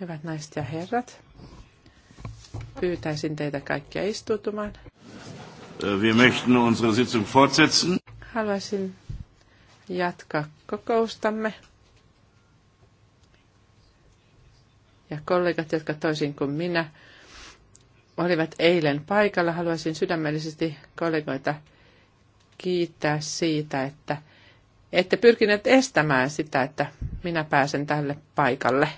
Hyvät naiset ja herrat, pyytäisin teitä kaikkia istutumaan. Äh, wir möchten unsere Sitzung fortsetzen. Haluaisin jatkaa kokoustamme. Ja kollegat, jotka toisin kuin minä, olivat eilen paikalla. Haluaisin sydämellisesti kollegoita kiittää siitä, että ette pyrkineet estämään sitä, että minä pääsen tälle paikalle.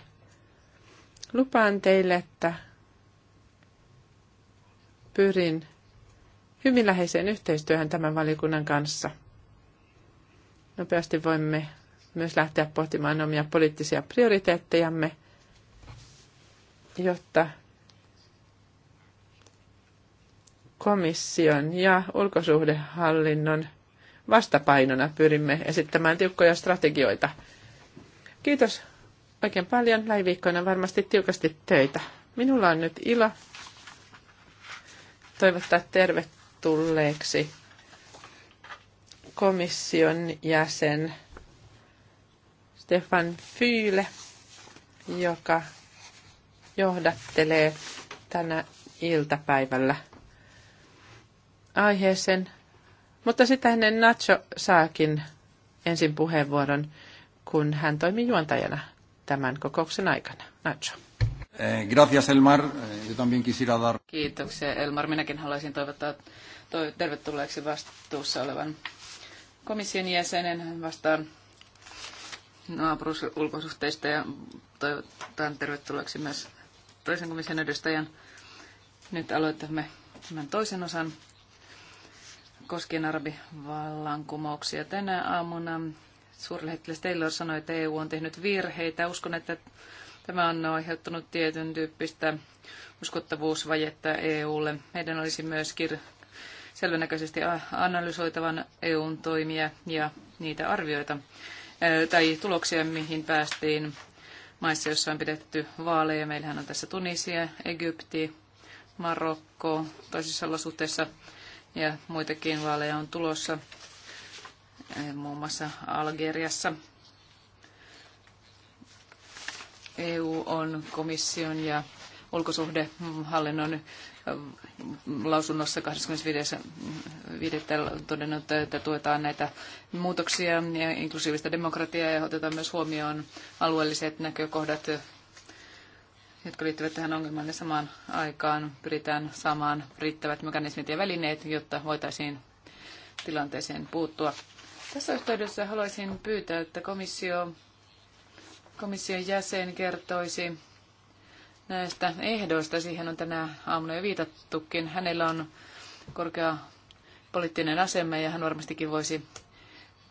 Lupaan teille, että pyrin hyvin läheiseen yhteistyöhön tämän valikunnan kanssa. Nopeasti voimme myös lähteä pohtimaan omia poliittisia prioriteettejamme, jotta komission ja ulkosuhdehallinnon vastapainona pyrimme esittämään tiukkoja strategioita. Kiitos oikein paljon lähiviikkoina varmasti tiukasti töitä. Minulla on nyt ilo toivottaa tervetulleeksi komission jäsen Stefan Fyyle, joka johdattelee tänä iltapäivällä aiheeseen. Mutta sitä ennen Nacho saakin ensin puheenvuoron, kun hän toimii juontajana tämän kokouksen aikana. Nacho. Eh, gracias Elmar. Eh, yo también quisiera dar... Kiitoksia Elmar. Minäkin haluaisin toivottaa toi, tervetulleeksi vastuussa olevan komission jäsenen. Hän vastaa naapurusulkosuhteista ja toivotan tervetulleeksi myös toisen komission edustajan. Nyt aloitamme tämän toisen osan koskien arabivallankumouksia tänä aamuna. Suurlähettiläs Taylor sanoi, että EU on tehnyt virheitä. Uskon, että tämä on aiheuttanut tietyn tyyppistä uskottavuusvajetta EUlle. Meidän olisi myös kir- selvänäköisesti analysoitavan EUn toimia ja niitä arvioita tai tuloksia, mihin päästiin maissa, joissa on pidetty vaaleja. Meillähän on tässä Tunisia, Egypti, Marokko, toisissa olosuhteissa ja muitakin vaaleja on tulossa muun muassa Algeriassa. EU on komission ja ulkosuhdehallinnon mm, lausunnossa 25.5. todennut, että tuetaan näitä muutoksia ja inklusiivista demokratiaa ja otetaan myös huomioon alueelliset näkökohdat, jotka liittyvät tähän ongelmaan ja samaan aikaan pyritään saamaan riittävät mekanismit ja välineet, jotta voitaisiin tilanteeseen puuttua. Tässä yhteydessä haluaisin pyytää, että komissio, komission jäsen kertoisi näistä ehdoista. Siihen on tänä aamuna jo viitattukin. Hänellä on korkea poliittinen asema ja hän varmastikin voisi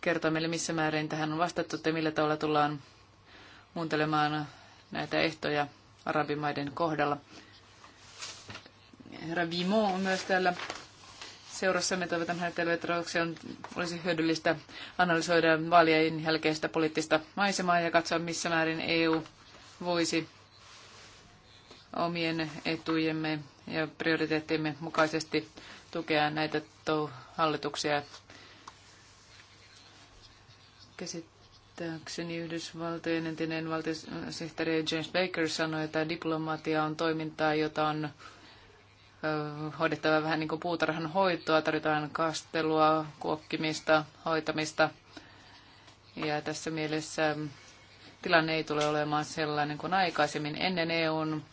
kertoa meille, missä määrin tähän on vastattu ja millä tavalla tullaan muuntelemaan näitä ehtoja arabimaiden kohdalla. Herra Vimo on myös täällä seurassamme toivotan hänet tervetulleeksi. Olisi hyödyllistä analysoida vaalien jälkeistä poliittista maisemaa ja katsoa, missä määrin EU voisi omien etujemme ja prioriteettiemme mukaisesti tukea näitä hallituksia. Käsittääkseni Yhdysvaltojen entinen valtiosihteeri James Baker sanoi, että diplomatia on toimintaa, jota on hoidettava vähän niin kuin puutarhan hoitoa, tarvitaan kastelua, kuokkimista, hoitamista. Ja tässä mielessä tilanne ei tule olemaan sellainen kuin aikaisemmin ennen EUn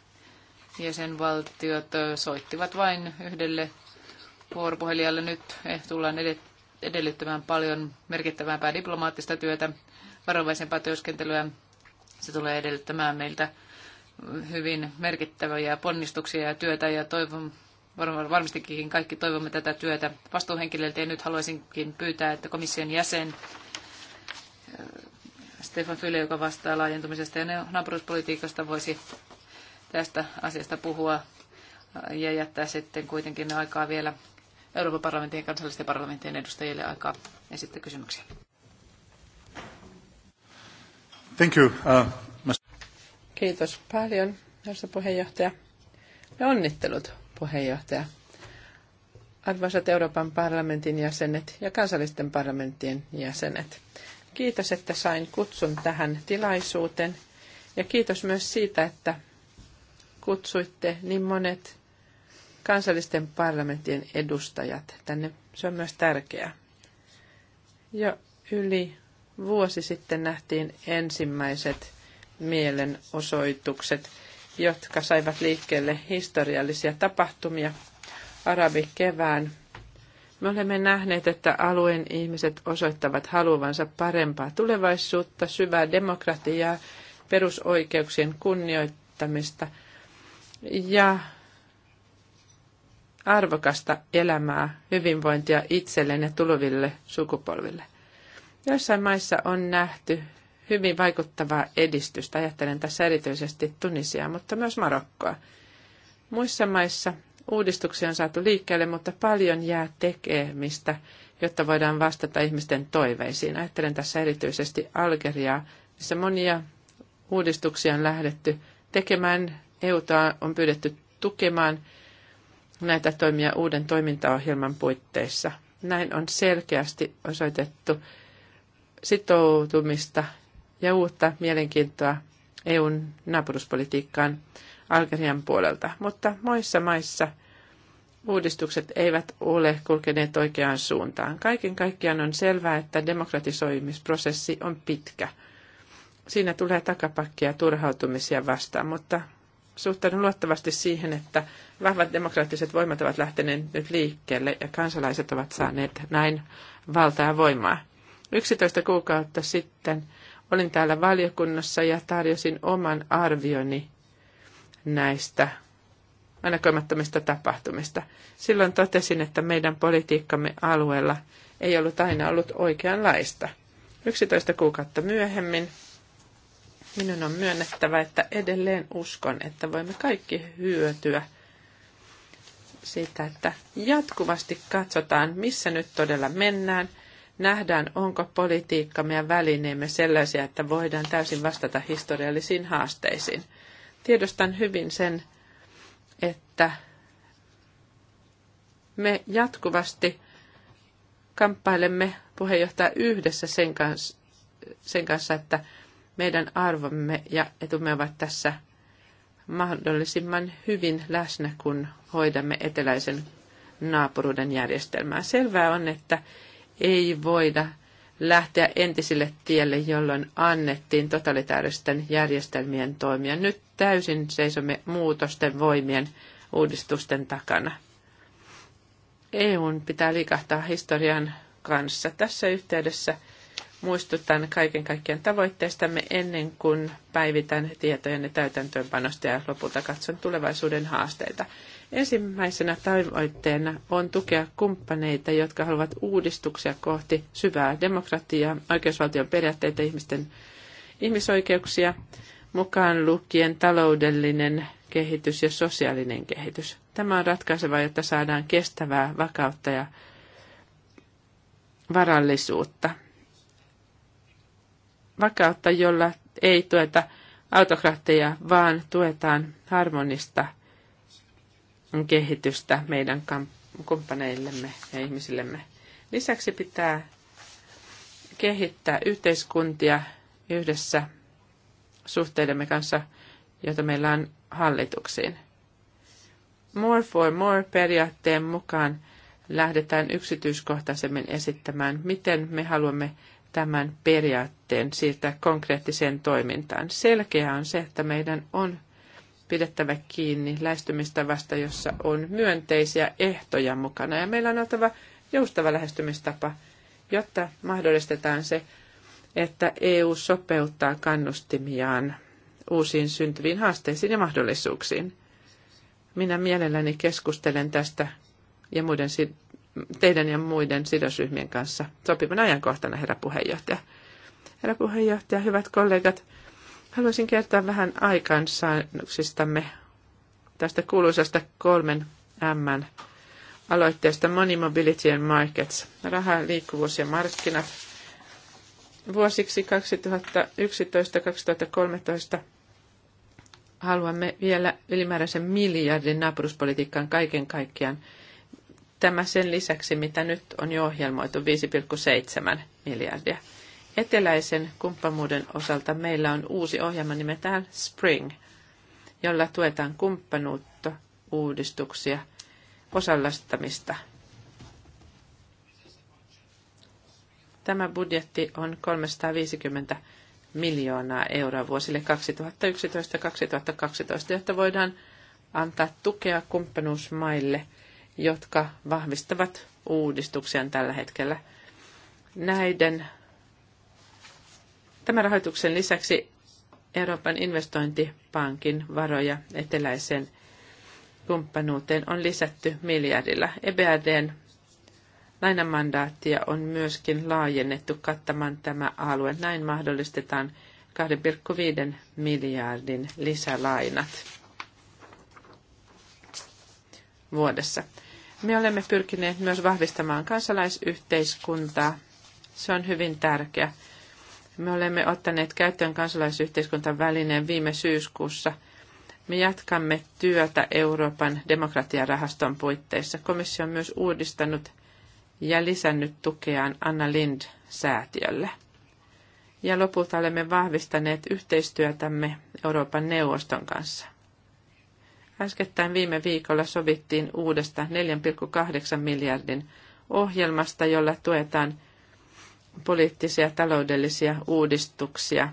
jäsenvaltiot soittivat vain yhdelle vuoropuhelijalle. Nyt eh, tullaan edellyttämään paljon merkittävämpää diplomaattista työtä, varovaisempaa työskentelyä. Se tulee edellyttämään meiltä hyvin merkittäviä ponnistuksia ja työtä ja toivon, varmastikin kaikki toivomme tätä työtä vastuuhenkilöltä ja nyt haluaisinkin pyytää, että komission jäsen äh, Stefan Fyle, joka vastaa laajentumisesta ja naapuruuspolitiikasta, voisi tästä asiasta puhua äh, ja jättää sitten kuitenkin aikaa vielä Euroopan parlamentin ja kansallisten parlamenttien edustajille aikaa esittää kysymyksiä. Thank you. Uh... Kiitos paljon, arvoisa puheenjohtaja. Ja onnittelut, puheenjohtaja. Arvoisat Euroopan parlamentin jäsenet ja kansallisten parlamenttien jäsenet. Kiitos, että sain kutsun tähän tilaisuuteen ja kiitos myös siitä, että kutsuitte niin monet kansallisten parlamenttien edustajat tänne. Se on myös tärkeää. Jo yli vuosi sitten nähtiin ensimmäiset mielenosoitukset, jotka saivat liikkeelle historiallisia tapahtumia arabikevään. Me olemme nähneet, että alueen ihmiset osoittavat haluavansa parempaa tulevaisuutta, syvää demokratiaa, perusoikeuksien kunnioittamista ja arvokasta elämää, hyvinvointia itselleen ja tuleville sukupolville. Joissain maissa on nähty hyvin vaikuttavaa edistystä. Ajattelen tässä erityisesti Tunisiaa, mutta myös Marokkoa. Muissa maissa uudistuksia on saatu liikkeelle, mutta paljon jää tekemistä, jotta voidaan vastata ihmisten toiveisiin. Ajattelen tässä erityisesti Algeriaa, missä monia uudistuksia on lähdetty tekemään. EUta on pyydetty tukemaan näitä toimia uuden toimintaohjelman puitteissa. Näin on selkeästi osoitettu sitoutumista ja uutta mielenkiintoa EUn naapuruspolitiikkaan Algerian puolelta, mutta moissa maissa uudistukset eivät ole kulkeneet oikeaan suuntaan. Kaiken kaikkiaan on selvää, että demokratisoimisprosessi on pitkä. Siinä tulee takapakkia turhautumisia vastaan, mutta suhtaudun luottavasti siihen, että vahvat demokraattiset voimat ovat lähteneet nyt liikkeelle ja kansalaiset ovat saaneet näin valtaa voimaa. 11 kuukautta sitten Olin täällä valiokunnassa ja tarjosin oman arvioni näistä ennakoimattomista tapahtumista. Silloin totesin, että meidän politiikkamme alueella ei ollut aina ollut oikeanlaista. 11 kuukautta myöhemmin minun on myönnettävä, että edelleen uskon, että voimme kaikki hyötyä siitä, että jatkuvasti katsotaan, missä nyt todella mennään – nähdään, onko politiikkamme ja välineemme sellaisia, että voidaan täysin vastata historiallisiin haasteisiin. Tiedostan hyvin sen, että me jatkuvasti kamppailemme puheenjohtaja yhdessä sen kanssa, sen kanssa, että meidän arvomme ja etumme ovat tässä mahdollisimman hyvin läsnä, kun hoidamme eteläisen naapuruuden järjestelmää. Selvää on, että ei voida lähteä entisille tielle, jolloin annettiin totalitaaristen järjestelmien toimia. Nyt täysin seisomme muutosten voimien uudistusten takana. EUn pitää liikahtaa historian kanssa. Tässä yhteydessä muistutan kaiken kaikkiaan tavoitteistamme ennen kuin päivitän tietojen ja täytäntöönpanosta ja lopulta katson tulevaisuuden haasteita. Ensimmäisenä tavoitteena on tukea kumppaneita, jotka haluavat uudistuksia kohti syvää demokratiaa, oikeusvaltion periaatteita, ihmisten ihmisoikeuksia, mukaan lukien taloudellinen kehitys ja sosiaalinen kehitys. Tämä on ratkaisevaa, jotta saadaan kestävää vakautta ja varallisuutta. Vakautta, jolla ei tueta autokratteja, vaan tuetaan harmonista – kehitystä meidän kumppaneillemme ja ihmisillemme. Lisäksi pitää kehittää yhteiskuntia yhdessä suhteidemme kanssa, joita meillä on hallituksiin. More for more periaatteen mukaan lähdetään yksityiskohtaisemmin esittämään, miten me haluamme tämän periaatteen siirtää konkreettiseen toimintaan. Selkeää on se, että meidän on pidettävä kiinni lähestymistavasta, jossa on myönteisiä ehtoja mukana. Ja meillä on oltava joustava lähestymistapa, jotta mahdollistetaan se, että EU sopeuttaa kannustimiaan uusiin syntyviin haasteisiin ja mahdollisuuksiin. Minä mielelläni keskustelen tästä ja muiden, teidän ja muiden sidosryhmien kanssa sopivan ajankohtana, herra puheenjohtaja. Herra puheenjohtaja, hyvät kollegat, Haluaisin kertoa vähän aikansaannuksistamme tästä kuuluisasta kolmen M aloitteesta Money Mobility and Markets, raha, liikkuvuus ja markkinat, vuosiksi 2011-2013 haluamme vielä ylimääräisen miljardin naapuruspolitiikkaan kaiken kaikkiaan. Tämä sen lisäksi, mitä nyt on jo ohjelmoitu, 5,7 miljardia. Eteläisen kumppanuuden osalta meillä on uusi ohjelma nimeltään Spring, jolla tuetaan kumppanuutta, uudistuksia, osallistamista. Tämä budjetti on 350 miljoonaa euroa vuosille 2011-2012, jotta voidaan antaa tukea kumppanuusmaille, jotka vahvistavat uudistuksia tällä hetkellä. Näiden Tämän rahoituksen lisäksi Euroopan investointipankin varoja eteläiseen kumppanuuteen on lisätty miljardilla. EBRDn lainamandaattia on myöskin laajennettu kattamaan tämä alue. Näin mahdollistetaan 2,5 miljardin lisälainat vuodessa. Me olemme pyrkineet myös vahvistamaan kansalaisyhteiskuntaa. Se on hyvin tärkeä. Me olemme ottaneet käyttöön kansalaisyhteiskuntan välineen viime syyskuussa. Me jatkamme työtä Euroopan demokratiarahaston puitteissa. Komissio on myös uudistanut ja lisännyt tukeaan Anna Lind-säätiölle. Ja lopulta olemme vahvistaneet yhteistyötämme Euroopan neuvoston kanssa. Äskettäin viime viikolla sovittiin uudesta 4,8 miljardin ohjelmasta, jolla tuetaan poliittisia ja taloudellisia uudistuksia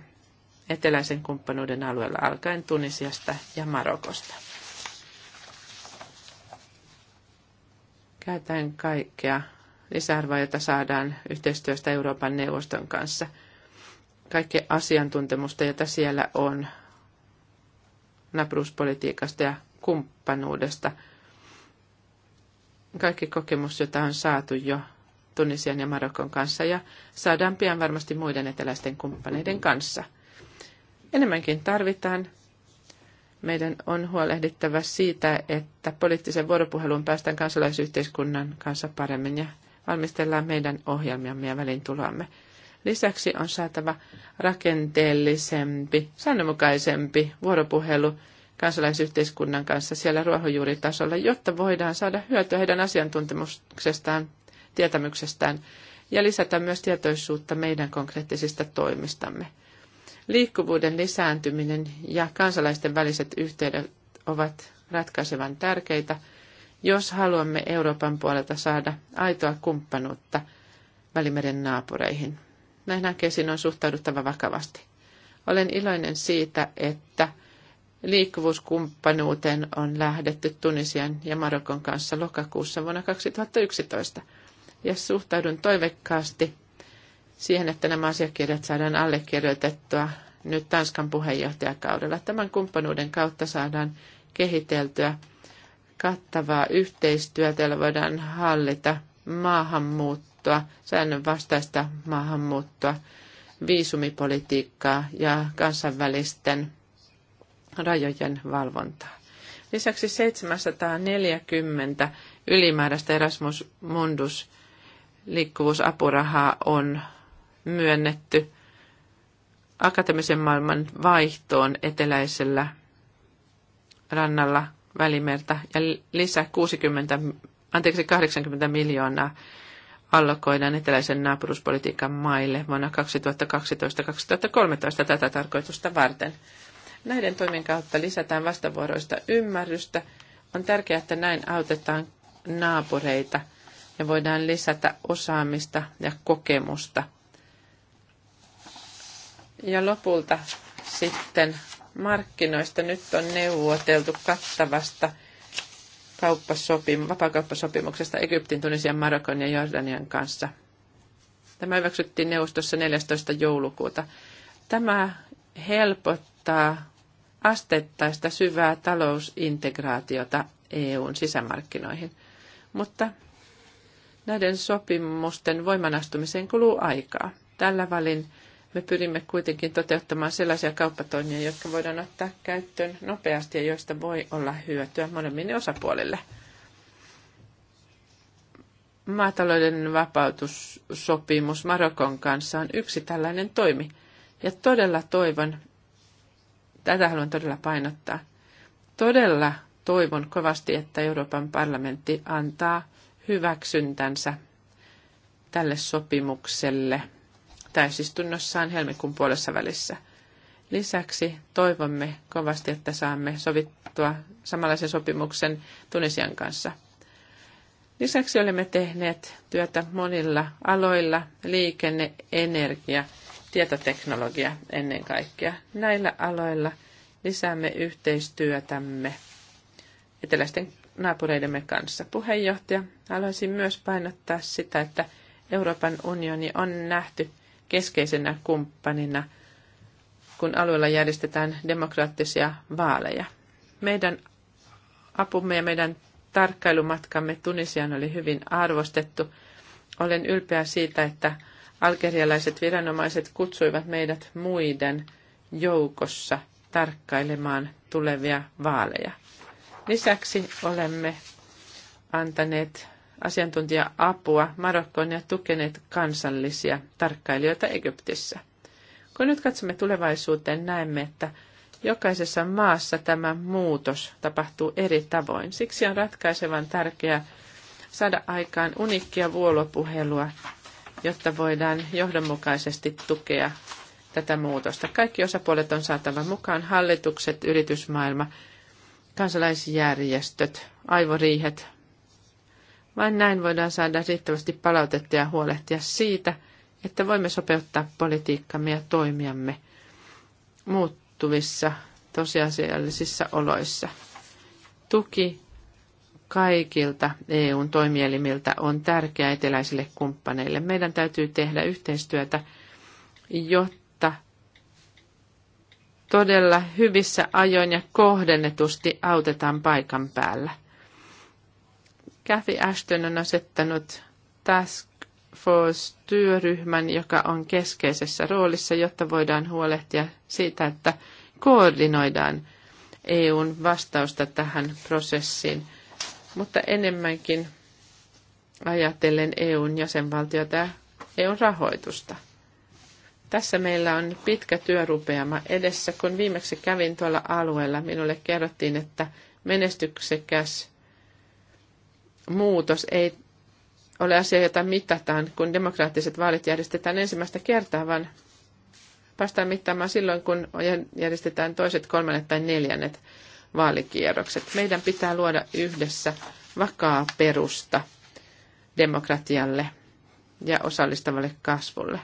eteläisen kumppanuuden alueella alkaen Tunisiasta ja Marokosta. Käytän kaikkea lisäarvoa, jota saadaan yhteistyöstä Euroopan neuvoston kanssa. Kaikki asiantuntemusta, jota siellä on napruuspolitiikasta ja kumppanuudesta. Kaikki kokemus, jota on saatu jo Tunisian ja Marokon kanssa ja saadaan pian varmasti muiden eteläisten kumppaneiden kanssa. Enemmänkin tarvitaan. Meidän on huolehdittava siitä, että poliittisen vuoropuhelun päästään kansalaisyhteiskunnan kanssa paremmin ja valmistellaan meidän ohjelmiamme ja välintuloamme. Lisäksi on saatava rakenteellisempi, säännönmukaisempi vuoropuhelu kansalaisyhteiskunnan kanssa siellä ruohonjuuritasolla, jotta voidaan saada hyötyä heidän asiantuntemuksestaan tietämyksestään ja lisätä myös tietoisuutta meidän konkreettisista toimistamme. Liikkuvuuden lisääntyminen ja kansalaisten väliset yhteydet ovat ratkaisevan tärkeitä, jos haluamme Euroopan puolelta saada aitoa kumppanuutta Välimeren naapureihin. Näin näkeisin on suhtauduttava vakavasti. Olen iloinen siitä, että liikkuvuuskumppanuuteen on lähdetty Tunisian ja Marokon kanssa lokakuussa vuonna 2011 ja suhtaudun toivekkaasti siihen, että nämä asiakirjat saadaan allekirjoitettua nyt Tanskan puheenjohtajakaudella. Tämän kumppanuuden kautta saadaan kehiteltyä kattavaa yhteistyötä, jolla voidaan hallita maahanmuuttoa, säännönvastaista maahanmuuttoa, viisumipolitiikkaa ja kansainvälisten rajojen valvontaa. Lisäksi 740 ylimääräistä Erasmus Mundus liikkuvuusapurahaa on myönnetty akateemisen maailman vaihtoon eteläisellä rannalla Välimerta ja lisää 60, anteeksi 80 miljoonaa allokoidaan eteläisen naapuruspolitiikan maille vuonna 2012-2013 tätä tarkoitusta varten. Näiden toimien kautta lisätään vastavuoroista ymmärrystä. On tärkeää, että näin autetaan naapureita – ja voidaan lisätä osaamista ja kokemusta. Ja lopulta sitten markkinoista nyt on neuvoteltu kattavasta kauppasopim- vapaakauppasopimuksesta Egyptin, Tunisian, Marokon ja Jordanian kanssa. Tämä hyväksyttiin neuvostossa 14. joulukuuta. Tämä helpottaa asteittaista syvää talousintegraatiota EUn sisämarkkinoihin, mutta Näiden sopimusten voimanastumiseen kuluu aikaa. Tällä välin me pyrimme kuitenkin toteuttamaan sellaisia kauppatoimia, jotka voidaan ottaa käyttöön nopeasti ja joista voi olla hyötyä molemmille osapuolille. Maatalouden vapautussopimus Marokon kanssa on yksi tällainen toimi. Ja todella toivon, tätä haluan todella painottaa, todella toivon kovasti, että Euroopan parlamentti antaa hyväksyntänsä tälle sopimukselle täysistunnossaan helmikuun puolessa välissä. Lisäksi toivomme kovasti, että saamme sovittua samanlaisen sopimuksen Tunisian kanssa. Lisäksi olemme tehneet työtä monilla aloilla, liikenne, energia, tietoteknologia ennen kaikkea. Näillä aloilla lisäämme yhteistyötämme eteläisten naapureidemme kanssa. Puheenjohtaja, haluaisin myös painottaa sitä, että Euroopan unioni on nähty keskeisenä kumppanina, kun alueella järjestetään demokraattisia vaaleja. Meidän apumme ja meidän tarkkailumatkamme Tunisiaan oli hyvin arvostettu. Olen ylpeä siitä, että algerialaiset viranomaiset kutsuivat meidät muiden joukossa tarkkailemaan tulevia vaaleja. Lisäksi olemme antaneet asiantuntija-apua Marokkoon ja tukeneet kansallisia tarkkailijoita Egyptissä. Kun nyt katsomme tulevaisuuteen, näemme, että jokaisessa maassa tämä muutos tapahtuu eri tavoin. Siksi on ratkaisevan tärkeää saada aikaan unikkia vuolopuhelua, jotta voidaan johdonmukaisesti tukea tätä muutosta. Kaikki osapuolet on saatava mukaan, hallitukset, yritysmaailma, kansalaisjärjestöt, aivoriihet. Vain näin voidaan saada riittävästi palautetta ja huolehtia siitä, että voimme sopeuttaa politiikkamme ja toimiamme muuttuvissa tosiasiallisissa oloissa. Tuki kaikilta EUn toimielimiltä on tärkeä eteläisille kumppaneille. Meidän täytyy tehdä yhteistyötä, jotta todella hyvissä ajoin ja kohdennetusti autetaan paikan päällä. Kathy Ashton on asettanut Task Force-työryhmän, joka on keskeisessä roolissa, jotta voidaan huolehtia siitä, että koordinoidaan EUn vastausta tähän prosessiin, mutta enemmänkin ajatellen EUn jäsenvaltiota ja EUn rahoitusta – tässä meillä on pitkä työrupeama edessä. Kun viimeksi kävin tuolla alueella, minulle kerrottiin, että menestyksekäs muutos ei ole asia, jota mitataan, kun demokraattiset vaalit järjestetään ensimmäistä kertaa, vaan päästään mittaamaan silloin, kun järjestetään toiset, kolmannet tai neljännet vaalikierrokset. Meidän pitää luoda yhdessä vakaa perusta demokratialle ja osallistavalle kasvulle.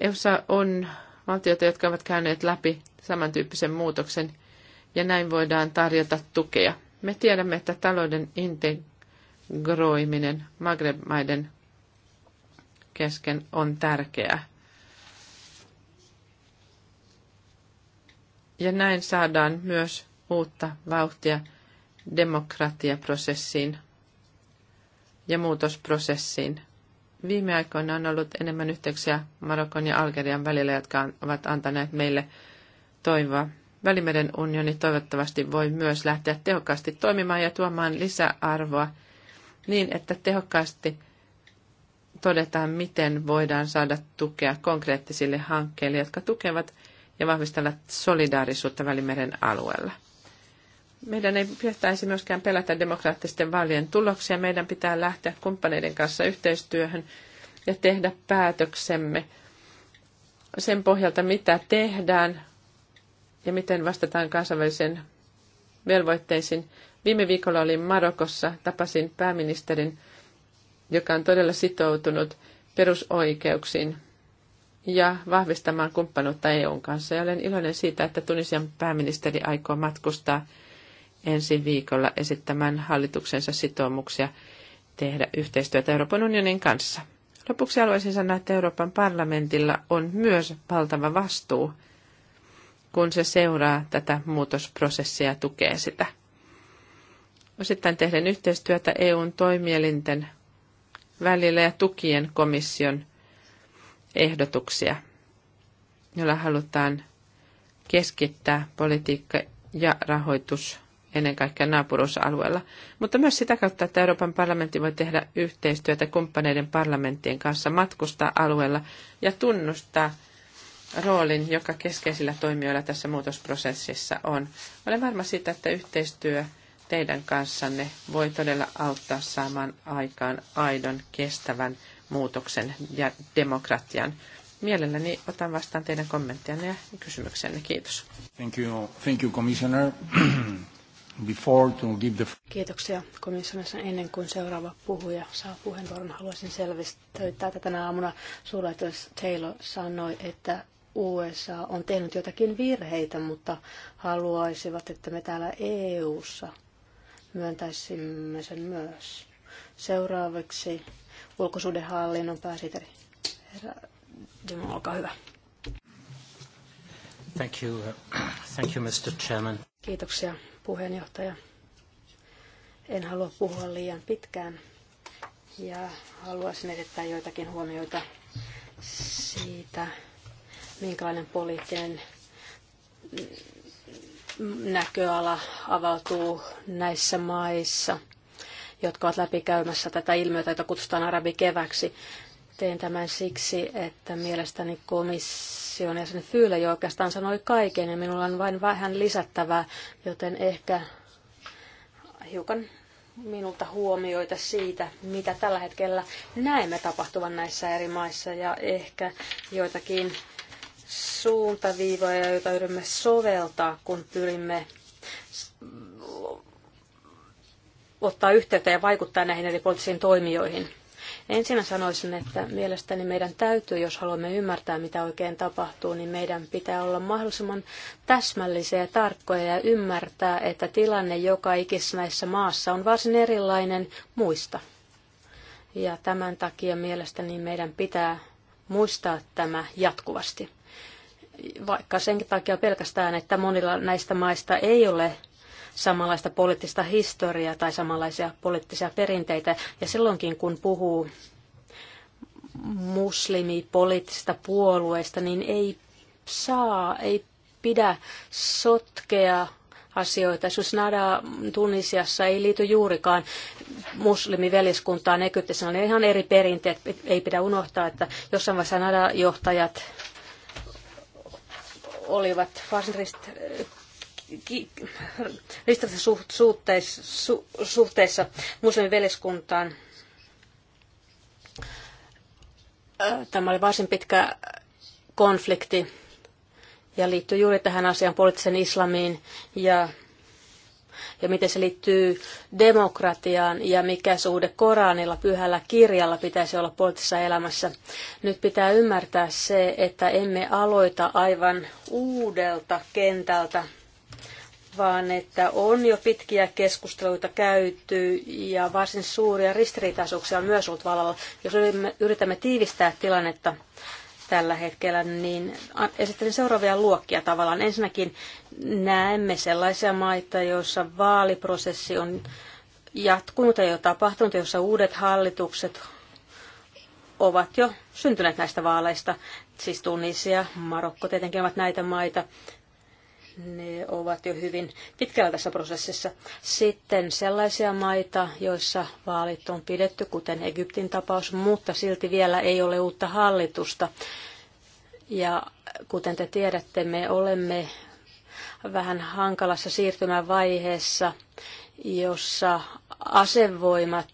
EUSA on valtioita, jotka ovat käyneet läpi samantyyppisen muutoksen, ja näin voidaan tarjota tukea. Me tiedämme, että talouden integroiminen Maghreb-maiden kesken on tärkeää. Ja näin saadaan myös uutta vauhtia demokratiaprosessiin ja muutosprosessiin Viime aikoina on ollut enemmän yhteyksiä Marokon ja Algerian välillä, jotka ovat antaneet meille toivoa. Välimeren unioni toivottavasti voi myös lähteä tehokkaasti toimimaan ja tuomaan lisäarvoa niin, että tehokkaasti todetaan, miten voidaan saada tukea konkreettisille hankkeille, jotka tukevat ja vahvistavat solidaarisuutta Välimeren alueella. Meidän ei pitäisi myöskään pelätä demokraattisten vaalien tuloksia. Meidän pitää lähteä kumppaneiden kanssa yhteistyöhön ja tehdä päätöksemme sen pohjalta, mitä tehdään ja miten vastataan kansainvälisen velvoitteisiin. Viime viikolla olin Marokossa, tapasin pääministerin, joka on todella sitoutunut perusoikeuksiin ja vahvistamaan kumppanuutta EUn kanssa. Ja olen iloinen siitä, että Tunisian pääministeri aikoo matkustaa – ensi viikolla esittämään hallituksensa sitoumuksia tehdä yhteistyötä Euroopan unionin kanssa. Lopuksi haluaisin sanoa, että Euroopan parlamentilla on myös valtava vastuu, kun se seuraa tätä muutosprosessia ja tukee sitä. Osittain tehden yhteistyötä EUn toimielinten välillä ja tukien komission ehdotuksia, joilla halutaan keskittää politiikka ja rahoitus ennen kaikkea naapuruusalueella, mutta myös sitä kautta, että Euroopan parlamentti voi tehdä yhteistyötä kumppaneiden parlamenttien kanssa, matkustaa alueella ja tunnustaa roolin, joka keskeisillä toimijoilla tässä muutosprosessissa on. Olen varma siitä, että yhteistyö teidän kanssanne voi todella auttaa saamaan aikaan aidon, kestävän muutoksen ja demokratian. Mielelläni otan vastaan teidän kommenttianne ja kysymyksenne. Kiitos. Thank you, thank you commissioner. Before to give the... Kiitoksia komissionissa. Ennen kuin seuraava puhuja saa puheenvuoron, haluaisin selvistää, että tänä aamuna suunnitelmassa Taylor sanoi, että USA on tehnyt jotakin virheitä, mutta haluaisivat, että me täällä EU:ssa myöntäisimme sen myös. Seuraavaksi ulkosuhdehallinnon pääsihteeri. Herra Dimo, olkaa hyvä. Thank you. Thank you, Mr. Chairman. Kiitoksia puheenjohtaja. En halua puhua liian pitkään ja haluaisin edettää joitakin huomioita siitä, minkälainen poliittinen näköala avautuu näissä maissa, jotka ovat läpikäymässä tätä ilmiötä, jota kutsutaan arabikeväksi. Teen tämän siksi, että mielestäni komission jäsen Fyyle jo oikeastaan sanoi kaiken ja minulla on vain vähän lisättävää, joten ehkä hiukan minulta huomioita siitä, mitä tällä hetkellä näemme tapahtuvan näissä eri maissa ja ehkä joitakin suuntaviivoja, joita yritämme soveltaa, kun pyrimme ottaa yhteyttä ja vaikuttaa näihin eri poliittisiin toimijoihin. Ensinnä sanoisin, että mielestäni meidän täytyy, jos haluamme ymmärtää, mitä oikein tapahtuu, niin meidän pitää olla mahdollisimman täsmällisiä ja tarkkoja ja ymmärtää, että tilanne joka ikisessä maassa on varsin erilainen muista. Ja tämän takia mielestäni meidän pitää muistaa tämä jatkuvasti. Vaikka senkin takia pelkästään, että monilla näistä maista ei ole samanlaista poliittista historiaa tai samanlaisia poliittisia perinteitä. Ja silloinkin, kun puhuu muslimipoliittisista puolueista, niin ei saa, ei pidä sotkea asioita. Susnada Tunisiassa ei liity juurikaan muslimiveljeskuntaan Egyptissä. On ihan eri perinteet. Ei pidä unohtaa, että jossain vaiheessa Nada-johtajat olivat fasrist ristiriitaisissa suhteessa, suhteissa muslimiveljeskuntaan. Äh, tämä oli varsin pitkä konflikti ja liittyy juuri tähän asiaan poliittiseen islamiin ja, ja miten se liittyy demokratiaan ja mikä suhde Koranilla, pyhällä kirjalla pitäisi olla poliittisessa elämässä. Nyt pitää ymmärtää se, että emme aloita aivan uudelta kentältä vaan että on jo pitkiä keskusteluita käyty ja varsin suuria ristiriitaisuuksia on myös ollut vallalla. Jos yritämme tiivistää tilannetta tällä hetkellä, niin esittelen seuraavia luokkia tavallaan. Ensinnäkin näemme sellaisia maita, joissa vaaliprosessi on jatkunut ja jo tapahtunut, jossa uudet hallitukset ovat jo syntyneet näistä vaaleista. Siis Tunisia, Marokko tietenkin ovat näitä maita ne ovat jo hyvin pitkällä tässä prosessissa. Sitten sellaisia maita, joissa vaalit on pidetty, kuten Egyptin tapaus, mutta silti vielä ei ole uutta hallitusta. Ja kuten te tiedätte, me olemme vähän hankalassa siirtymävaiheessa, jossa asevoimat,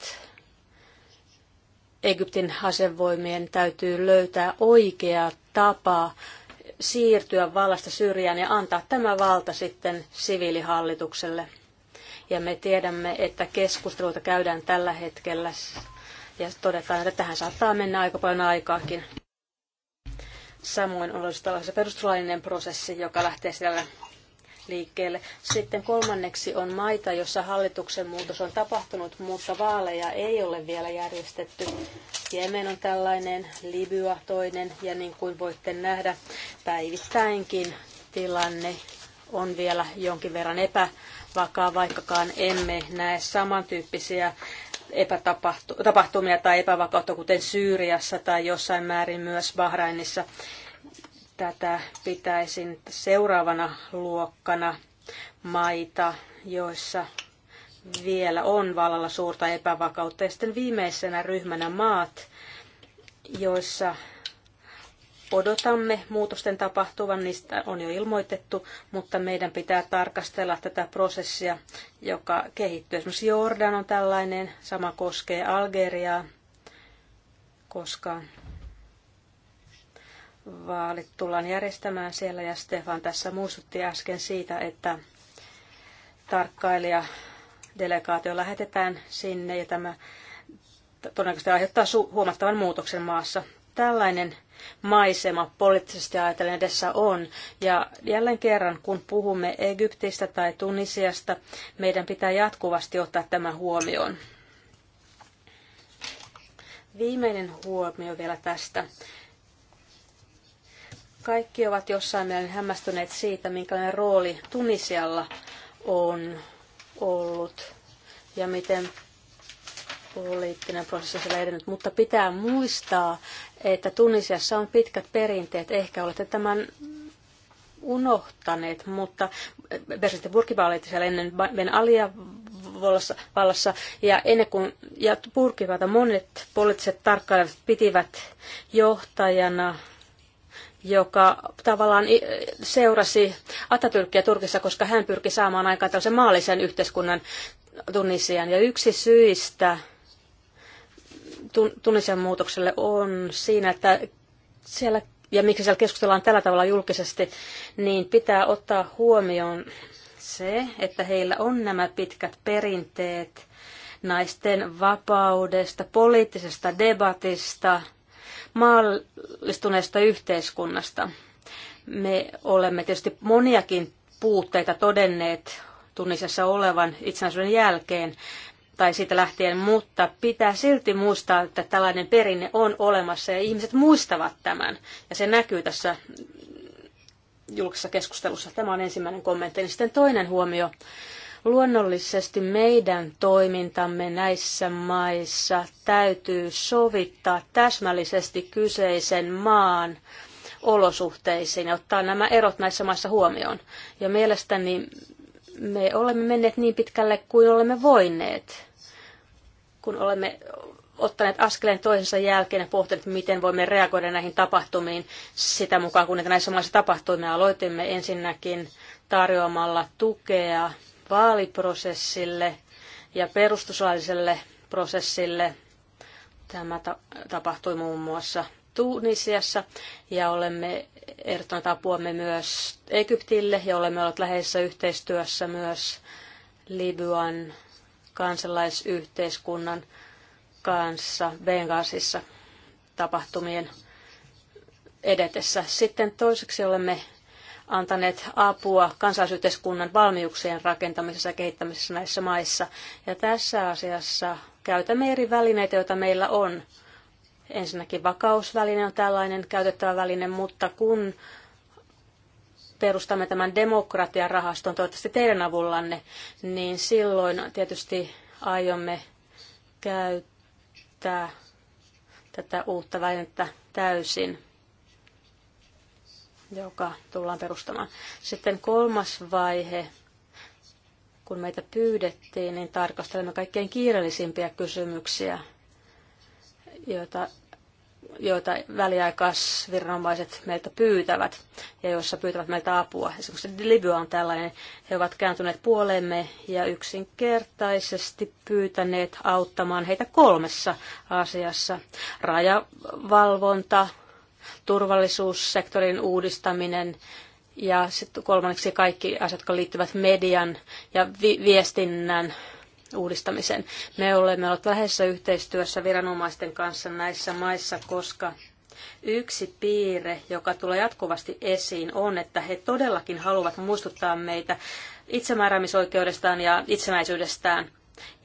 Egyptin asevoimien täytyy löytää oikea tapa siirtyä vallasta syrjään ja antaa tämä valta sitten siviilihallitukselle. Ja me tiedämme, että keskusteluita käydään tällä hetkellä ja todetaan, että tähän saattaa mennä aika paljon aikaakin. Samoin olisi tällainen perustuslaillinen prosessi, joka lähtee siellä liikkeelle. Sitten kolmanneksi on maita, jossa hallituksen muutos on tapahtunut, mutta vaaleja ei ole vielä järjestetty. Jemen on tällainen, Libya toinen ja niin kuin voitte nähdä päivittäinkin tilanne on vielä jonkin verran epävakaa, vaikkakaan emme näe samantyyppisiä epätapahtumia tai epävakautta, kuten Syyriassa tai jossain määrin myös Bahrainissa. Tätä pitäisin seuraavana luokkana maita, joissa vielä on vallalla suurta epävakautta. Ja sitten viimeisenä ryhmänä maat, joissa odotamme muutosten tapahtuvan, niistä on jo ilmoitettu, mutta meidän pitää tarkastella tätä prosessia, joka kehittyy. Esimerkiksi Jordan on tällainen, sama koskee Algeriaa, koska vaalit tullaan järjestämään siellä ja Stefan tässä muistutti äsken siitä, että tarkkailija delegaatio lähetetään sinne ja tämä todennäköisesti aiheuttaa huomattavan muutoksen maassa. Tällainen maisema poliittisesti ajatellen edessä on. Ja jälleen kerran, kun puhumme Egyptistä tai Tunisiasta, meidän pitää jatkuvasti ottaa tämä huomioon. Viimeinen huomio vielä tästä. Kaikki ovat jossain määrin hämmästyneet siitä, minkälainen rooli Tunisialla on ollut ja miten poliittinen prosessi siellä edennyt, mutta pitää muistaa, että Tunisiassa on pitkät perinteet. Ehkä olette tämän unohtaneet, mutta presidentti Burkiba oli siellä ennen Ben Alia vallassa, vallassa ja ennen kuin ja Burkibata monet poliittiset tarkkailijat pitivät johtajana joka tavallaan seurasi Atatürkkiä Turkissa, koska hän pyrki saamaan aikaan tällaisen maallisen yhteiskunnan Tunisian. Ja yksi syistä Tunisian muutokselle on siinä, että siellä, ja miksi siellä keskustellaan tällä tavalla julkisesti, niin pitää ottaa huomioon se, että heillä on nämä pitkät perinteet naisten vapaudesta, poliittisesta debatista – maallistuneesta yhteiskunnasta. Me olemme tietysti moniakin puutteita todenneet tunnisessa olevan itsenäisyyden jälkeen tai siitä lähtien, mutta pitää silti muistaa, että tällainen perinne on olemassa ja ihmiset muistavat tämän. Ja se näkyy tässä julkisessa keskustelussa. Tämä on ensimmäinen kommentti. Niin sitten toinen huomio Luonnollisesti meidän toimintamme näissä maissa täytyy sovittaa täsmällisesti kyseisen maan olosuhteisiin ja ottaa nämä erot näissä maissa huomioon. Ja mielestäni me olemme menneet niin pitkälle kuin olemme voineet, kun olemme ottaneet askeleen toisensa jälkeen ja pohtineet, miten voimme reagoida näihin tapahtumiin sitä mukaan, kun näissä maissa tapahtui. Me aloitimme ensinnäkin tarjoamalla tukea vaaliprosessille ja perustuslailliselle prosessille. Tämä ta- tapahtui muun muassa Tunisiassa ja olemme ehdottaneet apuamme myös Egyptille ja olemme olleet läheisessä yhteistyössä myös Libyan kansalaisyhteiskunnan kanssa Benghazissa tapahtumien edetessä. Sitten toiseksi olemme antaneet apua kansalaisyhteiskunnan valmiuksien rakentamisessa ja kehittämisessä näissä maissa. Ja tässä asiassa käytämme eri välineitä, joita meillä on. Ensinnäkin vakausväline on tällainen käytettävä väline, mutta kun perustamme tämän demokratiarahaston, toivottavasti teidän avullanne, niin silloin tietysti aiomme käyttää tätä uutta välinettä täysin joka tullaan perustamaan. Sitten kolmas vaihe, kun meitä pyydettiin, niin tarkastelemme kaikkein kiireellisimpiä kysymyksiä, joita, joita väliaikaisviranomaiset meiltä pyytävät ja joissa pyytävät meiltä apua. Esimerkiksi Libya on tällainen. He ovat kääntyneet puolemme ja yksinkertaisesti pyytäneet auttamaan heitä kolmessa asiassa. Rajavalvonta, turvallisuussektorin uudistaminen ja sitten kolmanneksi kaikki asiat, jotka liittyvät median ja vi- viestinnän uudistamiseen. Me olemme olleet läheisessä yhteistyössä viranomaisten kanssa näissä maissa, koska yksi piirre, joka tulee jatkuvasti esiin, on, että he todellakin haluavat muistuttaa meitä itsemääräämisoikeudestaan ja itsenäisyydestään.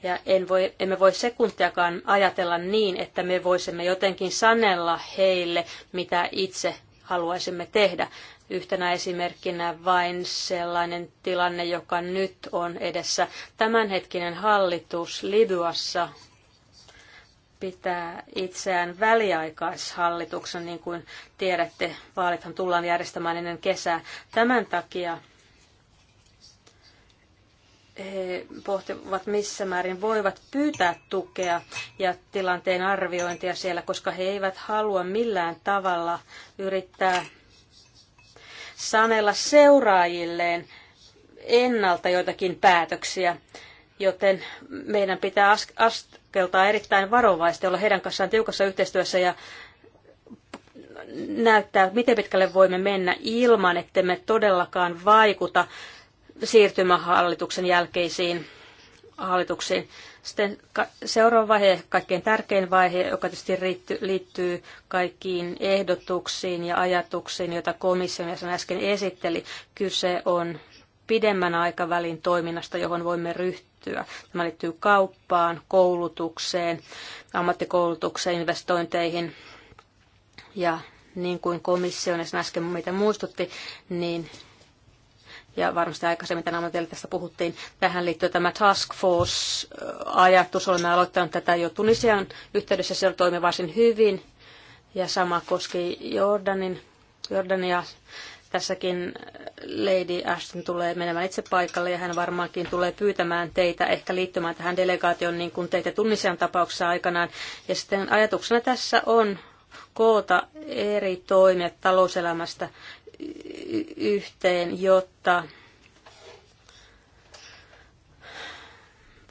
Ja en voi, emme voi sekuntiakaan ajatella niin, että me voisimme jotenkin sanella heille, mitä itse haluaisimme tehdä. Yhtenä esimerkkinä vain sellainen tilanne, joka nyt on edessä. Tämänhetkinen hallitus Libyassa pitää itseään väliaikaishallituksen, niin kuin tiedätte, vaalithan tullaan järjestämään ennen kesää. Tämän takia he pohtivat, missä määrin voivat pyytää tukea ja tilanteen arviointia siellä, koska he eivät halua millään tavalla yrittää sanella seuraajilleen ennalta joitakin päätöksiä, joten meidän pitää askeltaa erittäin varovaisesti, olla heidän kanssaan tiukassa yhteistyössä ja näyttää, miten pitkälle voimme mennä ilman, että me todellakaan vaikuta siirtymähallituksen jälkeisiin hallituksiin. Sitten seuraava vaihe, kaikkein tärkein vaihe, joka tietysti liittyy kaikkiin ehdotuksiin ja ajatuksiin, joita komission jäsen äsken esitteli. Kyse on pidemmän aikavälin toiminnasta, johon voimme ryhtyä. Tämä liittyy kauppaan, koulutukseen, ammattikoulutukseen, investointeihin. Ja niin kuin komissio äsken meitä muistutti, niin ja varmasti aikaisemmin tänä aamuna teille tästä puhuttiin. Tähän liittyy tämä task force-ajatus. Olemme aloittaneet tätä jo Tunisian yhteydessä. Se toimi varsin hyvin. Ja sama koski Jordanin, Jordania. Tässäkin Lady Ashton tulee menemään itse paikalle ja hän varmaankin tulee pyytämään teitä ehkä liittymään tähän delegaation niin kuin teitä Tunisian tapauksessa aikanaan. Ja sitten ajatuksena tässä on koota eri toimijat talouselämästä yhteen, jotta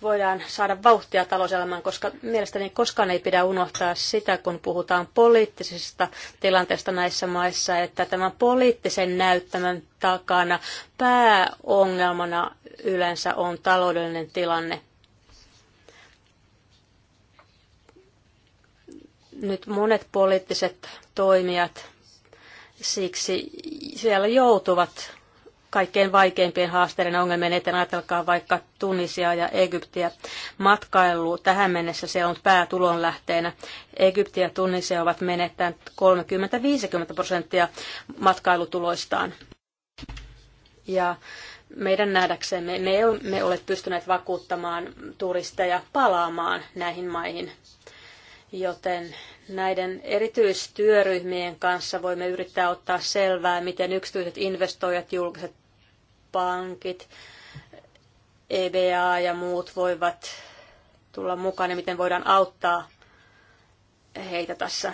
voidaan saada vauhtia talouselämään, koska mielestäni koskaan ei pidä unohtaa sitä, kun puhutaan poliittisesta tilanteesta näissä maissa, että tämän poliittisen näyttämän takana pääongelmana yleensä on taloudellinen tilanne. Nyt monet poliittiset toimijat Siksi siellä joutuvat kaikkein vaikeimpien haasteiden ongelmien eteen. Ajatelkaa vaikka Tunisia ja Egyptiä. Matkailu tähän mennessä se on päätulonlähteenä. Egypti ja Tunisia ovat menettäneet 30-50 prosenttia matkailutuloistaan. Ja meidän nähdäksemme me emme ole pystyneet vakuuttamaan turisteja palaamaan näihin maihin, joten näiden erityistyöryhmien kanssa voimme yrittää ottaa selvää, miten yksityiset investoijat, julkiset pankit, EBA ja muut voivat tulla mukaan ja miten voidaan auttaa heitä tässä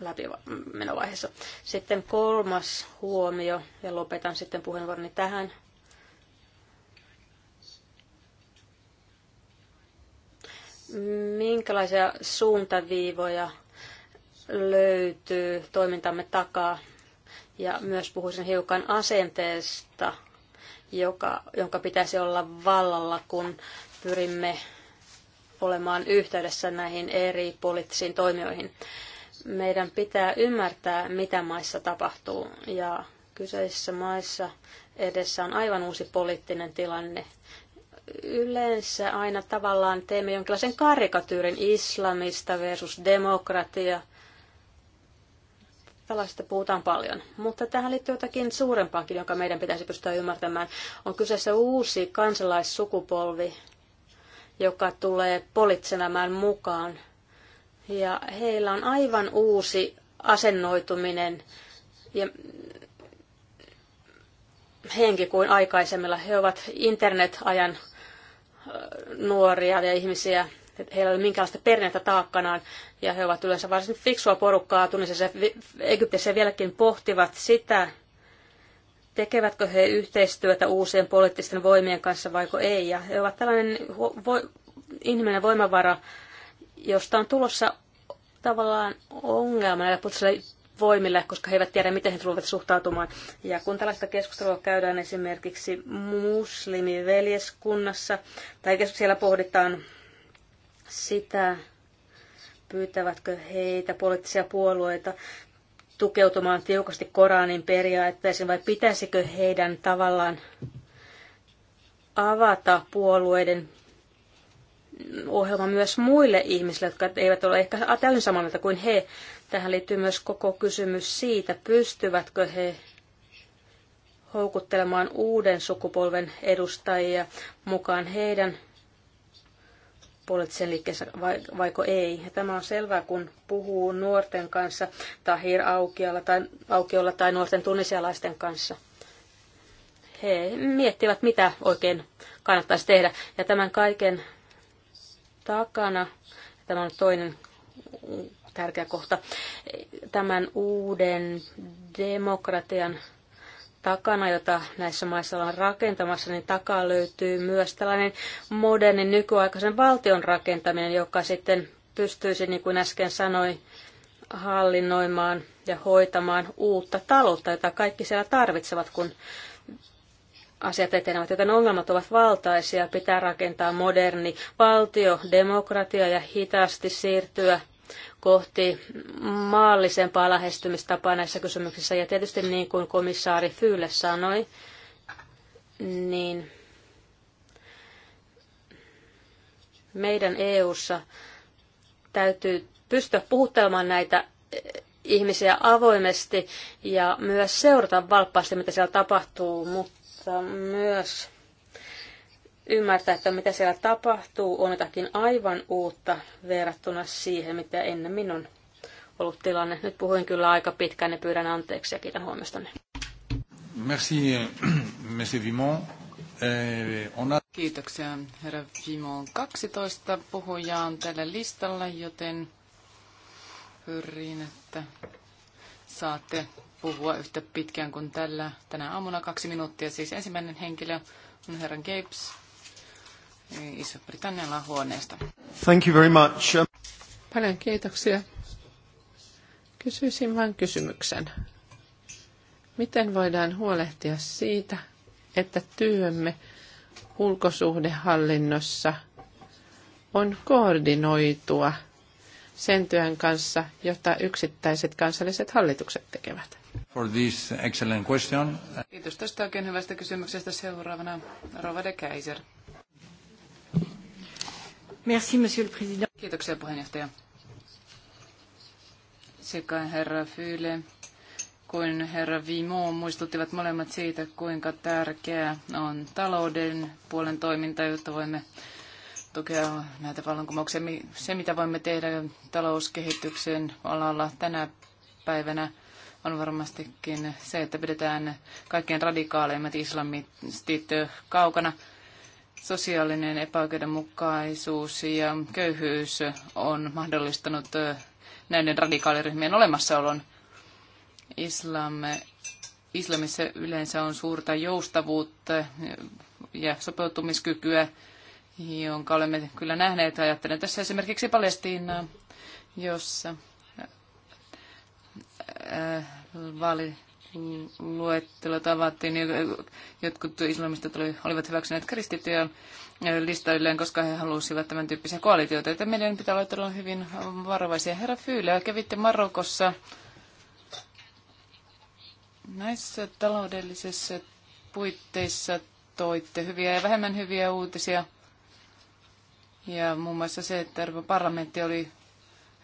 läpimenovaiheessa. Sitten kolmas huomio, ja lopetan sitten puheenvuoroni tähän. Minkälaisia suuntaviivoja löytyy toimintamme takaa? Ja myös puhuisin hiukan asenteesta, joka, jonka pitäisi olla vallalla, kun pyrimme olemaan yhteydessä näihin eri poliittisiin toimijoihin. Meidän pitää ymmärtää, mitä maissa tapahtuu, ja kyseisissä maissa edessä on aivan uusi poliittinen tilanne, yleensä aina tavallaan teemme jonkinlaisen karikatyyrin islamista versus demokratia. Tällaista puhutaan paljon. Mutta tähän liittyy jotakin suurempaakin, joka meidän pitäisi pystyä ymmärtämään. On kyseessä uusi kansalaissukupolvi, joka tulee poliitsenämään mukaan. Ja heillä on aivan uusi asennoituminen ja henki kuin aikaisemmilla. He ovat internetajan nuoria ja ihmisiä, heillä ei ole minkäänlaista perinnettä taakkanaan, ja he ovat yleensä varsin fiksua porukkaa Tunisessa Egyptissä vieläkin pohtivat sitä, tekevätkö he yhteistyötä uusien poliittisten voimien kanssa vaiko ei. Ja he ovat tällainen vo- inhimillinen voimavara, josta on tulossa tavallaan ongelma näille voimille, koska he eivät tiedä, miten he tulevat suhtautumaan. Ja kun tällaista keskustelua käydään esimerkiksi muslimiveljeskunnassa, tai siellä pohditaan sitä, pyytävätkö heitä poliittisia puolueita tukeutumaan tiukasti Koranin periaatteisiin, vai pitäisikö heidän tavallaan avata puolueiden ohjelma myös muille ihmisille, jotka eivät ole ehkä täysin samaa kuin he, Tähän liittyy myös koko kysymys siitä, pystyvätkö he houkuttelemaan uuden sukupolven edustajia mukaan heidän poliittisen liikkeensä vaiko ei. Ja tämä on selvää, kun puhuu nuorten kanssa Tahir Aukiolla tai, Aukiolla tai nuorten tunisialaisten kanssa. He miettivät, mitä oikein kannattaisi tehdä. Ja tämän kaiken takana, tämä on toinen tärkeä kohta. Tämän uuden demokratian takana, jota näissä maissa ollaan rakentamassa, niin takaa löytyy myös tällainen modernin nykyaikaisen valtion rakentaminen, joka sitten pystyisi, niin kuin äsken sanoin, hallinnoimaan ja hoitamaan uutta taloutta, jota kaikki siellä tarvitsevat, kun asiat etenevät, joten ongelmat ovat valtaisia. Pitää rakentaa moderni valtio, demokratia ja hitaasti siirtyä kohti maallisempaa lähestymistapaa näissä kysymyksissä. Ja tietysti niin kuin komissaari Fyyle sanoi, niin meidän EU:ssa täytyy pystyä puhuttelemaan näitä ihmisiä avoimesti ja myös seurata valppaasti, mitä siellä tapahtuu, mutta myös ymmärtää, että mitä siellä tapahtuu, on jotakin aivan uutta verrattuna siihen, mitä ennen minun ollut tilanne. Nyt puhuin kyllä aika pitkään ja pyydän anteeksi ja kiitän huomiostanne. Merci, monsieur Vimon. Eh, Kiitoksia, herra Vimon. 12 puhujaa on tällä listalla, joten pyrin, että saatte puhua yhtä pitkään kuin tällä tänä aamuna. Kaksi minuuttia siis ensimmäinen henkilö on herra Gapes, Iso-Britannian huoneesta. Thank you very much. Paljon kiitoksia. Kysyisin vain kysymyksen. Miten voidaan huolehtia siitä, että työmme ulkosuhdehallinnossa on koordinoitua sen työn kanssa, jota yksittäiset kansalliset hallitukset tekevät? For this excellent question. Kiitos tästä oikein hyvästä kysymyksestä. Seuraavana Rova de Keiser. Merci, monsieur le président. Kiitoksia puheenjohtaja. Sekä herra Fyle kuin herra Vimo muistuttivat molemmat siitä, kuinka tärkeää on talouden puolen toiminta, jotta voimme tukea näitä vallankumouksia. Se, mitä voimme tehdä talouskehityksen alalla tänä päivänä, on varmastikin se, että pidetään kaikkien radikaaleimmat islamistit kaukana – Sosiaalinen epäoikeudenmukaisuus ja köyhyys on mahdollistanut näiden radikaaliryhmien olemassaolon. Islam, islamissa yleensä on suurta joustavuutta ja sopeutumiskykyä, jonka olemme kyllä nähneet. Ajattelen tässä esimerkiksi Palestiinaa, jossa vaali luettelo tavattiin, jotkut tuli olivat hyväksyneet kristittyjä listoilleen, koska he halusivat tämän tyyppisiä koalitioita. Että meidän pitää olla hyvin varovaisia. Herra Fyylä, kävitte Marokossa näissä taloudellisissa puitteissa toitte hyviä ja vähemmän hyviä uutisia. Ja muun muassa se, että parlamentti oli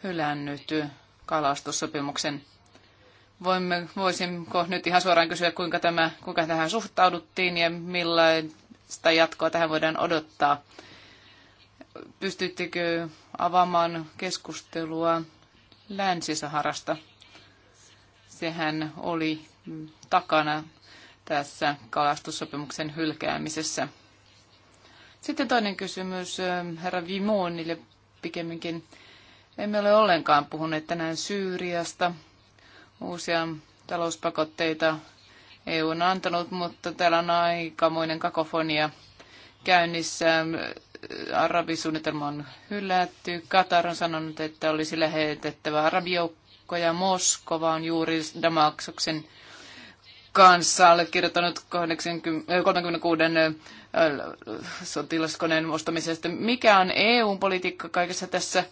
hylännyt kalastussopimuksen voimme, voisinko nyt ihan suoraan kysyä, kuinka, tämä, kuinka tähän suhtauduttiin ja millaista jatkoa tähän voidaan odottaa. Pystyttekö avaamaan keskustelua Länsi-Saharasta? Sehän oli takana tässä kalastussopimuksen hylkäämisessä. Sitten toinen kysymys herra Vimonille pikemminkin. Emme ole ollenkaan puhuneet tänään Syyriasta, Uusia talouspakotteita EU on antanut, mutta täällä on aikamoinen kakofonia käynnissä. Arabisuunnitelma on hylätty. Katar on sanonut, että olisi lähetettävä arabijoukkoja Moskovaan juuri Damaksoksen kanssa allekirjoittanut 36 äh, äh, sotilaskoneen ostamisesta. Mikä on EU-politiikka kaikessa tässä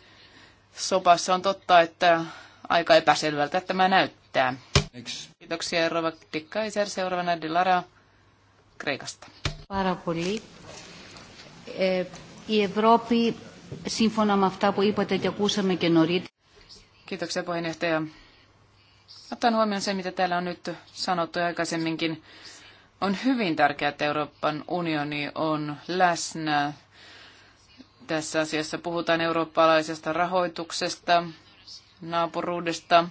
sopassa? On totta, että aika epäselvältä tämä näyttää riittää. Eks. Kiitoksia Rova Dikkaiser. Seuraavana Dilara Kreikasta. Πάρα πολύ. Ε, η Ευρώπη, σύμφωνα με αυτά που είπατε και ακούσαμε και νωρίτερα. Kiitoksia puheenjohtaja. Ottaen huomioon se, mitä täällä on nyt sanottu aikaisemminkin, on hyvin tärkeää, että Euroopan unioni on läsnä. Tässä asiassa puhutaan eurooppalaisesta rahoituksesta, naapuruudesta,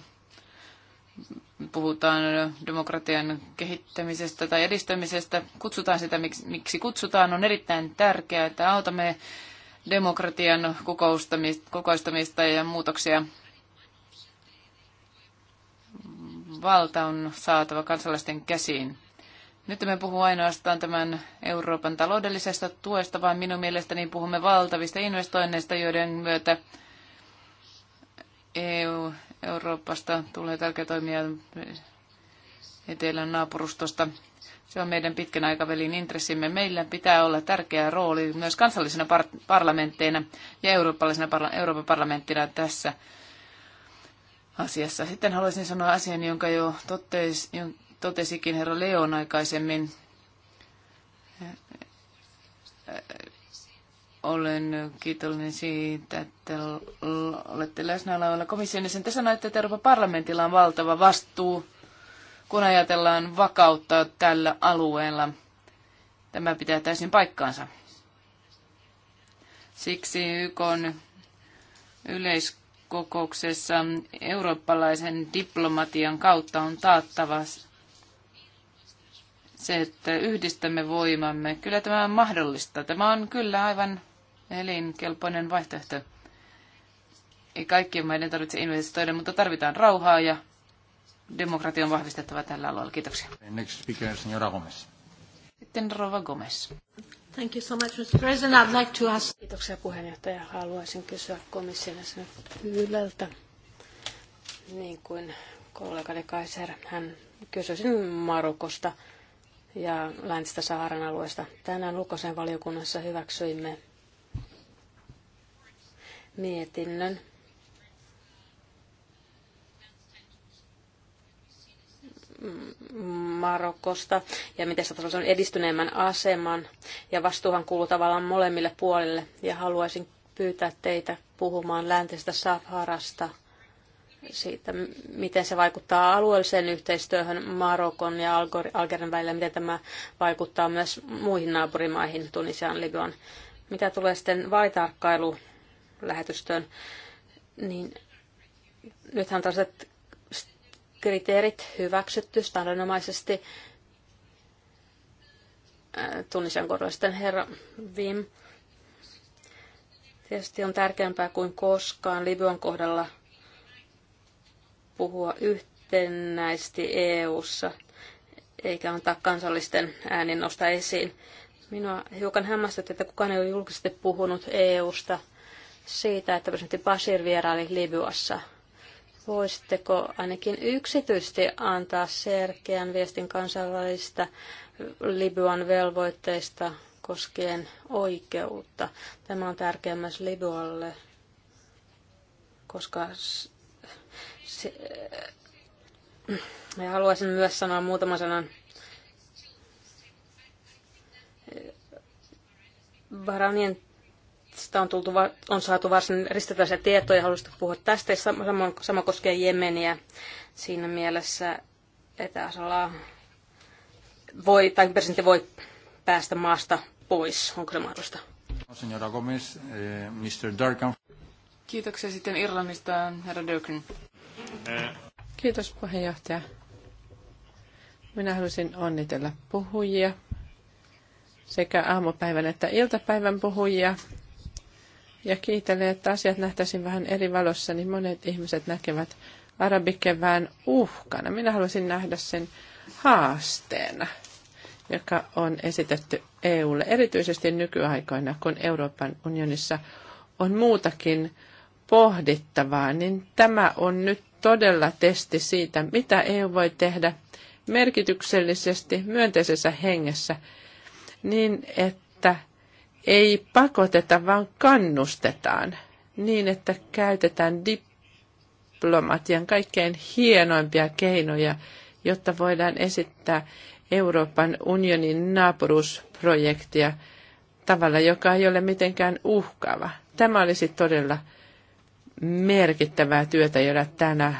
puhutaan demokratian kehittämisestä tai edistämisestä, kutsutaan sitä, miksi kutsutaan, on erittäin tärkeää, että autamme demokratian kokoistamista ja muutoksia. Valta on saatava kansalaisten käsiin. Nyt me puhu ainoastaan tämän Euroopan taloudellisesta tuesta, vaan minun mielestäni puhumme valtavista investoinneista, joiden myötä EU Euroopasta tulee tärkeä toimija etelän naapurustosta. Se on meidän pitkän aikavälin intressimme. Meillä pitää olla tärkeä rooli myös kansallisena par- parlamentteina ja eurooppalaisena parla- Euroopan parlamenttina tässä asiassa. Sitten haluaisin sanoa asian, jonka jo totes, totesikin herra Leon aikaisemmin olen kiitollinen siitä, että olette läsnä olevalla komission sen te sanoitte, että Euroopan parlamentilla on valtava vastuu, kun ajatellaan vakautta tällä alueella. Tämä pitää täysin paikkaansa. Siksi YK on yleiskokouksessa eurooppalaisen diplomatian kautta on taattava se, että yhdistämme voimamme. Kyllä tämä on mahdollista. Tämä on kyllä aivan elinkelpoinen vaihtoehto. Ei kaikkien maiden tarvitse investoida, mutta tarvitaan rauhaa ja demokratia on vahvistettava tällä alueella. Kiitoksia. Next speaker, señora Gomez. Sitten Rova Gomez. Thank you so much, Mr. President. I'd like to ask... Kiitoksia puheenjohtaja. Haluaisin kysyä komission Yleltä, niin kuin kollegani Kaiser, hän kysyisin Marokosta ja läntistä Saharan alueesta. Tänään ulkoisen valiokunnassa hyväksyimme mietinnön. Marokosta ja miten se on edistyneemmän aseman. Ja vastuuhan kuuluu tavallaan molemmille puolille. Ja haluaisin pyytää teitä puhumaan läntisestä Saharasta siitä, miten se vaikuttaa alueelliseen yhteistyöhön Marokon ja Algerin välillä, miten tämä vaikuttaa myös muihin naapurimaihin, Tunisiaan, Libyan. Mitä tulee sitten vaalitarkkailu lähetystöön, niin nythän tällaiset kriteerit hyväksytty standardinomaisesti äh, tunnisen korvallisten herra Vim. Tietysti on tärkeämpää kuin koskaan Libyan kohdalla puhua yhtenäisesti EU-ssa, eikä antaa kansallisten äänin nostaa esiin. Minua hiukan hämmästytti, että kukaan ei ole julkisesti puhunut EU-sta – siitä, että presidentti Bashir vieraili Libyassa. Voisitteko ainakin yksityisesti antaa selkeän viestin kansainvälistä Libyan velvoitteista koskien oikeutta? Tämä on tärkeä myös Libyalle, koska se, ja haluaisin myös sanoa muutaman sanan Baranien sitä on, tultu, on saatu varsin ristiriitaisia tietoja, haluaisin puhua tästä. Sama, sama koskee Jemeniä siinä mielessä, että Asala voi, tai presidentti voi päästä maasta pois. Onko se mahdollista? Senora Gomez, eh, Mr. Durkan. Kiitoksia sitten Irlannista, herra Durkan. Eh. Kiitos puheenjohtaja. Minä haluaisin onnitella puhujia, sekä aamupäivän että iltapäivän puhujia ja kiitelee, että asiat nähtäisiin vähän eri valossa, niin monet ihmiset näkevät arabikevään uhkana. Minä haluaisin nähdä sen haasteena, joka on esitetty EUlle, erityisesti nykyaikoina, kun Euroopan unionissa on muutakin pohdittavaa, niin tämä on nyt todella testi siitä, mitä EU voi tehdä merkityksellisesti myönteisessä hengessä, niin että ei pakoteta, vaan kannustetaan niin, että käytetään diplomatian kaikkein hienoimpia keinoja, jotta voidaan esittää Euroopan unionin naapuruusprojektia tavalla, joka ei ole mitenkään uhkaava. Tämä olisi todella merkittävää työtä, jota tänä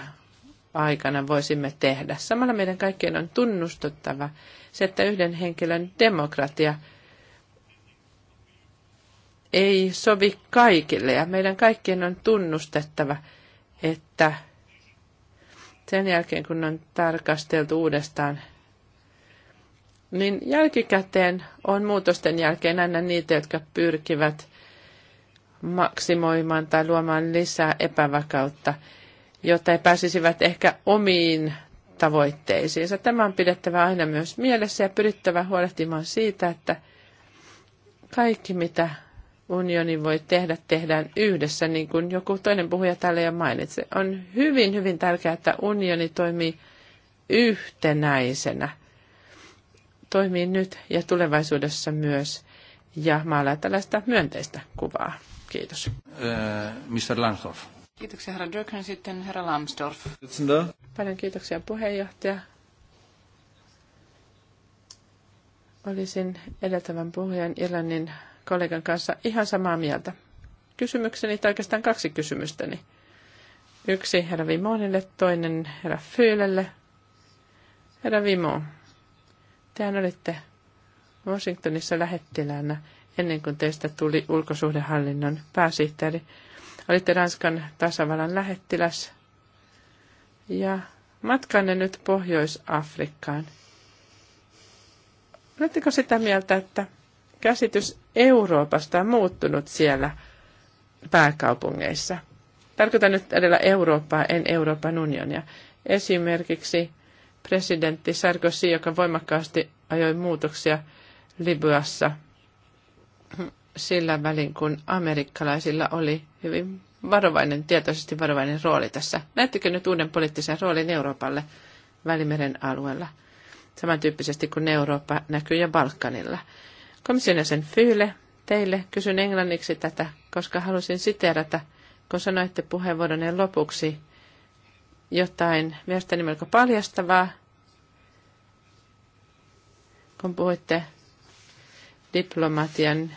aikana voisimme tehdä. Samalla meidän kaikkien on tunnustuttava se, että yhden henkilön demokratia – ei sovi kaikille ja meidän kaikkien on tunnustettava, että sen jälkeen kun on tarkasteltu uudestaan, niin jälkikäteen on muutosten jälkeen aina niitä, jotka pyrkivät maksimoimaan tai luomaan lisää epävakautta, jotta he pääsisivät ehkä omiin tavoitteisiinsa. Tämä on pidettävä aina myös mielessä ja pyrittävä huolehtimaan siitä, että kaikki mitä unioni voi tehdä, tehdään yhdessä, niin kuin joku toinen puhuja täällä jo mainitsi. On hyvin, hyvin tärkeää, että unioni toimii yhtenäisenä. Toimii nyt ja tulevaisuudessa myös ja maalaa tällaista myönteistä kuvaa. Kiitos. Äh, Mr. Lansdorf. Kiitoksia herra Dörkhän, sitten herra Lambsdorff. Paljon kiitoksia puheenjohtaja. Olisin edeltävän puhujan Irlannin kollegan kanssa ihan samaa mieltä. Kysymykseni tai oikeastaan kaksi kysymystäni. Yksi herra Vimonille, toinen herra Fyylelle. Herra Vimo, tehän olitte Washingtonissa lähettiläänä ennen kuin teistä tuli ulkosuhdehallinnon pääsihteeri. Olitte Ranskan tasavallan lähettiläs ja matkanne nyt Pohjois-Afrikkaan. Oletteko sitä mieltä, että käsitys Euroopasta on muuttunut siellä pääkaupungeissa. Tarkoitan nyt edellä Eurooppaa, en Euroopan unionia. Esimerkiksi presidentti Sarkozy, joka voimakkaasti ajoi muutoksia Libyassa sillä välin, kun amerikkalaisilla oli hyvin varovainen, tietoisesti varovainen rooli tässä. Näettekö nyt uuden poliittisen roolin Euroopalle Välimeren alueella? Samantyyppisesti kuin Eurooppa näkyy ja Balkanilla. Komission jäsen Fyyle, teille kysyn englanniksi tätä, koska halusin siteerata, kun sanoitte puheenvuoronne lopuksi jotain mielestäni melko paljastavaa, kun puhuitte diplomatian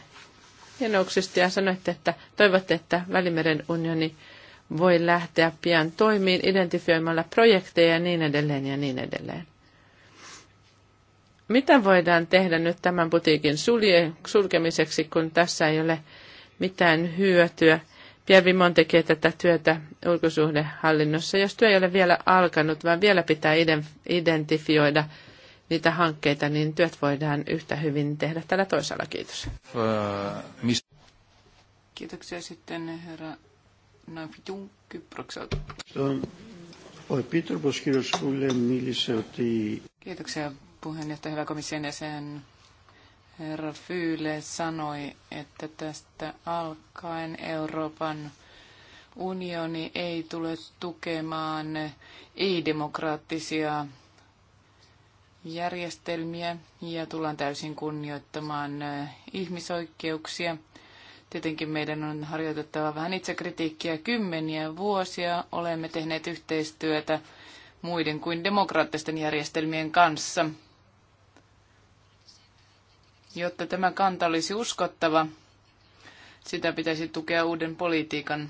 hienouksista ja sanoitte, että toivotte, että Välimeren unioni voi lähteä pian toimiin identifioimalla projekteja ja niin edelleen ja niin edelleen. Mitä voidaan tehdä nyt tämän putiikin sulje, sulkemiseksi, kun tässä ei ole mitään hyötyä? Vimon tekee tätä työtä ulkosuhdehallinnossa. Jos työ ei ole vielä alkanut, vaan vielä pitää identifioida niitä hankkeita, niin työt voidaan yhtä hyvin tehdä tällä toisella. Kiitos. Äh, Kiitoksia sitten herra Ναυιτούν Kyprokselta. Kiitoksia puheenjohtaja, hyvä komission jäsen herra Füle sanoi, että tästä alkaen Euroopan unioni ei tule tukemaan ei-demokraattisia järjestelmiä ja tullaan täysin kunnioittamaan ihmisoikeuksia. Tietenkin meidän on harjoitettava vähän itsekritiikkiä. Kymmeniä vuosia olemme tehneet yhteistyötä muiden kuin demokraattisten järjestelmien kanssa. Jotta tämä kanta olisi uskottava, sitä pitäisi tukea uuden politiikan.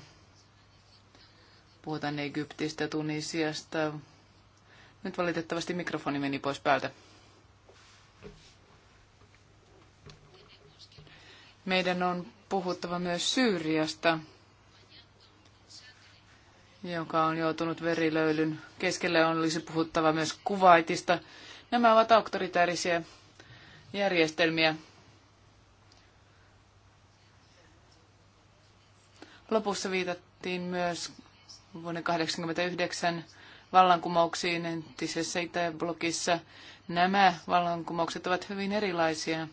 Puhutaan Egyptistä, Tunisiasta. Nyt valitettavasti mikrofoni meni pois päältä. Meidän on puhuttava myös Syyriasta, joka on joutunut verilöylyn keskelle. On olisi puhuttava myös Kuvaitista. Nämä ovat auktoritäärisiä järjestelmiä. Lopussa viitattiin myös vuonna 1989 vallankumouksiin entisessä Itä-blogissa. Nämä vallankumoukset ovat hyvin erilaisia.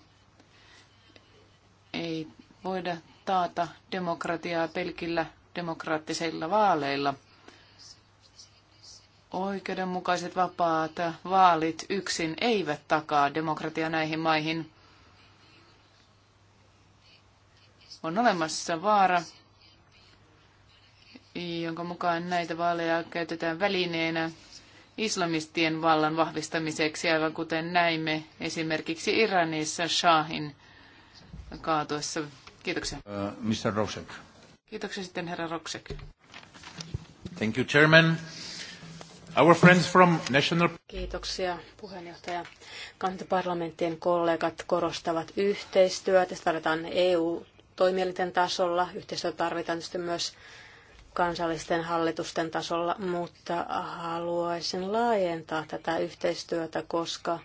Ei voida taata demokratiaa pelkillä demokraattisilla vaaleilla. Oikeudenmukaiset vapaat vaalit yksin eivät takaa demokratia näihin maihin. On olemassa vaara, jonka mukaan näitä vaaleja käytetään välineenä islamistien vallan vahvistamiseksi, aivan kuten näimme esimerkiksi Iranissa Shahin kaatuessa. Kiitoksia. Uh, Mr. Rosek. Kiitoksia sitten herra Rosek. Thank you, Chairman. Our friends from national... Kiitoksia puheenjohtaja. Kansanparlamenttien kollegat korostavat yhteistyötä. Sitä tarvitaan EU-toimielinten tasolla. Yhteistyötä tarvitaan tietysti myös kansallisten hallitusten tasolla, mutta haluaisin laajentaa tätä yhteistyötä, koska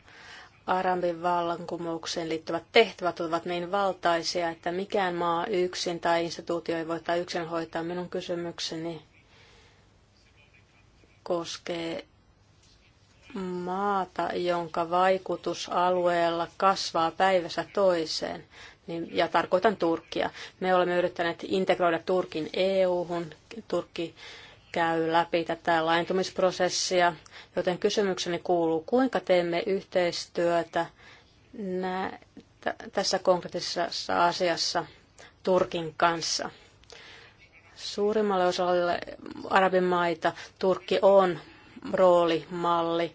Arabin vallankumoukseen liittyvät tehtävät ovat niin valtaisia, että mikään maa yksin tai instituutio ei voi yksin hoitaa minun kysymykseni koskee maata, jonka vaikutusalueella kasvaa päivässä toiseen, niin, ja tarkoitan Turkkia. Me olemme yrittäneet integroida Turkin EU-hun. Turkki käy läpi tätä laajentumisprosessia, joten kysymykseni kuuluu, kuinka teemme yhteistyötä nä- tässä konkreettisessa asiassa Turkin kanssa? Suurimmalle osalle arabimaita Turkki on roolimalli.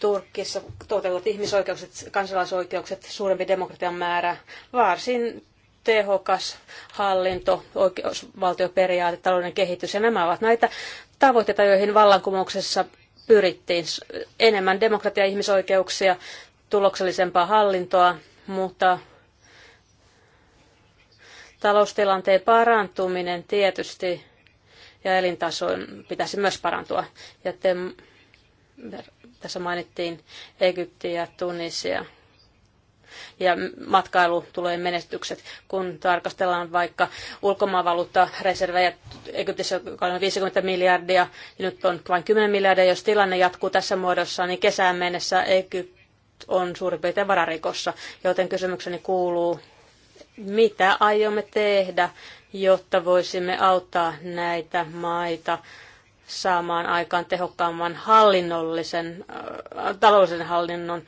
Turkissa toteutuvat ihmisoikeukset, kansalaisoikeukset, suurempi demokratian määrä, varsin tehokas hallinto, oikeusvaltioperiaate, talouden kehitys ja nämä ovat näitä tavoitteita, joihin vallankumouksessa pyrittiin. Enemmän demokratia, ihmisoikeuksia, tuloksellisempaa hallintoa, mutta Taloustilanteen parantuminen tietysti ja elintason pitäisi myös parantua. Ja te, tässä mainittiin Egypti ja Tunisia ja matkailu tulee menestykset, kun tarkastellaan vaikka reservejä Egyptissä, on 50 miljardia, ja nyt on vain 10 miljardia. Jos tilanne jatkuu tässä muodossa, niin kesään mennessä Egypt on suurin piirtein vararikossa, joten kysymykseni kuuluu, mitä aiomme tehdä, jotta voisimme auttaa näitä maita saamaan aikaan tehokkaamman hallinnollisen, äh, taloudellisen hallinnon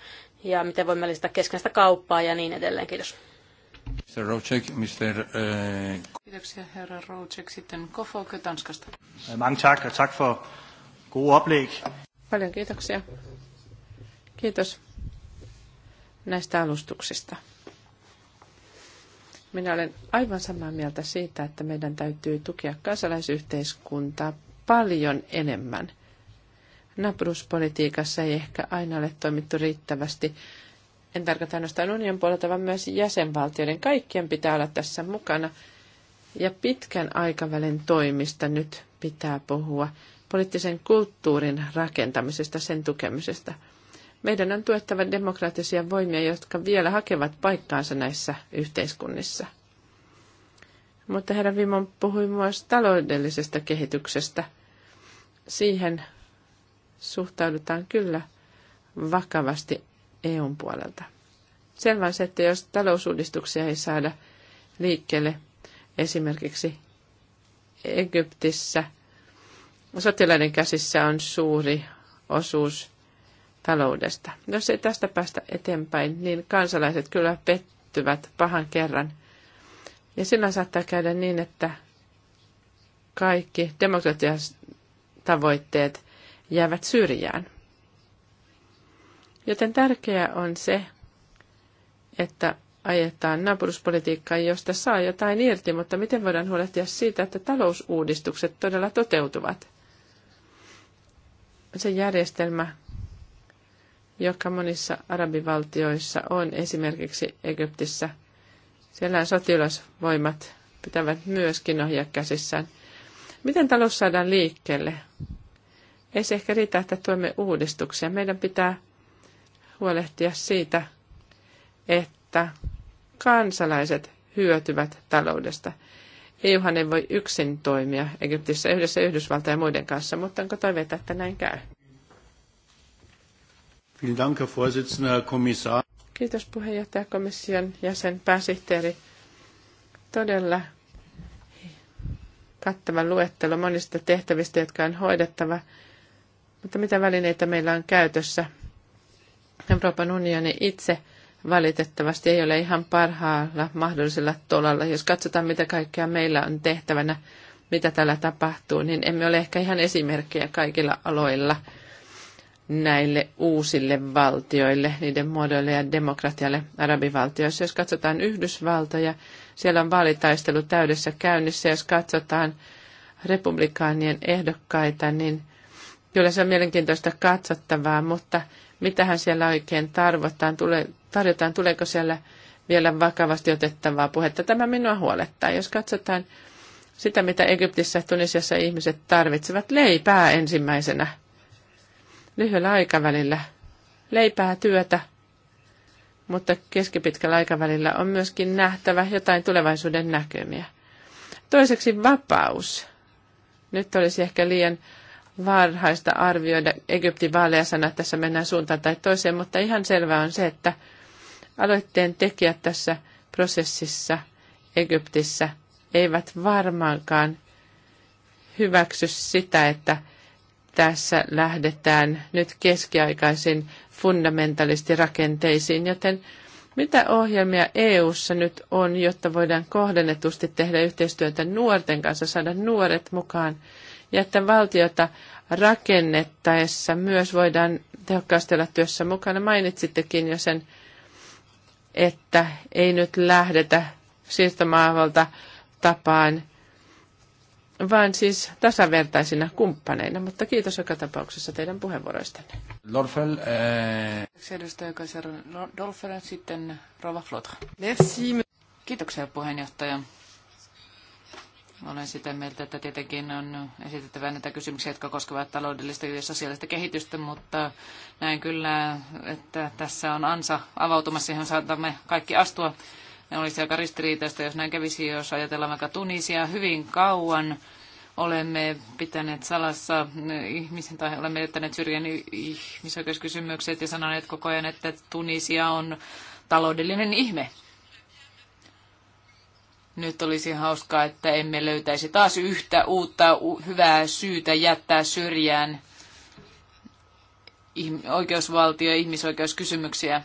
ja miten voimme lisätä keskeistä kauppaa ja niin edelleen. Kiitos. Mr. Rocek, Mr. Eh... Äh, kiitoksia herra Rocek. Sitten Kofoke Tanskasta. Äh, mange tak, og tak for gode oplæg. Paljon kiitoksia. Kiitos näistä alustuksista. Minä olen aivan samaa mieltä siitä, että meidän täytyy tukea kansalaisyhteiskuntaa paljon enemmän. Napruspolitiikassa ei ehkä aina ole toimittu riittävästi. En tarkoita ainoastaan union puolelta, vaan myös jäsenvaltioiden. Kaikkien pitää olla tässä mukana. Ja pitkän aikavälin toimista nyt pitää puhua poliittisen kulttuurin rakentamisesta, sen tukemisesta – meidän on tuettava demokraattisia voimia, jotka vielä hakevat paikkaansa näissä yhteiskunnissa. Mutta herra Vimon puhui myös taloudellisesta kehityksestä. Siihen suhtaudutaan kyllä vakavasti EUn puolelta. Selvä se, että jos talousuudistuksia ei saada liikkeelle esimerkiksi Egyptissä, sotilaiden käsissä on suuri osuus taloudesta. Jos ei tästä päästä eteenpäin, niin kansalaiset kyllä pettyvät pahan kerran. Ja silloin saattaa käydä niin, että kaikki demokratiatavoitteet jäävät syrjään. Joten tärkeää on se, että ajetaan naapuruspolitiikkaa, josta saa jotain irti, mutta miten voidaan huolehtia siitä, että talousuudistukset todella toteutuvat? Se järjestelmä, joka monissa arabivaltioissa on, esimerkiksi Egyptissä. Siellä sotilasvoimat pitävät myöskin ohjaa käsissään. Miten talous saadaan liikkeelle? Ei se ehkä riitä, että tuemme uudistuksia. Meidän pitää huolehtia siitä, että kansalaiset hyötyvät taloudesta. EUhan ei voi yksin toimia Egyptissä yhdessä Yhdysvaltain ja muiden kanssa, mutta onko toiveita, että näin käy? Kiitos puheenjohtaja komission jäsen pääsihteeri. Todella kattava luettelo monista tehtävistä, jotka on hoidettava. Mutta mitä välineitä meillä on käytössä? Euroopan unioni itse valitettavasti ei ole ihan parhaalla mahdollisella tolalla. Jos katsotaan, mitä kaikkea meillä on tehtävänä, mitä täällä tapahtuu, niin emme ole ehkä ihan esimerkkejä kaikilla aloilla – näille uusille valtioille, niiden muodoille ja demokratialle arabivaltioissa. Jos katsotaan Yhdysvaltoja, siellä on vaalitaistelu täydessä käynnissä. Jos katsotaan republikaanien ehdokkaita, niin kyllä se on mielenkiintoista katsottavaa, mutta mitähän siellä oikein tarvotaan, tule, tarjotaan, tuleeko siellä vielä vakavasti otettavaa puhetta. Tämä minua huolettaa. Jos katsotaan sitä, mitä Egyptissä, Tunisiassa ihmiset tarvitsevat, leipää ensimmäisenä – lyhyellä aikavälillä leipää työtä, mutta keskipitkällä aikavälillä on myöskin nähtävä jotain tulevaisuuden näkymiä. Toiseksi vapaus. Nyt olisi ehkä liian varhaista arvioida Egyptin vaaleja sana, että tässä mennään suuntaan tai toiseen, mutta ihan selvää on se, että aloitteen tekijät tässä prosessissa Egyptissä eivät varmaankaan hyväksy sitä, että tässä lähdetään nyt keskiaikaisiin fundamentalistirakenteisiin, joten mitä ohjelmia EU:ssa nyt on, jotta voidaan kohdennetusti tehdä yhteistyötä nuorten kanssa, saada nuoret mukaan, ja että valtiota rakennettaessa myös voidaan tehokkaasti olla työssä mukana. Mainitsittekin jo sen, että ei nyt lähdetä siirtomaavalta tapaan vaan siis tasavertaisina kumppaneina, mutta kiitos joka tapauksessa teidän puheenvuoroistanne. Lorfel, Äh... Edustaja Kaiser Dolfer, sitten Rova Flotra. Merci. Kiitoksia puheenjohtaja. Olen sitä mieltä, että tietenkin on esitettävä näitä kysymyksiä, jotka koskevat taloudellista ja sosiaalista kehitystä, mutta näin kyllä, että tässä on ansa avautumassa, johon saatamme kaikki astua. Ne olisi aika ristiriitaista, jos näin kävisi, jos ajatellaan vaikka Tunisia hyvin kauan. Olemme pitäneet salassa ihmisen tai olemme jättäneet syrjän ihmisoikeuskysymykset ja sanoneet koko ajan, että Tunisia on taloudellinen ihme. Nyt olisi hauskaa, että emme löytäisi taas yhtä uutta hyvää syytä jättää syrjään oikeusvaltio- ja ihmisoikeuskysymyksiä.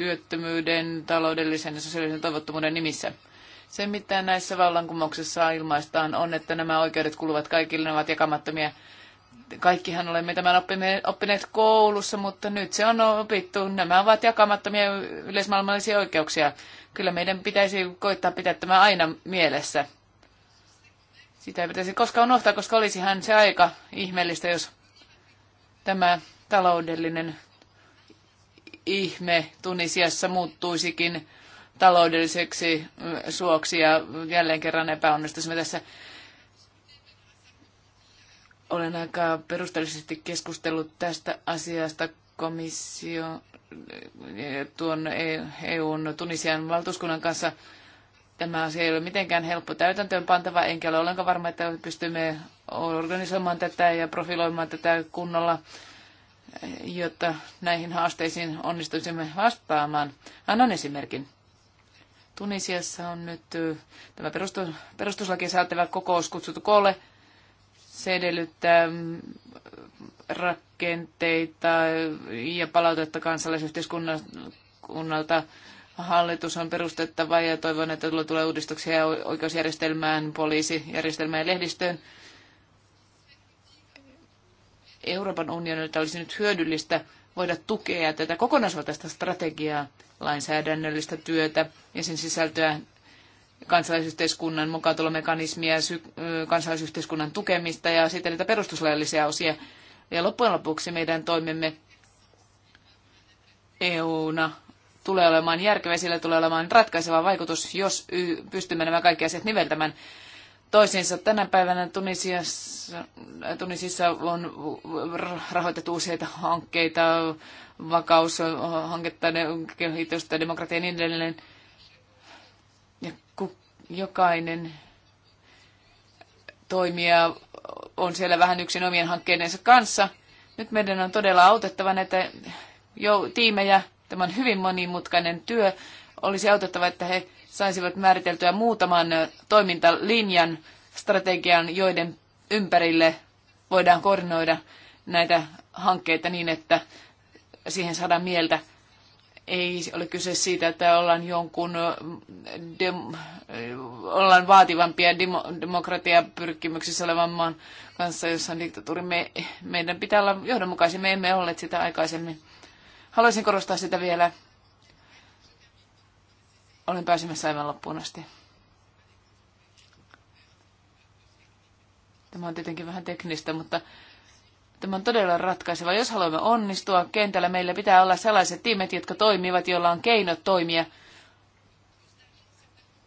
työttömyyden, taloudellisen ja sosiaalisen toivottomuuden nimissä. Se, mitä näissä vallankumouksissa ilmaistaan, on, että nämä oikeudet kuluvat kaikille, ne ovat jakamattomia. Kaikkihan olemme tämän oppineet koulussa, mutta nyt se on opittu. Nämä ovat jakamattomia yleismaailmallisia oikeuksia. Kyllä meidän pitäisi koittaa pitää tämä aina mielessä. Sitä ei pitäisi koskaan unohtaa, koska olisihan se aika ihmeellistä, jos tämä taloudellinen ihme Tunisiassa muuttuisikin taloudelliseksi mm, suoksi ja jälleen kerran epäonnistuisimme tässä. Olen aika perusteellisesti keskustellut tästä asiasta komissio tuon EUn e Tunisian valtuuskunnan kanssa. Tämä asia ei ole mitenkään helppo täytäntöön pantava, enkä ole ollenkaan varma, että pystymme organisoimaan tätä ja profiloimaan tätä kunnolla jotta näihin haasteisiin onnistuisimme vastaamaan. Annan esimerkin. Tunisiassa on nyt tämä perustuslaki säätävä kokous kutsuttu koolle. Se edellyttää mm, rakenteita ja palautetta kansalaisyhteiskunnalta. Hallitus on perustettava ja toivon, että tulee uudistuksia oikeusjärjestelmään, poliisijärjestelmään ja lehdistöön Euroopan unionilta olisi nyt hyödyllistä voida tukea tätä kokonaisvaltaista strategiaa, lainsäädännöllistä työtä ja sen sisältöä kansalaisyhteiskunnan mukaantulomekanismia, kansalaisyhteiskunnan tukemista ja sitten niitä perustuslaillisia osia. Ja loppujen lopuksi meidän toimemme EUna tulee olemaan järkevä, sillä tulee olemaan ratkaiseva vaikutus, jos pystymme nämä kaikki asiat niveltämään toisiinsa. Tänä päivänä Tunisiassa, Tunisissa on rahoitettu useita hankkeita, vakaushanketta, kehitystä, demokratia ja niin edelleen. Ja jokainen toimija on siellä vähän yksin omien hankkeidensa kanssa. Nyt meidän on todella autettava näitä jo, tiimejä. Tämä on hyvin monimutkainen työ. Olisi autettava, että he saisivat määriteltyä muutaman toimintalinjan strategian, joiden ympärille voidaan koordinoida näitä hankkeita niin, että siihen saadaan mieltä. Ei ole kyse siitä, että ollaan jonkun dem, ollaan vaativampia demo, demokratiapyrkimyksissä olevan maan kanssa, jossa on diktatuuri. Me, meidän pitää olla johdonmukaisia. Me emme olleet sitä aikaisemmin. Haluaisin korostaa sitä vielä olen pääsemässä aivan loppuun asti. Tämä on tietenkin vähän teknistä, mutta tämä on todella ratkaiseva. Jos haluamme onnistua kentällä, meillä pitää olla sellaiset tiimet, jotka toimivat, joilla on keinot toimia.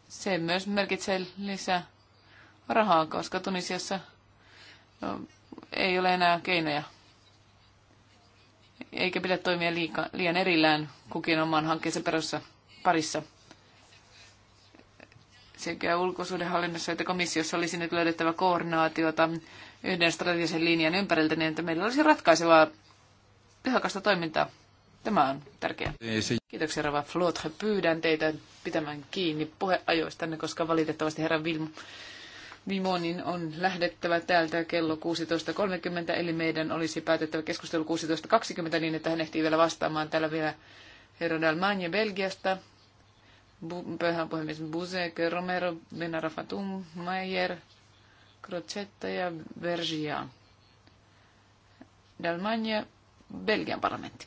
Se myös merkitsee lisää rahaa, koska Tunisiassa no, ei ole enää keinoja. Eikä pidä toimia liika, liian erillään kukin oman hankkeensa perussa parissa sekä ulkosuhdehallinnossa että komissiossa olisi nyt löydettävä koordinaatiota yhden strategisen linjan ympäriltä, niin että meillä olisi ratkaisevaa tehokasta toimintaa. Tämä on tärkeää. Kiitoksia Rava Flotre. Pyydän teitä pitämään kiinni puheajoistanne, koska valitettavasti herra Vilmo Vimonin on lähdettävä täältä kello 16.30, eli meidän olisi päätettävä keskustelu 16.20 niin, että hän ehtii vielä vastaamaan täällä vielä herra Dalmagne Belgiasta. Pöhän puhemies Buse, Romero, Benarafatum, Mayer, Crocetta ja Vergia. Dalmania, Belgian parlamentti.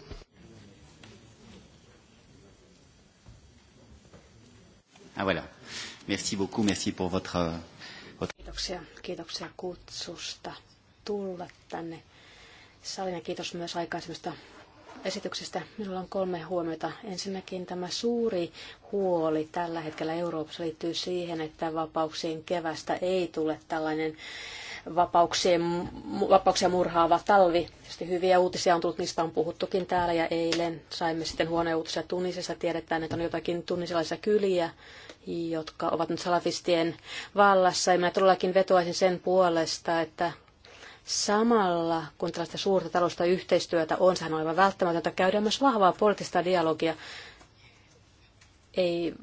Ah voilà. Merci beaucoup, merci pour votre... votre... Kiitoksia, kiitoksia kutsusta tulla tänne salina. Kiitos myös aikaisemmista esityksestä. Minulla on kolme huomiota. Ensinnäkin tämä suuri huoli tällä hetkellä Euroopassa liittyy siihen, että vapauksien kevästä ei tule tällainen vapauksien, vapauksia murhaava talvi. Tietysti hyviä uutisia on tullut, niistä on puhuttukin täällä ja eilen saimme sitten huoneen uutisia Tunisissa. Tiedetään, että on jotakin tunisilaisia kyliä, jotka ovat nyt salafistien vallassa. Ja minä todellakin vetoaisin sen puolesta, että Samalla, kun tällaista suurta talousta yhteistyötä on, sehän on aivan välttämätöntä käydä myös vahvaa poliittista dialogia. Ei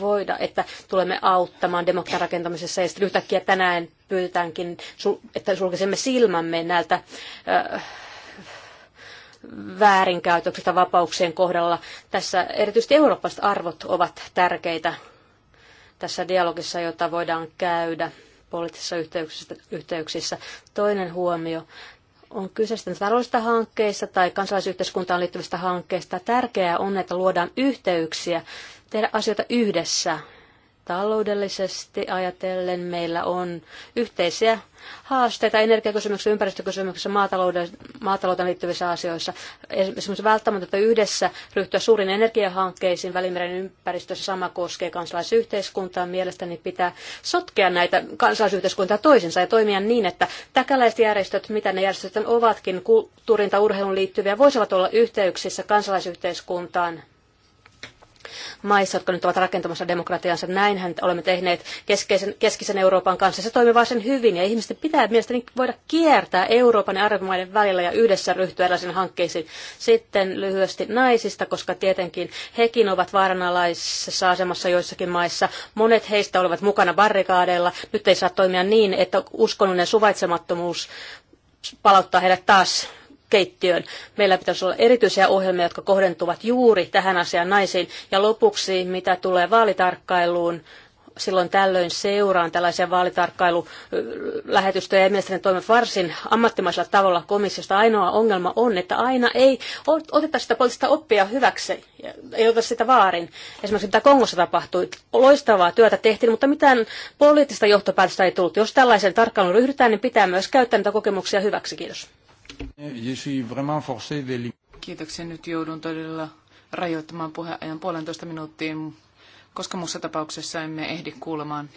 voida, että tulemme auttamaan demokratian rakentamisessa ja sitten yhtäkkiä tänään pyytäänkin, että sulkisimme silmämme näiltä äh, väärinkäytöksistä vapauksien kohdalla. Tässä erityisesti eurooppalaiset arvot ovat tärkeitä tässä dialogissa, jota voidaan käydä poliittisissa yhteyksissä, yhteyksissä. Toinen huomio on kyse sitten taloudellisista hankkeista tai kansalaisyhteiskuntaan liittyvistä hankkeista. Tärkeää on, että luodaan yhteyksiä, tehdä asioita yhdessä Taloudellisesti ajatellen meillä on yhteisiä haasteita energiakysymyksissä, ympäristökysymyksissä, maatalouden, maatalouteen liittyvissä asioissa. Esimerkiksi välttämätöntä yhdessä ryhtyä suurin energiahankkeisiin välimeren ympäristössä. Sama koskee kansalaisyhteiskuntaa. Mielestäni pitää sotkea näitä kansalaisyhteiskuntaa toisinsa ja toimia niin, että täkäläiset järjestöt, mitä ne järjestöt ovatkin, kulttuurin tai urheilun liittyviä, voisivat olla yhteyksissä kansalaisyhteiskuntaan maissa, jotka nyt ovat rakentamassa demokratiansa. Näinhän olemme tehneet keskeisen, keskisen Euroopan kanssa. Se toimii varsin hyvin ja ihmisten pitää mielestäni voida kiertää Euroopan ja arabimaiden välillä ja yhdessä ryhtyä erilaisiin hankkeisiin. Sitten lyhyesti naisista, koska tietenkin hekin ovat vaaranalaisessa asemassa joissakin maissa. Monet heistä olivat mukana barrikaadeilla. Nyt ei saa toimia niin, että uskonnollinen suvaitsemattomuus palauttaa heidät taas keittiöön. Meillä pitäisi olla erityisiä ohjelmia, jotka kohdentuvat juuri tähän asiaan naisiin. Ja lopuksi, mitä tulee vaalitarkkailuun, silloin tällöin seuraan tällaisia vaalitarkkailulähetystöjä ja mielestäni toimivat varsin ammattimaisella tavalla komissiosta. Ainoa ongelma on, että aina ei oteta sitä poliittista oppia hyväksi, ei oteta sitä vaarin. Esimerkiksi mitä Kongossa tapahtui, loistavaa työtä tehtiin, mutta mitään poliittista johtopäätöstä ei tullut. Jos tällaisen tarkkailuun ryhdytään, niin pitää myös käyttää niitä kokemuksia hyväksi. Kiitos. Kiitoksia. Nyt joudun todella rajoittamaan puheajan puolentoista minuuttiin, koska muussa tapauksessa emme ehdi kuulemaan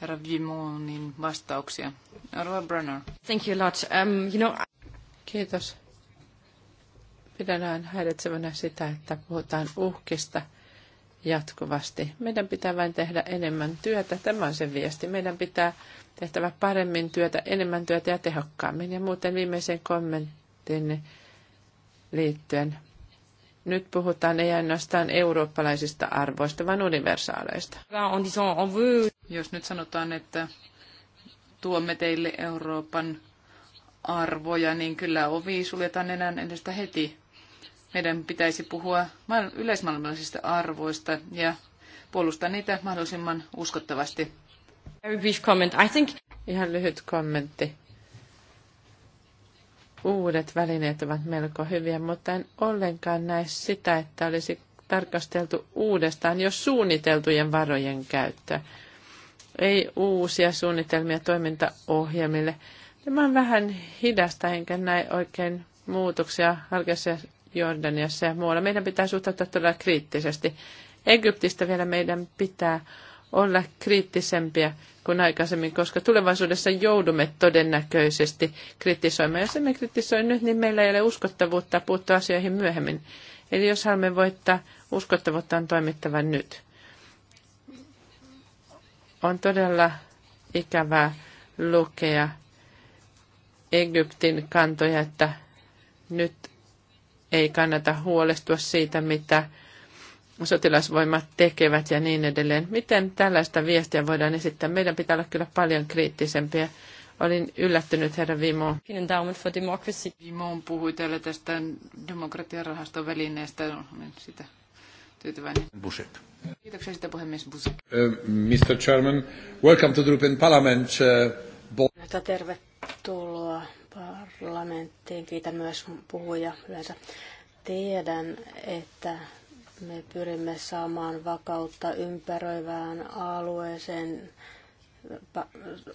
herra Vimonin vastauksia. Arva Brenner. Thank you a lot. Um, you know... Kiitos. Pidän aina häiritsevänä sitä, että puhutaan uhkista jatkuvasti. Meidän pitää vain tehdä enemmän työtä. Tämä on se viesti. Meidän pitää tehtävä paremmin työtä, enemmän työtä ja tehokkaammin. Ja muuten viimeisen kommentin liittyen. Nyt puhutaan ei ainoastaan eurooppalaisista arvoista, vaan universaaleista. Jos nyt sanotaan, että tuomme teille Euroopan arvoja, niin kyllä ovi suljetaan enää edestä heti. Meidän pitäisi puhua yleismaailmallisista arvoista ja puolustaa niitä mahdollisimman uskottavasti. Very brief comment. I think... Ihan lyhyt kommentti. Uudet välineet ovat melko hyviä, mutta en ollenkaan näe sitä, että olisi tarkasteltu uudestaan jo suunniteltujen varojen käyttöä. Ei uusia suunnitelmia toimintaohjelmille. Tämä on vähän hidasta, enkä näe oikein muutoksia Algeciassa, Jordaniassa ja muualla. Meidän pitää suhtautua todella kriittisesti. Egyptistä vielä meidän pitää olla kriittisempiä kuin aikaisemmin, koska tulevaisuudessa joudumme todennäköisesti kritisoimaan. Jos emme kritisoi nyt, niin meillä ei ole uskottavuutta puuttua asioihin myöhemmin. Eli jos haluamme voittaa, uskottavuutta on toimittava nyt. On todella ikävää lukea Egyptin kantoja, että nyt ei kannata huolestua siitä, mitä sotilasvoimat tekevät ja niin edelleen. Miten tällaista viestiä voidaan esittää? Meidän pitää olla kyllä paljon kriittisempiä. Olin yllättynyt, herra Vimo. Vimo puhui täällä tästä demokratiarahaston välineestä. Olen sitä tyytyväinen. Busek. Kiitoksia sitä puhemies Busek. Uh, Mr. Chairman, welcome to the European Parliament. Uh, tervetuloa parlamenttiin. Kiitän myös puhuja yleensä. Tiedän, että me pyrimme saamaan vakautta ympäröivään alueeseen,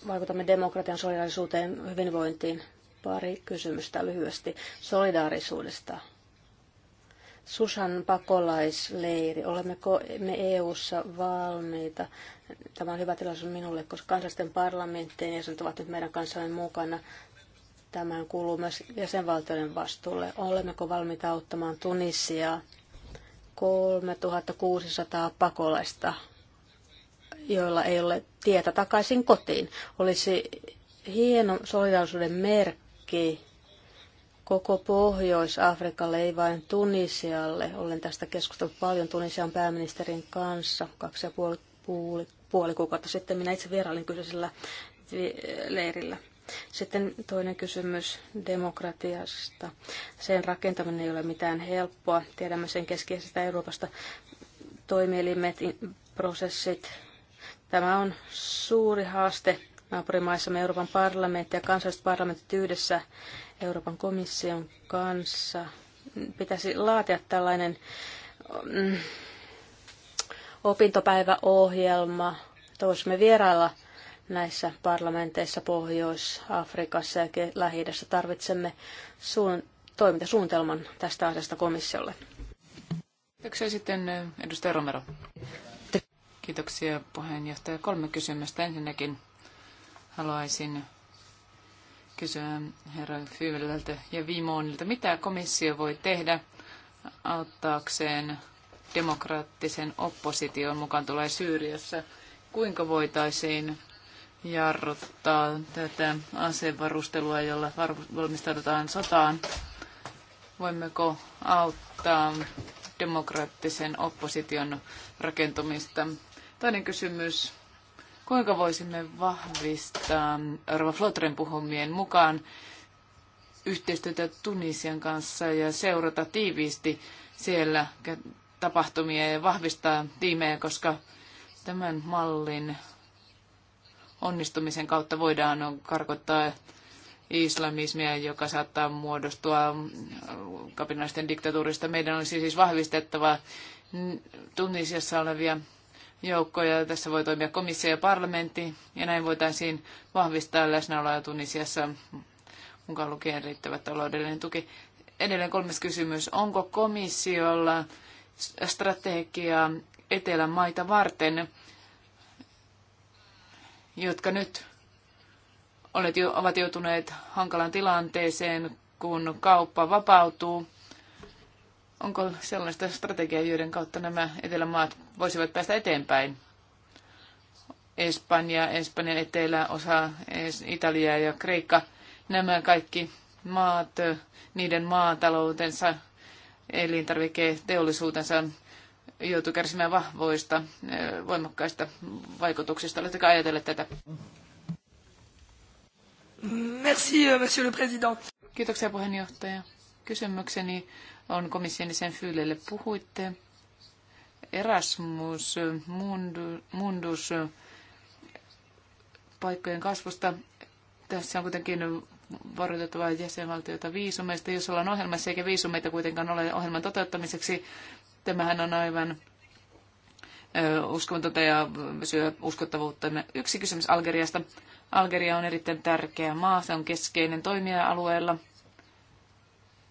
vaikutamme demokratian solidaarisuuteen, hyvinvointiin. Pari kysymystä lyhyesti solidaarisuudesta. Susan pakolaisleiri. Olemmeko me EU-ssa valmiita? Tämä on hyvä tilaisuus minulle, koska kansallisten parlamenttien jäsenet ovat nyt meidän kanssamme mukana. Tämähän kuuluu myös jäsenvaltioiden vastuulle. Olemmeko valmiita auttamaan Tunisiaa 3600 pakolaista, joilla ei ole tietä takaisin kotiin. Olisi hieno solidaarisuuden merkki koko Pohjois-Afrikalle, ei vain Tunisialle. Olen tästä keskustellut paljon Tunisian pääministerin kanssa kaksi ja puoli, puoli, puoli kuukautta sitten. Minä itse vierailin kyseisellä leirillä. Sitten toinen kysymys demokratiasta. Sen rakentaminen ei ole mitään helppoa. Tiedämme sen keskeisestä Euroopasta toimielimet, prosessit. Tämä on suuri haaste naapurimaissamme Euroopan parlamentti ja kansalliset parlamentit yhdessä Euroopan komission kanssa. Pitäisi laatia tällainen mm, opintopäiväohjelma, että voisimme vierailla näissä parlamenteissa Pohjois-Afrikassa ja lähi tarvitsemme suun, toimintasuunnitelman tästä asiasta komissiolle. Kiitoksia sitten edustaja Romero. Kiitoksia puheenjohtaja. Kolme kysymystä. Ensinnäkin haluaisin kysyä herra Fyvelältä ja Vimonilta, mitä komissio voi tehdä auttaakseen demokraattisen opposition mukaan tulee Syyriassa? Kuinka voitaisiin jarruttaa tätä asevarustelua, jolla valmistaudutaan sotaan. Voimmeko auttaa demokraattisen opposition rakentumista? Toinen kysymys. Kuinka voisimme vahvistaa Arva Flotren puhumien mukaan yhteistyötä Tunisian kanssa ja seurata tiiviisti siellä tapahtumia ja vahvistaa tiimejä, koska tämän mallin onnistumisen kautta voidaan karkottaa islamismia, joka saattaa muodostua kapinallisten diktatuurista. Meidän olisi siis vahvistettava Tunisiassa olevia joukkoja. Tässä voi toimia komissio ja parlamentti, ja näin voitaisiin vahvistaa läsnäoloa Tunisiassa mukaan lukien riittävä taloudellinen tuki. Edelleen kolmas kysymys. Onko komissiolla strategiaa etelän maita varten? jotka nyt ovat joutuneet hankalan tilanteeseen, kun kauppa vapautuu. Onko sellaista strategiaa, joiden kautta nämä etelämaat voisivat päästä eteenpäin? Espanja, Espanjan eteläosa, Italia ja Kreikka, nämä kaikki maat, niiden maataloutensa, elintarviketeollisuutensa joutui kärsimään vahvoista, eh, voimakkaista vaikutuksista. Oletteko ajatelleet tätä? Merci, euh, monsieur le président. Kiitoksia puheenjohtaja. Kysymykseni on komission sen fyylille. Puhuitte Erasmus Mundus paikkojen kasvusta. Tässä on kuitenkin varoitettava jäsenvaltioita viisumeista, jos ollaan ohjelmassa eikä viisumeita kuitenkaan ole ohjelman toteuttamiseksi. Tämähän on aivan uskomatonta ja syö uskottavuutta. Yksi kysymys Algeriasta. Algeria on erittäin tärkeä maa, se on keskeinen toimija alueella.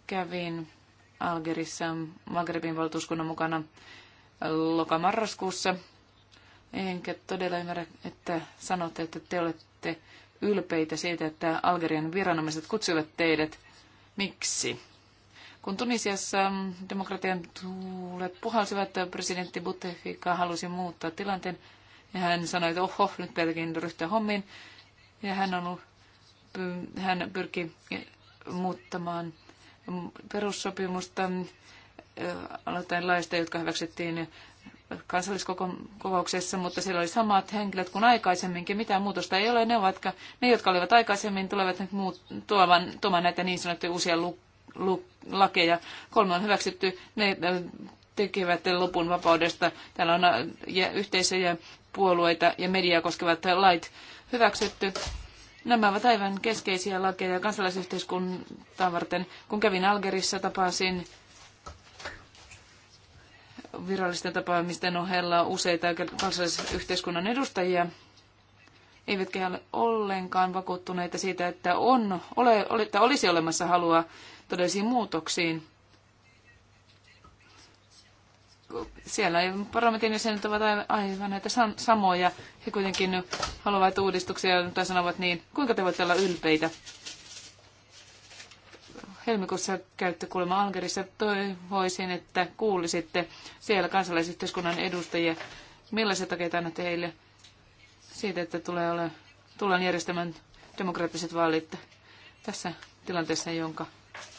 Kävin Algerissa Magrebin valtuuskunnan mukana lokamarraskuussa. Enkä todella ymmärrä, että sanotte, että te olette ylpeitä siitä, että Algerian viranomaiset kutsuivat teidät. Miksi? Kun Tunisiassa demokratian tuulet puhalsivat, presidentti Bouteflika halusi muuttaa tilanteen. Ja hän sanoi, että oho, nyt pelkin ryhtyä hommiin. Ja hän, on, hän pyrki muuttamaan perussopimusta aloittain laista, jotka hyväksyttiin kansalliskokouksessa, mutta siellä oli samat henkilöt kuin aikaisemminkin. Mitään muutosta ei ole. Ne, ovat, ne jotka olivat aikaisemmin, tulevat nyt muut, tuovan, tuomaan näitä niin sanottuja uusia lakeja. Kolme on hyväksytty, ne äh, tekevät lopun vapaudesta. Täällä on äh, yhteisöjä, puolueita ja mediaa koskevat lait hyväksytty. Nämä ovat aivan keskeisiä lakeja kansalaisyhteiskuntaa varten. Kun kävin Algerissa, tapasin virallisten tapaamisten ohella useita kansalaisyhteiskunnan edustajia, eivätkä ole ollenkaan vakuuttuneita siitä, että, on, ole, että olisi olemassa halua todellisiin muutoksiin. Siellä parlamentin jäsenet ovat aivan näitä samoja. He kuitenkin haluavat uudistuksia ja sanovat niin, kuinka te voitte olla ylpeitä. Helmikuussa käytte kuulemma Algerissa. Toivoisin, että kuulisitte siellä kansalaisyhteiskunnan edustajia. Millaiset takia tänne teille siitä, että tulee ole, tullaan järjestämään demokraattiset vaalit tässä tilanteessa, jonka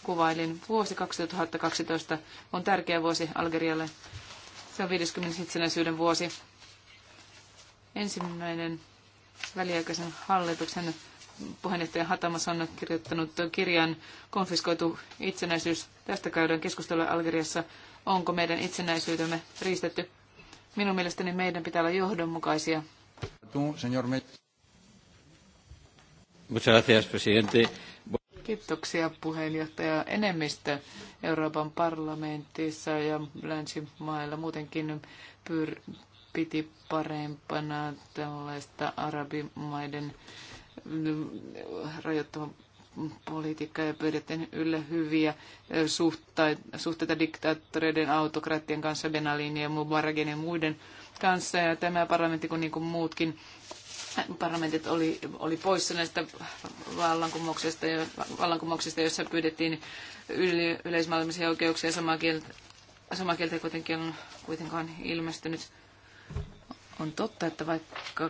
kuvailin. Vuosi 2012 on tärkeä vuosi Algerialle. Se on 50 itsenäisyyden vuosi. Ensimmäinen väliaikaisen hallituksen puheenjohtaja Hatamas on kirjoittanut kirjan Konfiskoitu itsenäisyys. Tästä käydään keskustelua Algeriassa. Onko meidän itsenäisyytemme riistetty? Minun mielestäni meidän pitää olla johdonmukaisia. Muchas gracias, presidente. Kiitoksia puheenjohtaja. Enemmistö Euroopan parlamentissa ja länsimailla muutenkin pyr- piti parempana tällaista arabimaiden rajoittavan politiikka ja pyydettiin yllä hyviä suhteita diktaattoreiden, autokraattien kanssa, Benalin ja Mubarakin ja muiden kanssa. Ja tämä parlamentti, kun niin kuin muutkin parlamentit oli, oli poissa näistä vallankumouksista, vallankumouksista joissa pyydettiin yli, yleismaailmallisia oikeuksia samaa kieltä, samaa kieltä kuitenkin on kuitenkaan ilmestynyt. On totta, että vaikka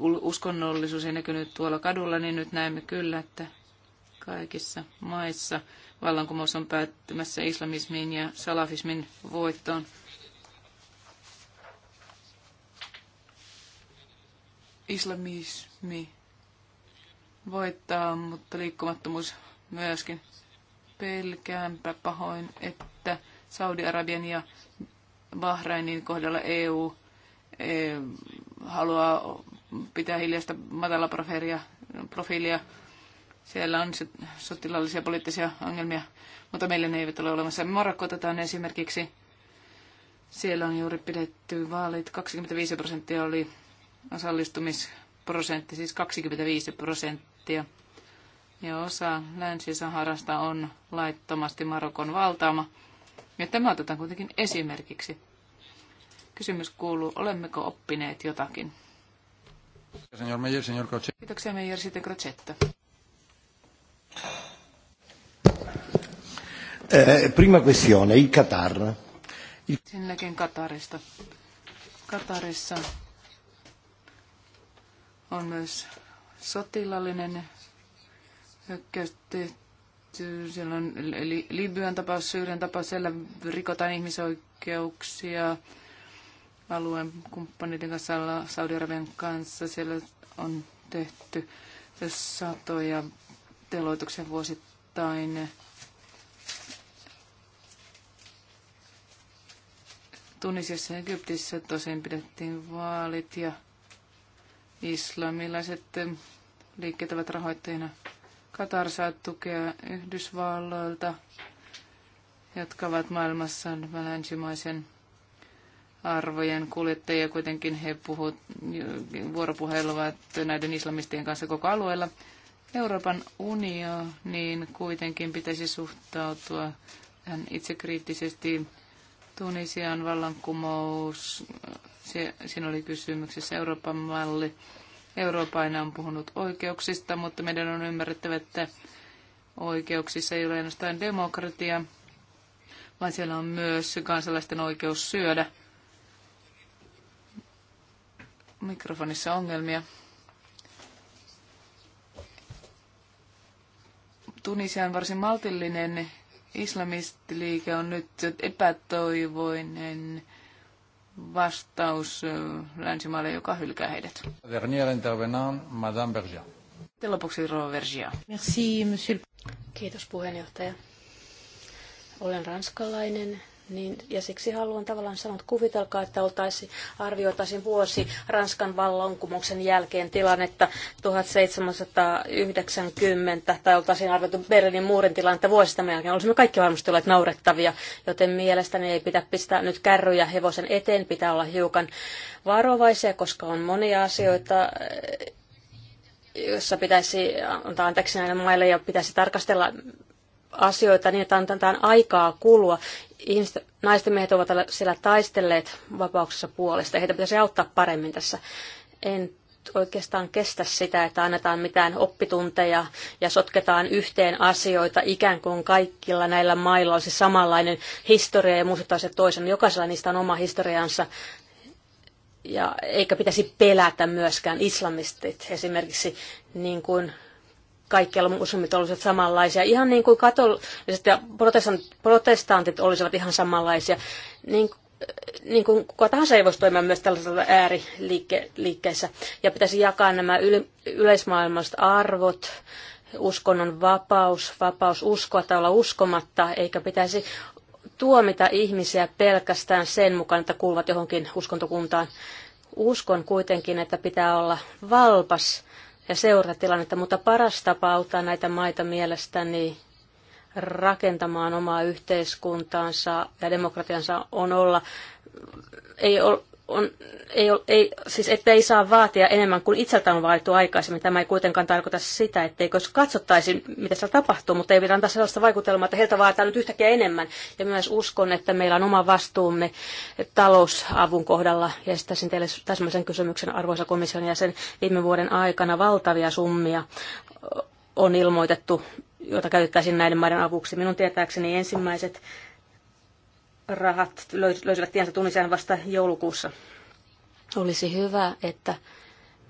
uskonnollisuus ei näkynyt tuolla kadulla, niin nyt näemme kyllä, että kaikissa maissa vallankumous on päättymässä islamismin ja salafismin voittoon. islamismi voittaa, mutta liikkumattomuus myöskin. Pelkäänpä pahoin, että Saudi-Arabian ja Bahrainin kohdalla EU e haluaa pitää hiljaista matala profiilia. Siellä on sotilaallisia poliittisia ongelmia, mutta meillä ne eivät ole olemassa. Marokko otetaan esimerkiksi. Siellä on juuri pidetty vaalit. 25 prosenttia oli osallistumisprosentti, siis 25 prosenttia. Ja osa Länsi-Saharasta on laittomasti Marokon valtaama. Ja tämä otetaan kuitenkin esimerkiksi. Kysymys kuuluu, olemmeko oppineet jotakin? Señor Meyer, señor Kiitoksia Meijer, sitten Crocetta. Eh, prima questione, il Qatar. Sinnekin Katarista. Katarissa on myös sotilallinen hyökkäys tehty. Siellä on Libyan tapaus, Syyrian tapaus, siellä rikotaan ihmisoikeuksia alueen kumppaneiden kanssa, Saudi-Arabian kanssa. Siellä on tehty satoja teloituksia vuosittain. Tunisiassa ja Egyptissä tosin pidettiin vaalit ja Islamilaiset eh, liikkeet ovat rahoittajina. Katar saa tukea Yhdysvalloilta, jotka ovat maailmassa länsimaisen arvojen kuljettajia. Kuitenkin he puhuvat, vuoropuheluvat näiden islamistien kanssa koko alueella. Euroopan unio, niin kuitenkin pitäisi suhtautua itsekriittisesti Tunisian vallankumous, se, siinä oli kysymyksessä Euroopan malli. Eurooppa aina on puhunut oikeuksista, mutta meidän on ymmärrettävä, että oikeuksissa ei ole ainoastaan demokratia, vaan siellä on myös kansalaisten oikeus syödä. Mikrofonissa ongelmia. Tunisia on varsin maltillinen islamistiliike on nyt epätoivoinen vastaus länsimaille, joka hylkää heidät. Madame Sitten lopuksi Rova Vergia. Merci, monsieur. Kiitos puheenjohtaja. Olen ranskalainen niin, ja siksi haluan tavallaan sanoa, että kuvitelkaa, että oltaisiin, arvioitaisiin vuosi Ranskan vallankumouksen jälkeen tilannetta 1790, tai oltaisiin arvioitu Berliinin muurin tilannetta vuosista jälkeen. Olisimme kaikki varmasti olleet naurettavia, joten mielestäni ei pidä pistää nyt kärryjä hevosen eteen, pitää olla hiukan varovaisia, koska on monia asioita, eh, jossa pitäisi antaa anteeksi näille maille ja pitäisi tarkastella asioita niin, että antetaan aikaa kulua. Ihmiset, naisten miehet ovat siellä taistelleet vapauksessa puolesta. Heitä pitäisi auttaa paremmin tässä. En oikeastaan kestä sitä, että annetaan mitään oppitunteja ja sotketaan yhteen asioita ikään kuin kaikilla näillä mailla olisi samanlainen historia ja muistuttaa se toisen. Jokaisella niistä on oma historiansa ja eikä pitäisi pelätä myöskään islamistit esimerkiksi, niin kuin kaikkialla muslimit olisivat samanlaisia, ihan niin kuin katoliset ja protestantit olisivat ihan samanlaisia. Niin, niin kuin kuka tahansa ei voisi toimia myös tällaisella ääriliikkeessä. Ja pitäisi jakaa nämä yli, yleismaailmalliset arvot, uskonnon vapaus, vapaus uskoa tai olla uskomatta, eikä pitäisi tuomita ihmisiä pelkästään sen mukaan, että kuuluvat johonkin uskontokuntaan. Uskon kuitenkin, että pitää olla valpas ja seurata tilannetta, mutta paras tapa auttaa näitä maita mielestäni rakentamaan omaa yhteiskuntaansa ja demokratiansa on olla, ei ole on, ei, ei, siis että ei saa vaatia enemmän kuin itseltä on vaadittu aikaisemmin. Tämä ei kuitenkaan tarkoita sitä, etteikö katsottaisi, mitä siellä tapahtuu, mutta ei pidä antaa sellaista vaikutelmaa, että heiltä vaaditaan nyt yhtäkkiä enemmän. Ja myös uskon, että meillä on oma vastuumme talousavun kohdalla. Ja sitten teille täsmäisen kysymyksen, arvoisa komission jäsen, viime vuoden aikana valtavia summia on ilmoitettu, joita käytettäisiin näiden maiden avuksi. Minun tietääkseni ensimmäiset rahat löysivät tiensä Tunisiaan vasta joulukuussa. Olisi hyvä, että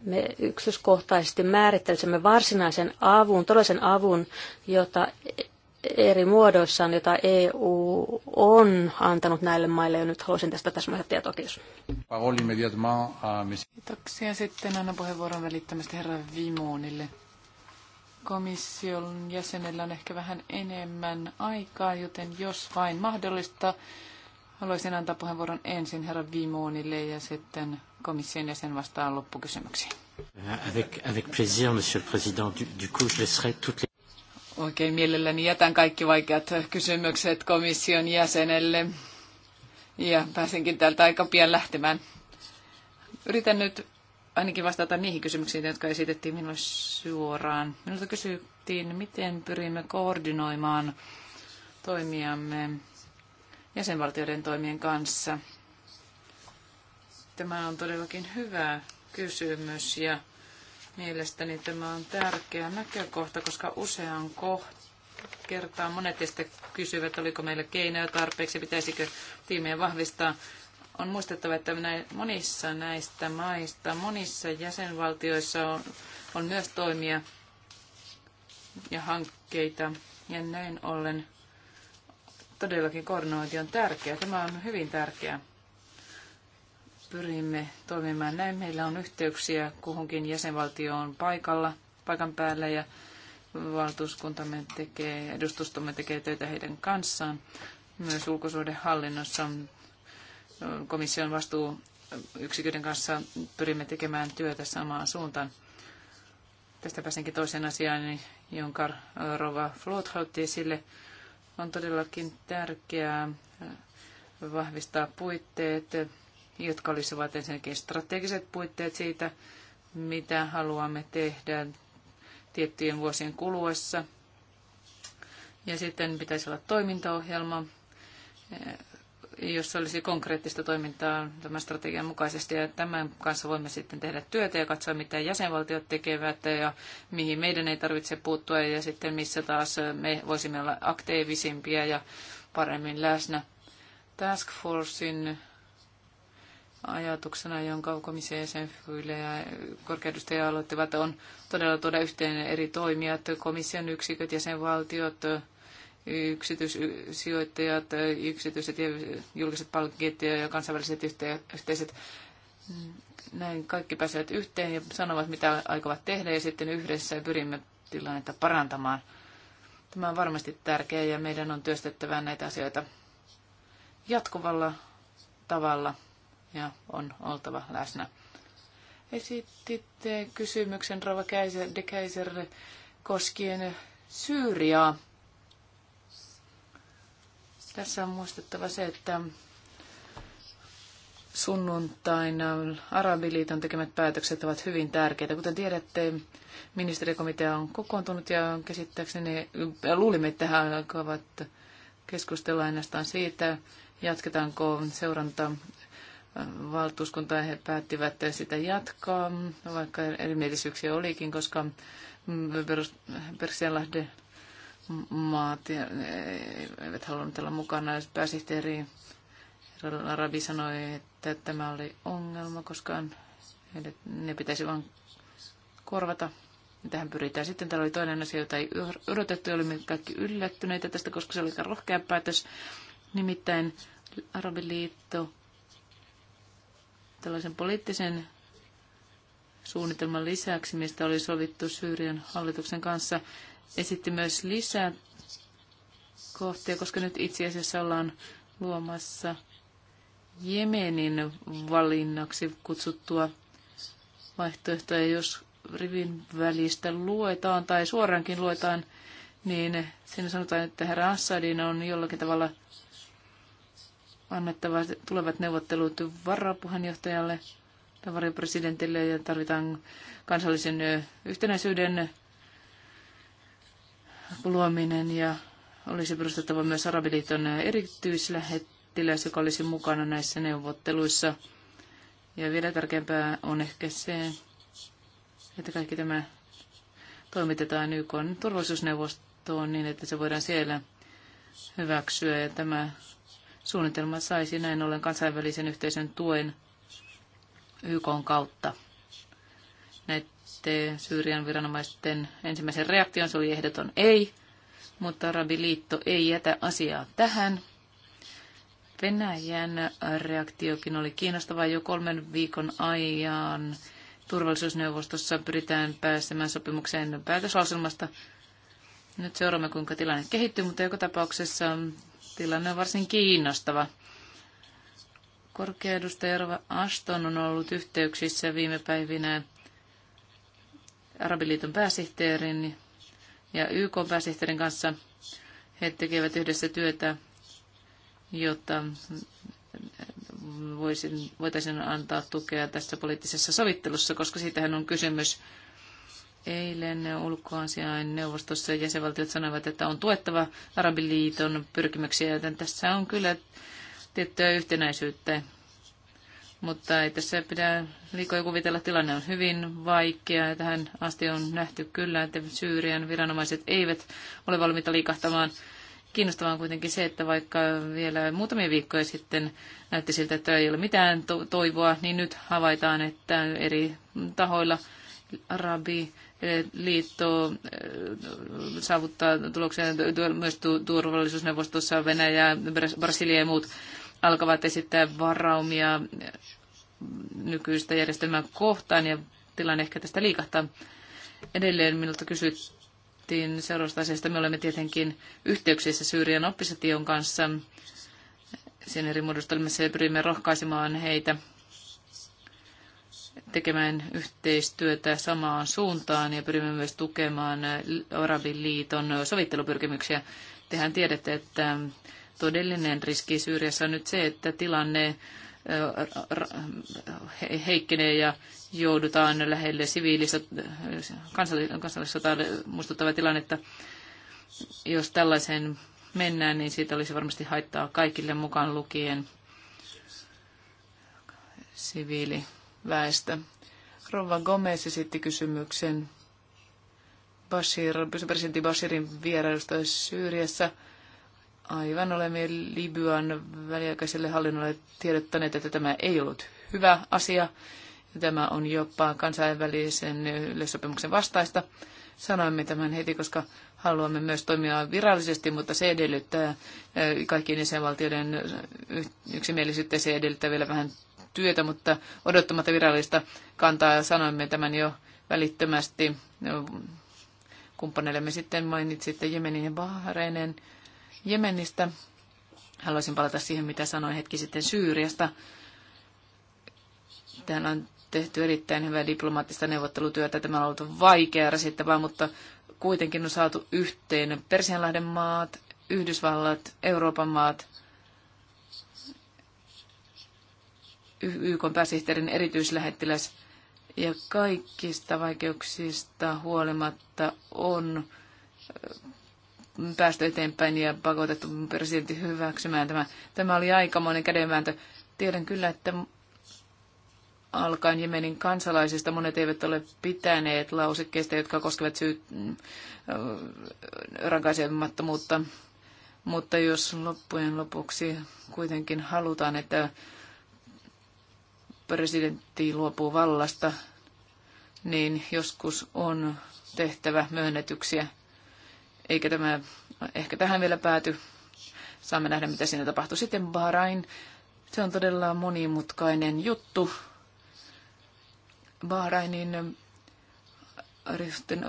me yksityiskohtaisesti määrittelisimme varsinaisen avun, todellisen avun, jota eri muodoissaan, jota EU on antanut näille maille. Ja nyt haluaisin tästä täsmäistä tietoa. Kiitos. Kiitoksia. Sitten annan puheenvuoron välittömästi herra Vimonille komission jäsenellä on ehkä vähän enemmän aikaa, joten jos vain mahdollista, haluaisin antaa puheenvuoron ensin herra Vimonille ja sitten komission jäsen vastaan loppukysymyksiin. Euh, avec, avec plaisir, monsieur le président. Du, du coup, je laisserai toutes les... Oikein mielelläni jätän kaikki vaikeat kysymykset komission jäsenelle. Ja pääsenkin täältä aika pian lähtemään. Yritän nyt ainakin vastata niihin kysymyksiin, jotka esitettiin minulle suoraan. Minulta kysyttiin, miten pyrimme koordinoimaan toimiamme jäsenvaltioiden toimien kanssa. Tämä on todellakin hyvä kysymys ja mielestäni tämä on tärkeä näkökohta, koska usean kohtaan kertaa monet teistä kysyvät, oliko meillä keinoja tarpeeksi, pitäisikö tiimejä vahvistaa. On muistettava, että monissa näistä maista, monissa jäsenvaltioissa on, on myös toimia ja hankkeita. Ja näin ollen todellakin koordinointi on tärkeää. Tämä on hyvin tärkeää. Pyrimme toimimaan näin. Meillä on yhteyksiä kuhunkin jäsenvaltioon paikalla, paikan päällä ja valtuuskuntamme tekee, edustustomme tekee töitä heidän kanssaan. Myös ulkosuhdehallinnossa komission vastuuyksiköiden kanssa pyrimme tekemään työtä samaan suuntaan. Tästä pääsenkin toiseen asiaan, niin jonka Rova Flot otti esille. On todellakin tärkeää vahvistaa puitteet, jotka olisivat ensinnäkin strategiset puitteet siitä, mitä haluamme tehdä tiettyjen vuosien kuluessa. Ja sitten pitäisi olla toimintaohjelma, jos olisi konkreettista toimintaa tämän strategian mukaisesti. Ja tämän kanssa voimme sitten tehdä työtä ja katsoa, mitä jäsenvaltiot tekevät ja mihin meidän ei tarvitse puuttua ja sitten missä taas me voisimme olla aktiivisimpia ja paremmin läsnä. Task Forcein ajatuksena, jonka komissio jäsen Fyle ja korkeudustaja aloittivat, on todella tuoda yhteen eri toimijat, komission yksiköt, jäsenvaltiot, valtiot yksityissijoittajat, yksityiset ja julkiset palkit ja kansainväliset yhteiset, näin kaikki pääsevät yhteen ja sanovat, mitä aikovat tehdä ja sitten yhdessä pyrimme tilannetta parantamaan. Tämä on varmasti tärkeää ja meidän on työstettävä näitä asioita jatkuvalla tavalla ja on oltava läsnä. Esititte kysymyksen Rova Kaiser, de Kaiser koskien Syyriaa. Tässä on muistettava se, että sunnuntaina Arabiliiton tekemät päätökset ovat hyvin tärkeitä. Kuten tiedätte, ministerikomitea on kokoontunut ja käsittääkseni luulimme, että tähän alkavat keskustella ainoastaan siitä, jatketaanko seuranta valtuuskunta he päättivät sitä jatkaa, vaikka erimielisyyksiä olikin, koska Persianlahden maat eivät halunneet olla mukana. Pääsihteeri Rabi sanoi, että tämä oli ongelma, koska ne pitäisi vain korvata. Tähän pyritään. Sitten täällä oli toinen asia, jota ei odotettu. Olimme kaikki yllättyneitä tästä, koska se oli aika rohkea päätös. Nimittäin Arabiliitto tällaisen poliittisen suunnitelman lisäksi, mistä oli sovittu Syyrian hallituksen kanssa, esitti myös lisää kohtia, koska nyt itse asiassa ollaan luomassa Jemenin valinnaksi kutsuttua vaihtoehtoja, jos rivin välistä luetaan tai suoraankin luetaan, niin siinä sanotaan, että herra Assadin on jollakin tavalla annettava tulevat neuvottelut varapuheenjohtajalle tai varapresidentille ja tarvitaan kansallisen yhtenäisyyden luominen ja olisi perustettava myös Arabiliiton erityislähettiläs, joka olisi mukana näissä neuvotteluissa. Ja vielä tärkeämpää on ehkä se, että kaikki tämä toimitetaan YK turvallisuusneuvostoon niin, että se voidaan siellä hyväksyä. Ja tämä suunnitelma saisi näin ollen kansainvälisen yhteisön tuen YK kautta. Näitä lähtee Syyrian viranomaisten ensimmäisen reaktion. Se oli ehdoton ei, mutta Arabiliitto ei jätä asiaa tähän. Venäjän reaktiokin oli kiinnostava jo kolmen viikon ajan. Turvallisuusneuvostossa pyritään pääsemään sopimukseen päätöslauselmasta. Nyt seuraamme, kuinka tilanne kehittyy, mutta joka tapauksessa tilanne on varsin kiinnostava. Korkea edustaja Aston on ollut yhteyksissä viime päivinä Arabiliiton pääsihteerin ja YK pääsihteerin kanssa. He tekevät yhdessä työtä, jotta voisin, voitaisiin antaa tukea tässä poliittisessa sovittelussa, koska siitähän on kysymys. Eilen ulkoasiain neuvostossa jäsenvaltiot sanoivat, että on tuettava Arabiliiton pyrkimyksiä, joten tässä on kyllä tiettyä yhtenäisyyttä mutta ei tässä pidä liikoja kuvitella, tilanne on hyvin vaikea ja tähän asti on nähty kyllä, että Syyrian viranomaiset eivät ole valmiita liikahtamaan. Kiinnostavaa on kuitenkin se, että vaikka vielä muutamia viikkoja sitten näytti siltä, että ei ole mitään to- toivoa, niin nyt havaitaan, että eri tahoilla Arabi eh, liitto eh, saavuttaa tuloksia myös turvallisuusneuvostossa Venäjä, Brasilia ja muut alkavat esittää varaumia nykyistä järjestelmää kohtaan ja tilanne ehkä tästä liikahtaa. Edelleen minulta kysyttiin seuraavasta asiasta. Me olemme tietenkin yhteyksissä Syyrian oppisation kanssa. Sen eri muodostelmissa ja pyrimme rohkaisemaan heitä tekemään yhteistyötä samaan suuntaan ja pyrimme myös tukemaan Arabin liiton sovittelupyrkimyksiä. Tehän tiedätte, että todellinen riski Syyriassa on nyt se, että tilanne heikkenee ja joudutaan lähelle siviilistä kansallissotaa muistuttavaa tilannetta. Jos tällaiseen mennään, niin siitä olisi varmasti haittaa kaikille mukaan lukien siviiliväestö. Rova Gomez esitti kysymyksen Bashir, presidentti Bashirin vierailusta Syyriassa – Aivan olemme Libyan väliaikaiselle hallinnolle tiedottaneet, että tämä ei ollut hyvä asia. Tämä on jopa kansainvälisen yleissopimuksen vastaista. Sanoimme tämän heti, koska haluamme myös toimia virallisesti, mutta se edellyttää eh, kaikkien jäsenvaltioiden yksimielisyyttä. Se edellyttää vielä vähän työtä, mutta odottamatta virallista kantaa sanoimme tämän jo välittömästi. No, kumppaneillemme sitten mainitsitte Jemenin ja Bahreinen Jemenistä. Haluaisin palata siihen, mitä sanoin hetki sitten Syyriasta. Täällä on tehty erittäin hyvää diplomaattista neuvottelutyötä. Tämä on ollut vaikeaa rasittavaa, mutta kuitenkin on saatu yhteen Persianlahden maat, Yhdysvallat, Euroopan maat, YK pääsihteerin erityislähettiläs. Ja kaikista vaikeuksista huolimatta on päästy eteenpäin ja pakotettu presidentti hyväksymään tämä. Tämä oli aikamoinen kädenvääntö. Tiedän kyllä, että alkaen Jemenin kansalaisista monet eivät ole pitäneet lausekkeista, jotka koskevat syyt, äh, rankaisemattomuutta. Mutta jos loppujen lopuksi kuitenkin halutaan, että presidentti luopuu vallasta, niin joskus on tehtävä myönnetyksiä. Eikä tämä ehkä tähän vielä pääty. Saamme nähdä, mitä siinä tapahtui. Sitten Bahrain. Se on todella monimutkainen juttu. Bahrainin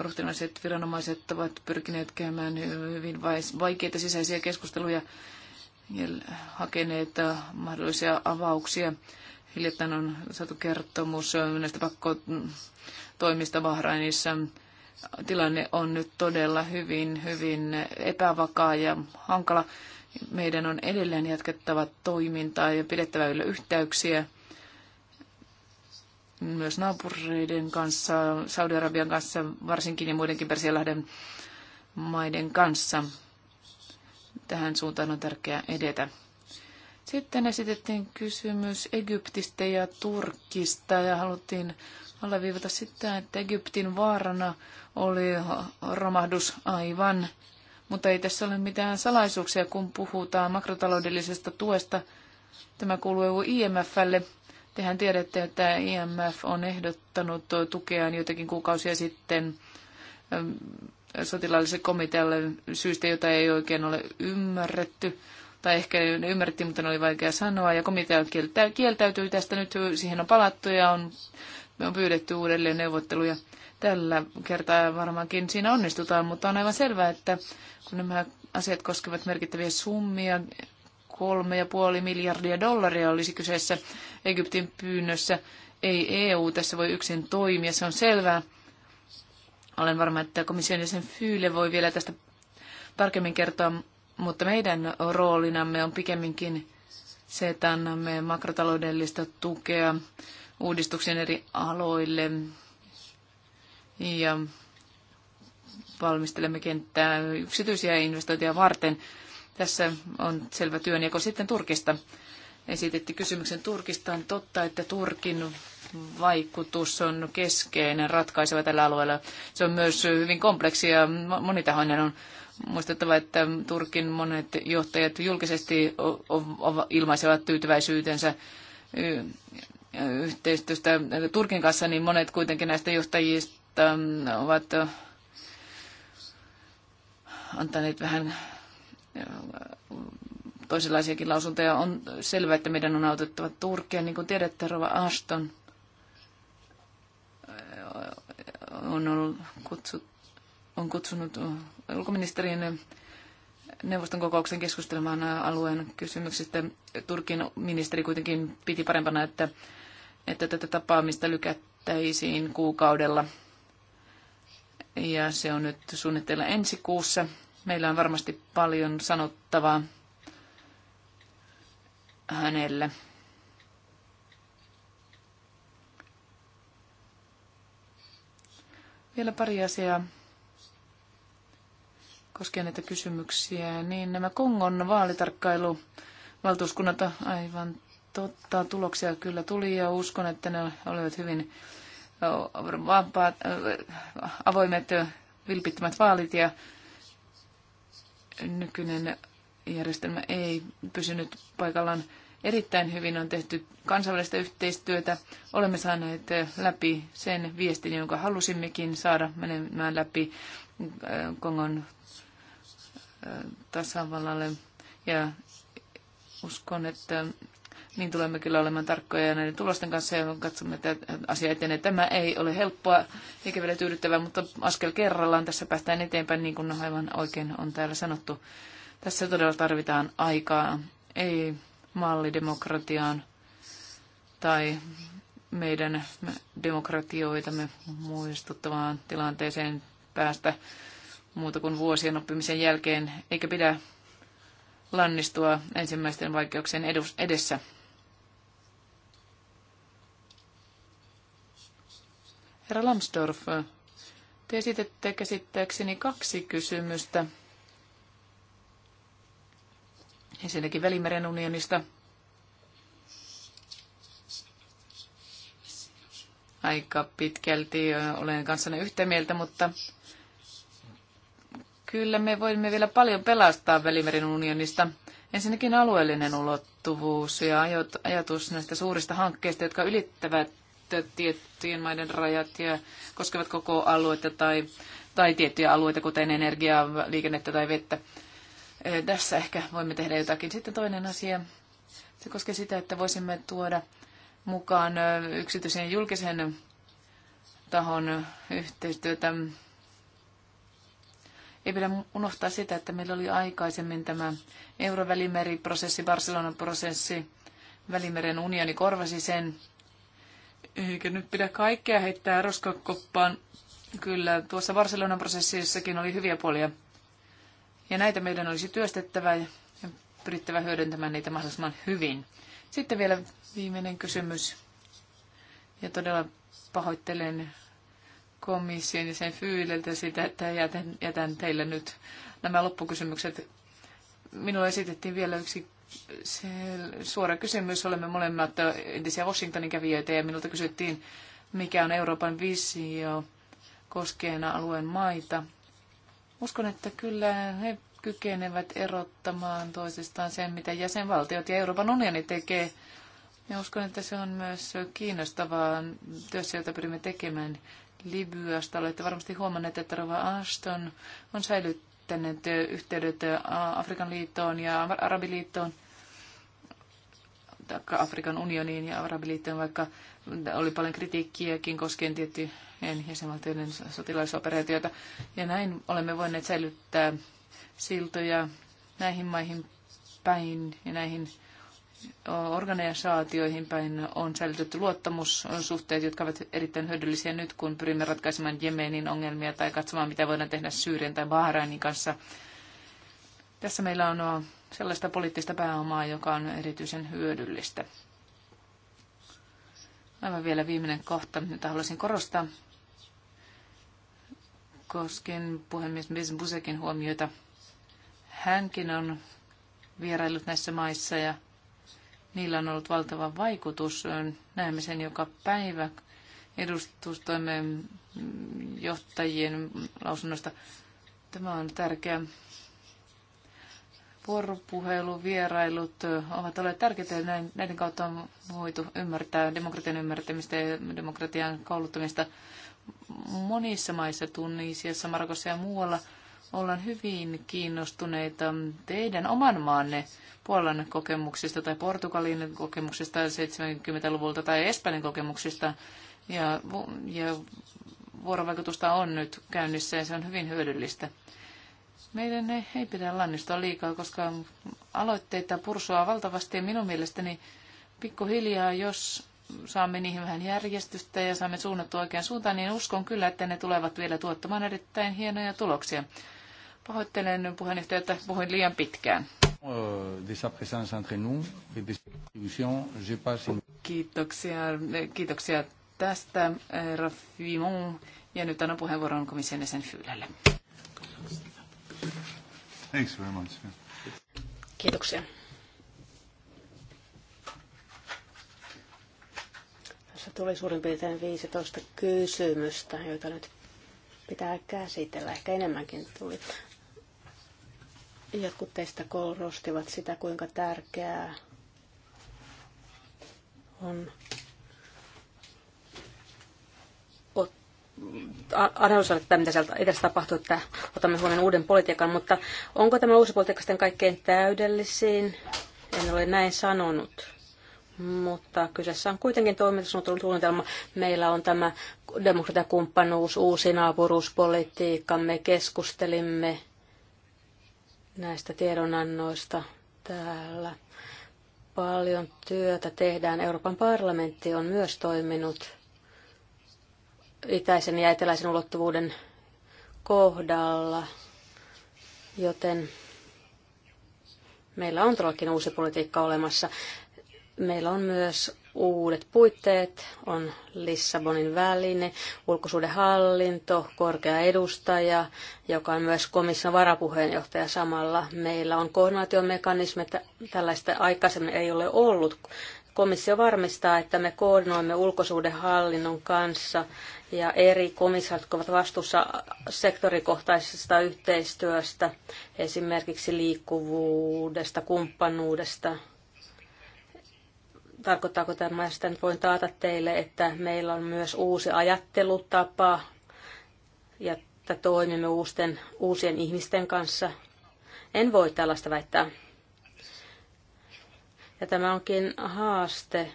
ruhtinaiset viranomaiset ovat pyrkineet käymään hyvin vaikeita sisäisiä keskusteluja ja hakeneet mahdollisia avauksia. Hiljattain on saatu kertomus näistä pakkotoimista Bahrainissa tilanne on nyt todella hyvin, hyvin epävakaa ja hankala. Meidän on edelleen jatkettava toimintaa ja pidettävä yllä yhteyksiä myös naapureiden kanssa, Saudi-Arabian kanssa varsinkin ja muidenkin Persialahden maiden kanssa. Tähän suuntaan on tärkeää edetä. Sitten esitettiin kysymys Egyptistä ja Turkista ja haluttiin alleviivata sitä, että Egyptin vaarana oli romahdus aivan. Mutta ei tässä ole mitään salaisuuksia, kun puhutaan makrotaloudellisesta tuesta. Tämä kuuluu IMFlle. E Tehän tiedätte, että IMF e on ehdottanut tukeaan jotakin kuukausia sitten ähm, sotilaalliselle komitealle syystä, jota ei oikein ole ymmärretty. Tai ehkä ne ymmärrettiin, mutta ne oli vaikea sanoa. Ja komitea kieltäytyy tästä nyt. Siihen on palattu ja on me on pyydetty uudelleen neuvotteluja. Tällä kertaa varmaankin siinä onnistutaan, mutta on aivan selvää, että kun nämä asiat koskevat merkittäviä summia, kolme ja puoli miljardia dollaria olisi kyseessä Egyptin pyynnössä. Ei EU tässä voi yksin toimia, se on selvää. Olen varma, että komission jäsen Fyyle voi vielä tästä tarkemmin kertoa, mutta meidän roolinamme on pikemminkin se, että annamme makrotaloudellista tukea uudistuksen eri aloille ja valmistelemme kenttää yksityisiä investointeja varten. Tässä on selvä työnjako. Sitten Turkista Esitetti kysymyksen Turkista. On totta, että Turkin vaikutus on keskeinen, ratkaiseva tällä alueella. Se on myös hyvin kompleksi ja monitahoinen on muistettava, että Turkin monet johtajat julkisesti ilmaisevat tyytyväisyytensä yhteistyöstä Turkin kanssa, niin monet kuitenkin näistä johtajista mm, ovat antaneet vähän toisenlaisiakin lausuntoja. On selvää, että meidän on autettava Turkia. Niin kuin tiedätte, Rova Ashton on, ollut kutsut, on kutsunut ulkoministerin neuvoston kokouksen keskustelemaan alueen kysymyksistä. Turkin ministeri kuitenkin piti parempana, että että tätä tapaamista lykättäisiin kuukaudella. Ja se on nyt suunnitteilla ensi kuussa. Meillä on varmasti paljon sanottavaa hänelle. Vielä pari asiaa koskien näitä kysymyksiä. Niin nämä Kongon vaalitarkkailu valtuuskunnat aivan totta, tuloksia kyllä tuli ja uskon, että ne olivat hyvin vapaat, avoimet, vilpittömät vaalit ja nykyinen järjestelmä ei pysynyt paikallaan erittäin hyvin on tehty kansainvälistä yhteistyötä. Olemme saaneet läpi sen viestin, jonka halusimmekin saada menemään läpi Kongon tasavallalle. Ja uskon, että niin tulemme kyllä olemaan tarkkoja näiden tulosten kanssa ja katsomme, että asia etenee. Tämä ei ole helppoa eikä vielä tyydyttävää, mutta askel kerrallaan tässä päästään eteenpäin, niin kuin aivan oikein on täällä sanottu. Tässä todella tarvitaan aikaa, ei mallidemokratiaan tai meidän demokratioitamme muistuttavaan tilanteeseen päästä muuta kuin vuosien oppimisen jälkeen, eikä pidä lannistua ensimmäisten vaikeuksien edessä. Herra Lambsdorff, te esitette käsittääkseni kaksi kysymystä. Ensinnäkin Välimeren unionista. Aika pitkälti olen kanssanne yhtä mieltä, mutta kyllä me voimme vielä paljon pelastaa Välimeren unionista. Ensinnäkin alueellinen ulottuvuus ja ajatus näistä suurista hankkeista, jotka ylittävät että tiettyjen maiden rajat ja koskevat koko aluetta tai, tai tiettyjä alueita, kuten energiaa, liikennettä tai vettä. Tässä ehkä voimme tehdä jotakin. Sitten toinen asia. Se koskee sitä, että voisimme tuoda mukaan yksityisen julkisen tahon yhteistyötä. Ei pidä unohtaa sitä, että meillä oli aikaisemmin tämä Eurovälimeriprosessi, Barcelonan prosessi, Välimeren unioni korvasi sen. Eikä nyt pidä kaikkea heittää roskakoppaan. Kyllä, tuossa Barcelonan prosessissakin oli hyviä puolia. Ja näitä meidän olisi työstettävä ja pyrittävä hyödyntämään niitä mahdollisimman hyvin. Sitten vielä viimeinen kysymys. Ja todella pahoittelen komission ja sen fyyliltä sitä, että jätän, jätän teille nyt nämä loppukysymykset. Minulle esitettiin vielä yksi se, suora kysymys. Olemme molemmat entisiä Washingtonin kävijöitä ja minulta kysyttiin, mikä on Euroopan visio koskien alueen maita. Uskon, että kyllä he kykenevät erottamaan toisistaan sen, mitä jäsenvaltiot ja Euroopan unioni tekee. Ja uskon, että se on myös kiinnostavaa työssä, jota pyrimme tekemään Libyasta. Olette varmasti huomanneet, että Rova Ashton on säilyttänyt kehittänyt yhteydet Afrikan liittoon ja Arabiliittoon, tai Afrikan unioniin ja Arabiliittoon, vaikka oli paljon kritiikkiäkin koskien tiettyjen jäsenvaltioiden sotilaisoperaatioita. Ja näin olemme voineet säilyttää siltoja näihin maihin päin ja näihin organisaatioihin päin on säilytetty luottamussuhteet, jotka ovat erittäin hyödyllisiä nyt, kun pyrimme ratkaisemaan Jemenin ongelmia tai katsomaan, mitä voidaan tehdä Syyrian tai Bahrainin kanssa. Tässä meillä on sellaista poliittista pääomaa, joka on erityisen hyödyllistä. Aivan vielä viimeinen kohta, jota haluaisin korostaa, koskien puhemies Busekin huomiota. Hänkin on vierailut näissä maissa ja Niillä on ollut valtava vaikutus. Näemme sen joka päivä edustustoimen johtajien lausunnosta. Tämä on tärkeä. Vuoropuhelu, vierailut ovat olleet tärkeitä. Näiden kautta on voitu ymmärtää demokratian ymmärtämistä ja demokratian kouluttamista monissa maissa, Tunisiassa, Marokossa ja muualla – ollaan hyvin kiinnostuneita teidän oman maanne Puolan kokemuksista tai Portugalin kokemuksista 70-luvulta tai Espanjan kokemuksista. Ja, ja vuorovaikutusta on nyt käynnissä ja se on hyvin hyödyllistä. Meidän ei, ei pidä lannistua liikaa, koska aloitteita pursua valtavasti ja minun mielestäni pikkuhiljaa, jos saamme niihin vähän järjestystä ja saamme suunnattua oikean suuntaan, niin uskon kyllä, että ne tulevat vielä tuottamaan erittäin hienoja tuloksia. Pahoittelen puheenjohtaja, että puhuin liian pitkään. Euh, kiitoksia, kiitoksia tästä, Rafimon. Ja nyt annan puheenvuoron komission jäsen Fyylälle. Thanks very much. Kiitoksia. Tässä tuli suurin piirtein 15 kysymystä, joita nyt pitää käsitellä. Ehkä enemmänkin tuli. Jotkut teistä korostivat sitä, kuinka tärkeää on analysoida tätä, mitä sieltä edessä tapahtuu, että otamme huomioon uuden politiikan, mutta onko tämä uusi politiikka sitten kaikkein täydellisin? En ole näin sanonut, mutta kyseessä on kuitenkin toimintasuunnitelma. Meillä on tämä demokratiakumppanuus, uusi naapuruuspolitiikka, me keskustelimme näistä tiedonannoista täällä. Paljon työtä tehdään. Euroopan parlamentti on myös toiminut itäisen ja eteläisen ulottuvuuden kohdalla, joten meillä on todellakin uusi politiikka olemassa. Meillä on myös uudet puitteet, on Lissabonin väline, ulkosuudenhallinto, korkea edustaja, joka on myös komission varapuheenjohtaja samalla. Meillä on koordinaatiomekanismi, että tällaista aikaisemmin ei ole ollut. Komissio varmistaa, että me koordinoimme ulkosuudenhallinnon kanssa ja eri komissiot jotka ovat vastuussa sektorikohtaisesta yhteistyöstä, esimerkiksi liikkuvuudesta, kumppanuudesta, Tarkoittaako tämä sitä, että voin taata teille, että meillä on myös uusi ajattelutapa ja että toimimme uusten, uusien ihmisten kanssa? En voi tällaista väittää. Ja tämä onkin haaste,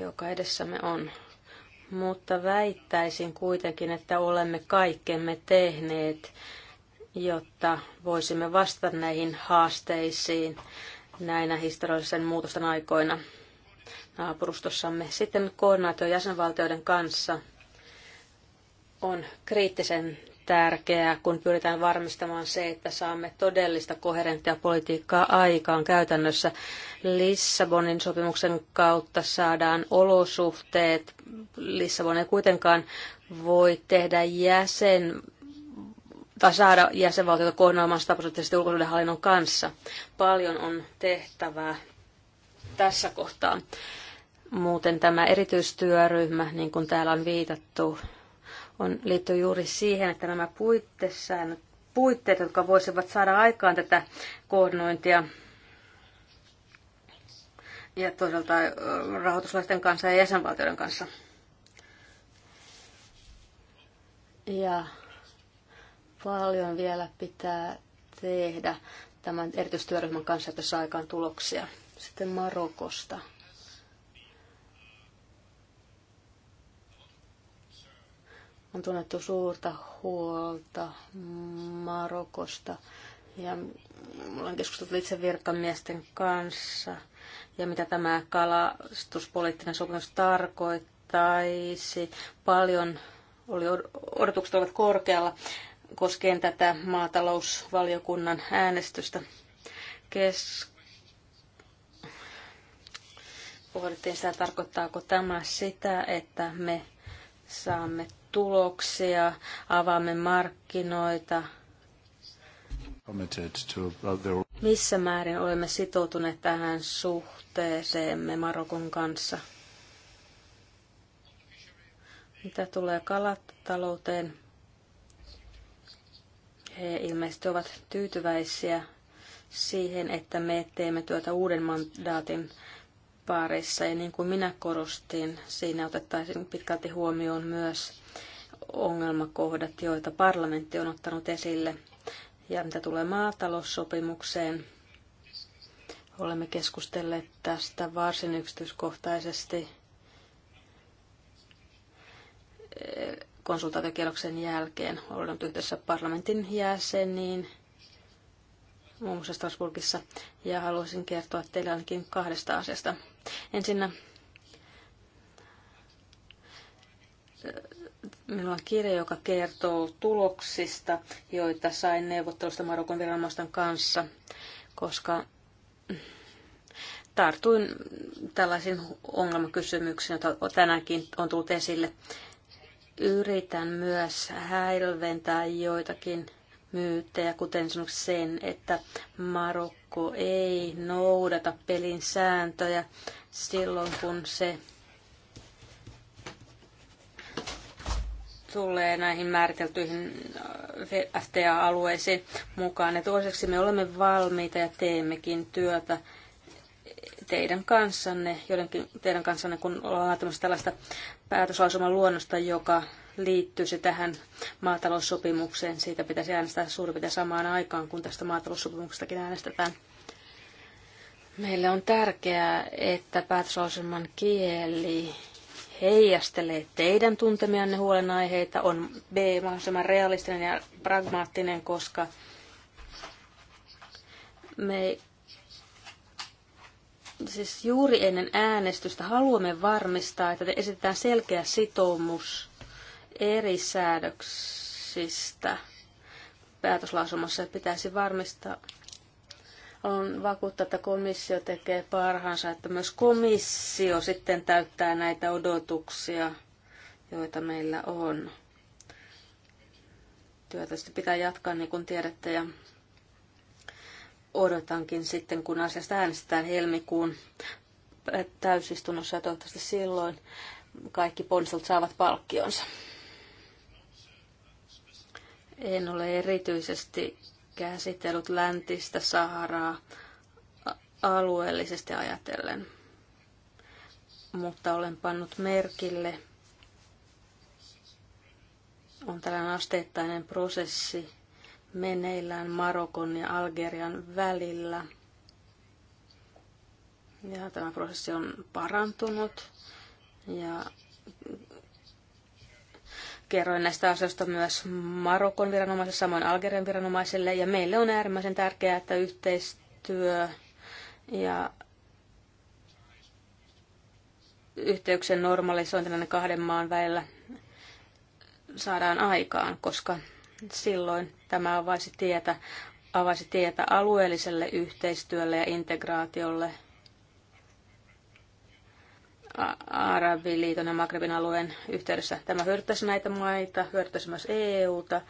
joka edessämme on. Mutta väittäisin kuitenkin, että olemme kaikkemme tehneet, jotta voisimme vastata näihin haasteisiin näinä historiallisen muutosten aikoina naapurustossamme. Sitten koordinaatio jäsenvaltioiden kanssa on kriittisen tärkeää, kun pyritään varmistamaan se, että saamme todellista koherenttia politiikkaa aikaan käytännössä. Lissabonin sopimuksen kautta saadaan olosuhteet. Lissabon ei kuitenkaan voi tehdä jäsen tai saada jäsenvaltiota kohdaamaan sataprosenttisesti ulkosuhdehallinnon kanssa. Paljon on tehtävää tässä kohtaa. Muuten tämä erityistyöryhmä, niin kuin täällä on viitattu, on, liittyy juuri siihen, että nämä puitteet, jotka voisivat saada aikaan tätä koordinointia ja toisaalta rahoituslaisten kanssa ja jäsenvaltioiden kanssa. Ja Paljon vielä pitää tehdä tämän erityistyöryhmän kanssa saa aikaan tuloksia. Sitten Marokosta. On tunnettu suurta huolta Marokosta ja mulla on keskusteltu itse virkamiesten kanssa ja mitä tämä kalastuspoliittinen sopimus tarkoittaisi. Paljon oli, odotukset olivat korkealla koskien tätä maatalousvaliokunnan äänestystä. Kes... Pohdittiin sitä, tarkoittaako tämä sitä, että me saamme tuloksia, avaamme markkinoita. Missä määrin olemme sitoutuneet tähän suhteeseemme Marokon kanssa? Mitä tulee kalatalouteen, he ilmeisesti ovat tyytyväisiä siihen, että me teemme työtä uuden mandaatin parissa. Ja niin kuin minä korostin, siinä otettaisiin pitkälti huomioon myös ongelmakohdat, joita parlamentti on ottanut esille. Ja mitä tulee maataloussopimukseen, olemme keskustelleet tästä varsin yksityiskohtaisesti konsultaatiokierroksen jälkeen ollut yhdessä parlamentin jäseniin muun muassa Strasbourgissa, ja haluaisin kertoa teille ainakin kahdesta asiasta. Ensinnä minulla on kirja, joka kertoo tuloksista, joita sain neuvottelusta Marokon viranomaisten kanssa, koska tartuin tällaisiin ongelmakysymyksiin, joita tänäänkin on tullut esille yritän myös häilventää joitakin myyttejä, kuten esimerkiksi sen, että Marokko ei noudata pelin sääntöjä silloin, kun se tulee näihin määriteltyihin äh, FTA-alueisiin mukaan. Ja toiseksi me olemme valmiita ja teemmekin työtä teidän kanssanne, joidenkin teidän kanssanne, kun ollaan laatimassa tällaista päätöslausuman luonnosta, joka liittyisi tähän maataloussopimukseen. Siitä pitäisi äänestää suurin piirtein samaan aikaan, kun tästä maataloussopimuksestakin äänestetään. Meille on tärkeää, että päätöslauselman kieli heijastelee teidän tuntemianne huolenaiheita, on B mahdollisimman realistinen ja pragmaattinen, koska me siis juuri ennen äänestystä haluamme varmistaa, että esitetään selkeä sitoumus eri säädöksistä päätöslausumassa pitäisi varmistaa. On vakuuttaa, että komissio tekee parhaansa, että myös komissio sitten täyttää näitä odotuksia, joita meillä on. Työtä pitää jatkaa, niin kuin tiedätte, ja odotankin sitten, kun asiasta äänestetään helmikuun täysistunnossa ja toivottavasti silloin kaikki ponsut saavat palkkionsa. En ole erityisesti käsitellyt läntistä Saharaa alueellisesti ajatellen, mutta olen pannut merkille, on tällainen asteittainen prosessi, meneillään Marokon ja Algerian välillä. Ja tämä prosessi on parantunut ja kerroin näistä asioista myös Marokon viranomaisille, samoin Algerian viranomaisille. Ja meille on äärimmäisen tärkeää, että yhteistyö ja yhteyksien normalisointi näiden kahden maan välillä saadaan aikaan, koska silloin Tämä avaisi tietä, avaisi tietä alueelliselle yhteistyölle ja integraatiolle Arabiliiton ja Magrebin alueen yhteydessä. Tämä hyödyttäisi näitä maita, hyödyttäisi myös EUta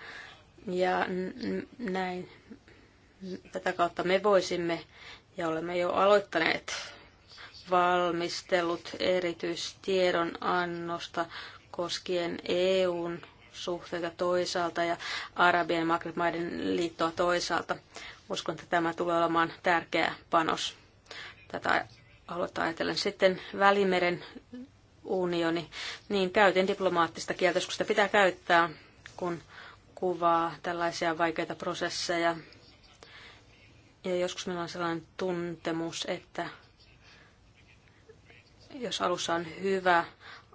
ja näin tätä kautta me voisimme ja olemme jo aloittaneet valmistelut annosta koskien EUn suhteita toisaalta ja Arabien ja maiden liittoa toisaalta. Uskon, että tämä tulee olemaan tärkeä panos tätä aluetta ajatellen. Sitten Välimeren unioni, niin käytin diplomaattista kieltä, kun sitä pitää käyttää, kun kuvaa tällaisia vaikeita prosesseja. Ja joskus meillä on sellainen tuntemus, että jos alussa on hyvä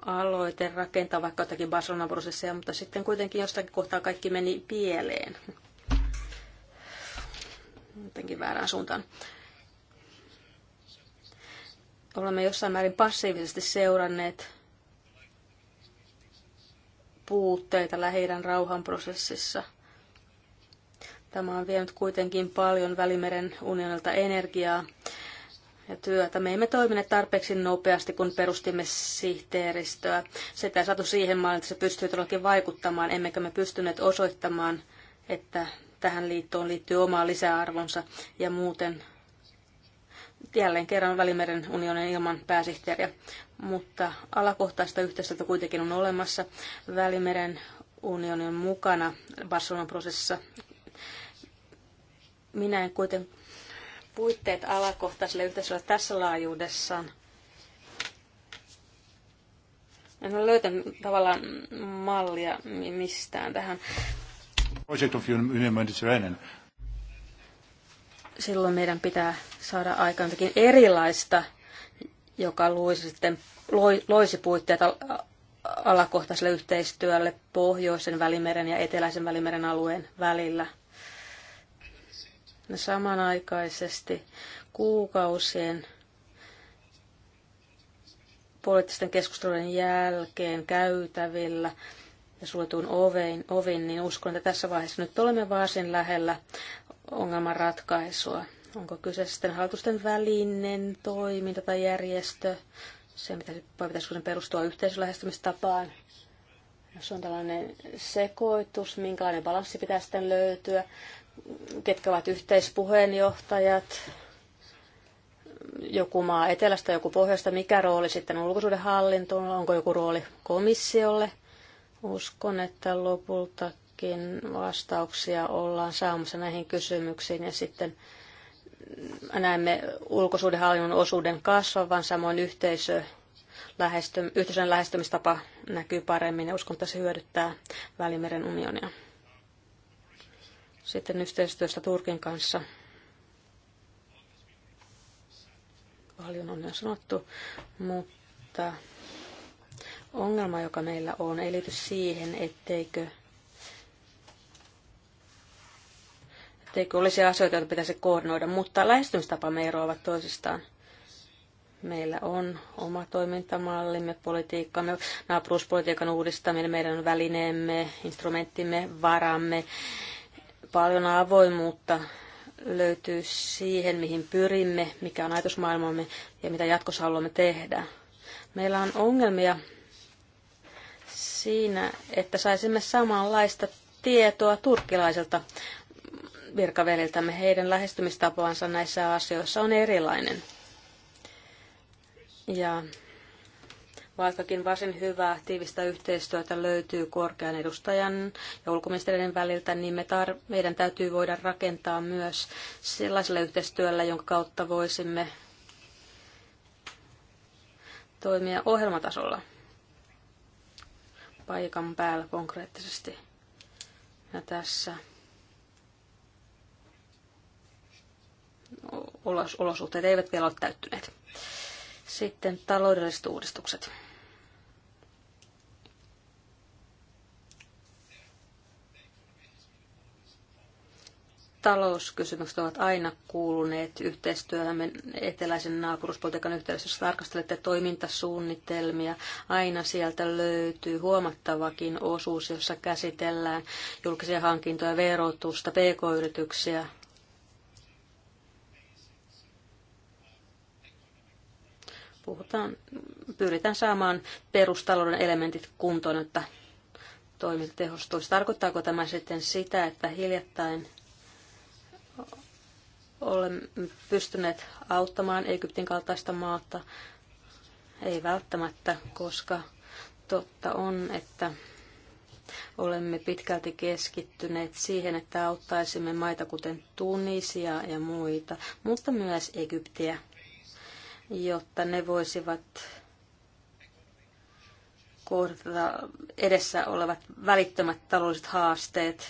aloite rakentaa vaikka jotakin barcelona prosesseja, mutta sitten kuitenkin jostakin kohtaa kaikki meni pieleen. Jotenkin väärään suuntaan. Olemme jossain määrin passiivisesti seuranneet puutteita lähi rauhanprosessissa. Tämä on vienyt kuitenkin paljon Välimeren unionilta energiaa ja työtä. Me emme toimineet tarpeeksi nopeasti, kun perustimme sihteeristöä. Sitä ei saatu siihen maan, että se pystyy todellakin vaikuttamaan, emmekä me pystyneet osoittamaan, että tähän liittoon liittyy oma lisäarvonsa ja muuten jälleen kerran Välimeren unionin ilman pääsihteeriä. Mutta alakohtaista yhteistyötä kuitenkin on olemassa. Välimeren unionin mukana Barcelonan prosessissa minä en kuitenkaan puitteet alakohtaiselle yhteisölle tässä laajuudessaan. En ole löytänyt tavallaan mallia mistään tähän. Project of Silloin meidän pitää saada aikaan jotakin erilaista, joka luisi, sitten, loisi puitteet alakohtaiselle yhteistyölle pohjoisen välimeren ja eteläisen välimeren alueen välillä – No, samanaikaisesti kuukausien poliittisten keskustelujen jälkeen käytävillä ja suljetuin ovein, ovin, niin uskon, että tässä vaiheessa nyt olemme varsin lähellä ongelman ratkaisua. Onko kyse sitten hallitusten välinen toiminta tai järjestö, se pitäisi, perustua yhteisölähestymistapaan, jos on tällainen sekoitus, minkälainen balanssi pitää sitten löytyä ketkä ovat yhteispuheenjohtajat, joku maa etelästä, joku pohjoista, mikä rooli sitten on ulkosuudenhallintoon, onko joku rooli komissiolle. Uskon, että lopultakin vastauksia ollaan saamassa näihin kysymyksiin ja sitten näemme ulkosuudenhallinnon osuuden kasvavan, samoin yhteisö, lähestym, yhteisön lähestymistapa näkyy paremmin ja uskon, että se hyödyttää Välimeren unionia. Sitten yhteistyöstä Turkin kanssa. Paljon on jo sanottu, mutta ongelma, joka meillä on, ei liity siihen, etteikö, etteikö olisi asioita, joita pitäisi koordinoida, mutta lähestymistapamme eroavat toisistaan. Meillä on oma toimintamallimme, politiikkamme, naapuruuspolitiikan uudistaminen, meidän välineemme, instrumenttimme, varamme Paljon avoimuutta löytyy siihen, mihin pyrimme, mikä on ajatusmaailmamme ja mitä jatkossa haluamme tehdä. Meillä on ongelmia siinä, että saisimme samanlaista tietoa turkkilaiselta virkaveliltämme. Heidän lähestymistapansa näissä asioissa on erilainen. Ja Vaikkakin varsin hyvää tiivistä yhteistyötä löytyy korkean edustajan ja ulkoministeriön väliltä, niin me tar- meidän täytyy voida rakentaa myös sellaisella yhteistyöllä, jonka kautta voisimme toimia ohjelmatasolla paikan päällä konkreettisesti. Ja tässä olosuhteet eivät vielä ole täyttyneet. Sitten taloudelliset uudistukset. talouskysymykset ovat aina kuuluneet yhteistyöhömme eteläisen naapuruspolitiikan yhteydessä, jos tarkastelette toimintasuunnitelmia, aina sieltä löytyy huomattavakin osuus, jossa käsitellään julkisia hankintoja, verotusta, pk-yrityksiä, Puhutaan, pyritään saamaan perustalouden elementit kuntoon, että toiminta tehostuisi. Tarkoittaako tämä sitten sitä, että hiljattain olemme pystyneet auttamaan Egyptin kaltaista maata. Ei välttämättä, koska totta on, että olemme pitkälti keskittyneet siihen, että auttaisimme maita kuten Tunisia ja muita, mutta myös Egyptiä, jotta ne voisivat kohdata edessä olevat välittömät taloudelliset haasteet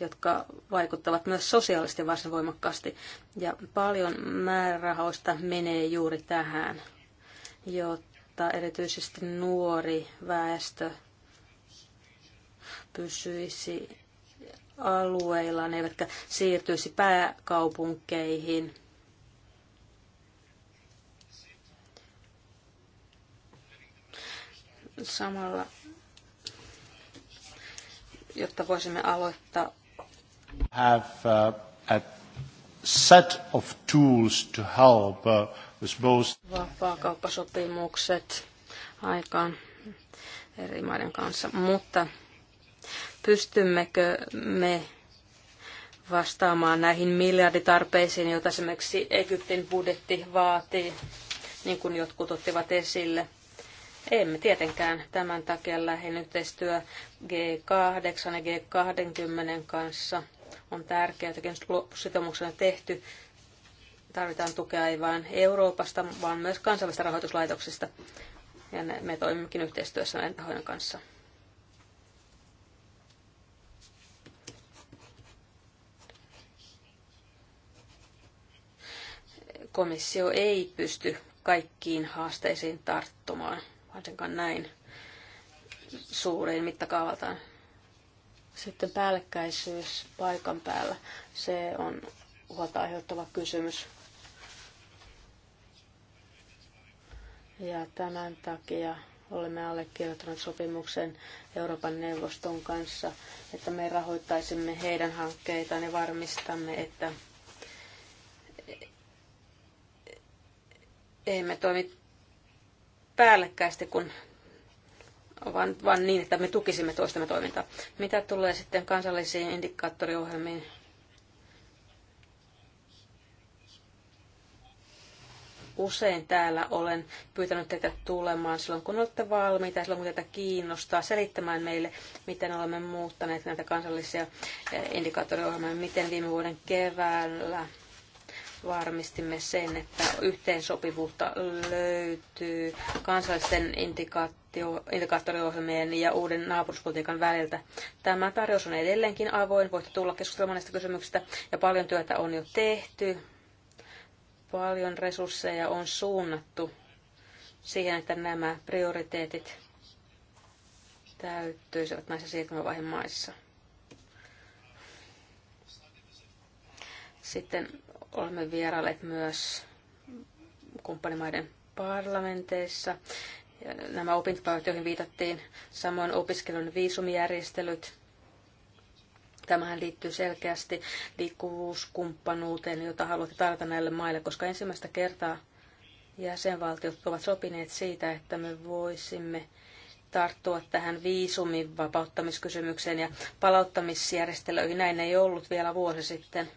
jotka vaikuttavat myös sosiaalisesti varsin voimakkaasti. Ja paljon määrärahoista menee juuri tähän, jotta erityisesti nuori väestö pysyisi alueillaan, eivätkä siirtyisi pääkaupunkeihin. Samalla, jotta voisimme aloittaa Have, uh, set of tools to help uh, with both vapaakauppasopimukset aikaan eri maiden kanssa, mutta pystymmekö me vastaamaan näihin miljarditarpeisiin, joita esimerkiksi Egyptin budjetti vaatii, niin kuin jotkut ottivat esille. Emme tietenkään tämän takia lähin yhteistyö G8 ja G20 kanssa – on tärkeää, että sitoumuksena tehty. Tarvitaan tukea ei vain Euroopasta, vaan myös kansainvälisistä rahoituslaitoksista. Ja me toimimmekin yhteistyössä näiden tahojen kanssa. Komissio ei pysty kaikkiin haasteisiin tarttumaan, varsinkaan näin suureen mittakaavaltaan sitten päällekkäisyys paikan päällä. Se on huolta aiheuttava kysymys. Ja tämän takia olemme allekirjoittaneet sopimuksen Euroopan neuvoston kanssa, että me rahoittaisimme heidän hankkeitaan ja varmistamme, että emme toimi päällekkäisesti, kun vaan, vaan niin, että me tukisimme toistamme toimintaa. Mitä tulee sitten kansallisiin indikaattoriohjelmiin? Usein täällä olen pyytänyt teitä tulemaan silloin, kun olette valmiita, silloin kun teitä kiinnostaa, selittämään meille, miten olemme muuttaneet näitä kansallisia eh, indikaattoriohjelmia, miten viime vuoden keväällä varmistimme sen, että yhteensopivuutta löytyy kansallisten indikaattoriohjelmien integraattoriohjelmien ja uuden naapuruspolitiikan väliltä. Tämä tarjous on edelleenkin avoin, voitte tulla keskustelemaan näistä kysymyksistä ja paljon työtä on jo tehty. Paljon resursseja on suunnattu siihen, että nämä prioriteetit täyttyisivät näissä siirtymävaiheen maissa. Sitten olemme vierailleet myös kumppanimaiden parlamenteissa nämä opintopaikat, joihin viitattiin, samoin opiskelun viisumijärjestelyt. Tämähän liittyy selkeästi liikkuvuuskumppanuuteen, jota haluatte tarjota näille maille, koska ensimmäistä kertaa jäsenvaltiot ovat sopineet siitä, että me voisimme tarttua tähän viisumin vapauttamiskysymykseen ja palauttamisjärjestelyihin. Näin ei ollut vielä vuosi sitten.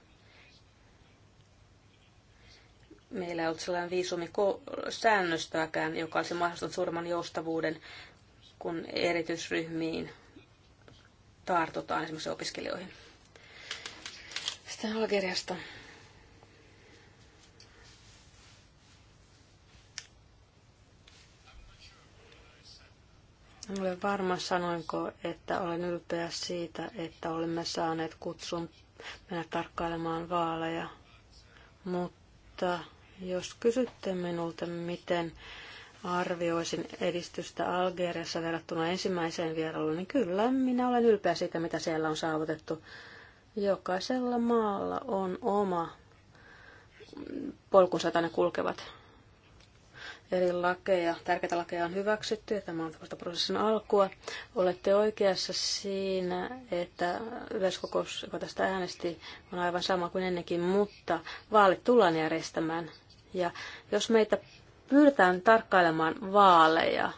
meillä ei ollut sellainen viisumisäännöstöäkään, joka olisi mahdollistanut suurman joustavuuden, kun erityisryhmiin tartutaan esimerkiksi opiskelijoihin. Sitten Algeriasta. En ole varma, sanoinko, että olen ylpeä siitä, että olemme saaneet kutsun mennä tarkkailemaan vaaleja, mutta jos kysytte minulta, miten arvioisin edistystä Algeriassa verrattuna ensimmäiseen vierailuun, niin kyllä minä olen ylpeä siitä, mitä siellä on saavutettu. Jokaisella maalla on oma polkunsa tänne kulkevat. Eri lakeja, tärkeitä lakeja on hyväksytty ja tämä on tällaista prosessin alkua. Olette oikeassa siinä, että yleiskokous, joka tästä äänesti, on aivan sama kuin ennenkin, mutta vaalit tullaan järjestämään ja jos meitä pyritään tarkkailemaan vaaleja,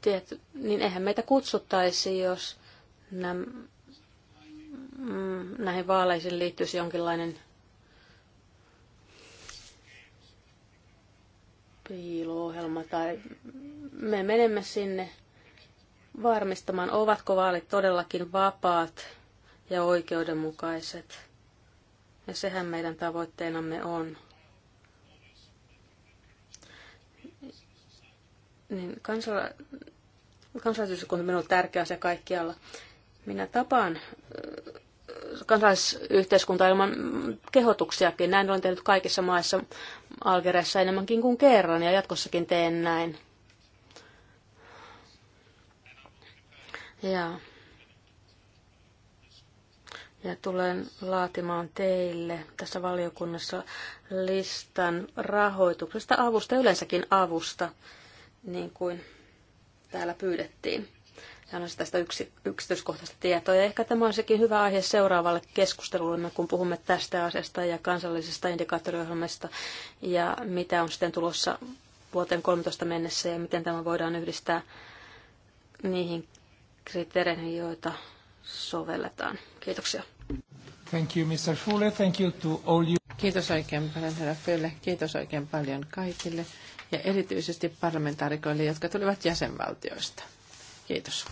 tiety, niin eihän meitä kutsuttaisi, jos näm, mm, näihin vaaleisiin liittyisi jonkinlainen piiloohjelma tai me menemme sinne varmistamaan, ovatko vaalit todellakin vapaat ja oikeudenmukaiset. Ja sehän meidän tavoitteenamme on. Niin kansala- kansalaisyhteiskunta minulle tärkeä asia kaikkialla. Minä tapaan kansalaisyhteiskunta ilman kehotuksiakin. Näin olen tehnyt kaikissa maissa Algeriassa enemmänkin kuin kerran ja jatkossakin teen näin. Ja ja tulen laatimaan teille tässä valiokunnassa listan rahoituksesta avusta, yleensäkin avusta, niin kuin täällä pyydettiin. Ja on tästä yksi, yksityiskohtaista tietoa. Ja ehkä tämä olisikin hyvä aihe seuraavalle keskustelulle, kun puhumme tästä asiasta ja kansallisesta indikaattoriohjelmasta ja mitä on sitten tulossa vuoteen 13 mennessä ja miten tämä voidaan yhdistää niihin kriteereihin, joita sovelletaan. Kiitoksia. Thank you, Mr. Fuller. Thank you to all you. Kiitos oikein paljon, herra Fuller. Kiitos oikein paljon kaikille ja erityisesti parlamentaarikoille, jotka tulivat jäsenvaltioista. Kiitos.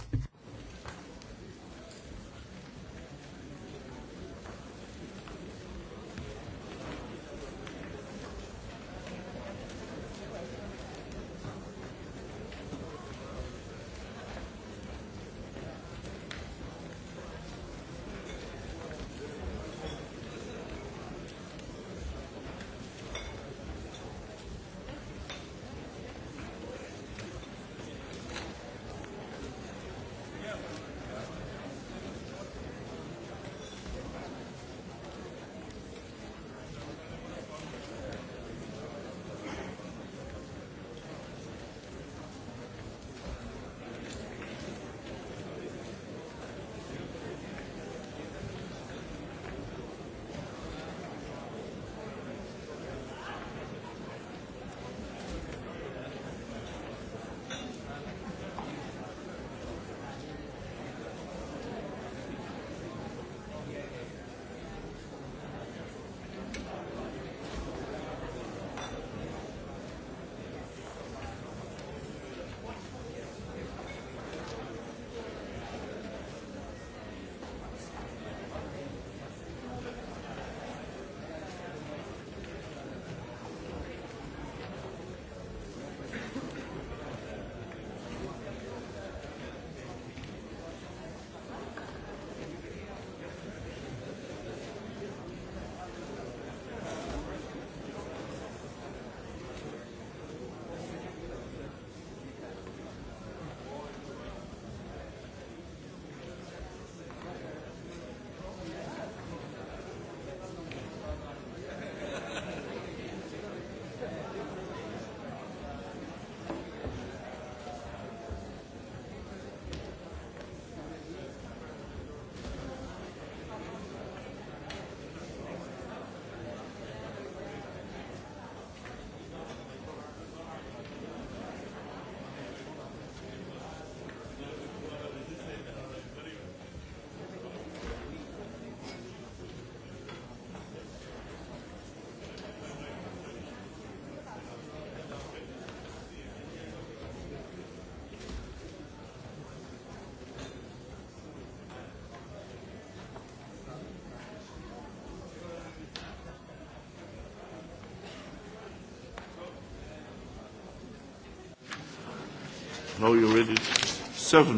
No, you read it.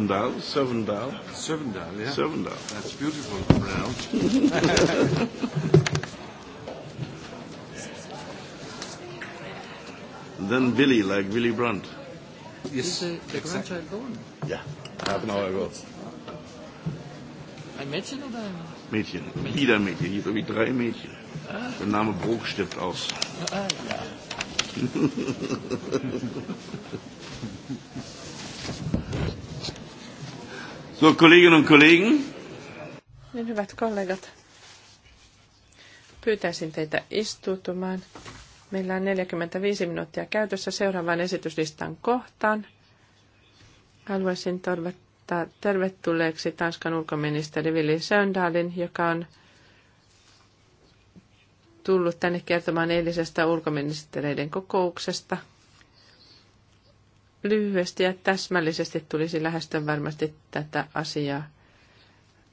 dal, seven dal, yeah. seven dal. That's beautiful pronounced. then Billy, like Billy Brandt. Yes, Is the, uh, the exactly. grandchild born? Yeah, half an hour ago. Ein Mädchen oder ein... Mädchen, wieder Mädchen, hier so wie drei Mädchen. Ah. Der Name Bruch stirbt aus. Ah, ja. So, Kolleginnen und Kollegen. Niin, hyvät kollegat. Pyytäisin teitä istutumaan Meillä on 45 minuuttia käytössä seuraavaan esityslistan kohtaan. Haluaisin toivottaa tervetulleeksi Tanskan ulkoministeri Vili Söndalin, joka on tullut tänne kertomaan eilisestä ulkoministereiden kokouksesta – lyhyesti ja täsmällisesti tulisi lähestyä varmasti tätä asiaa.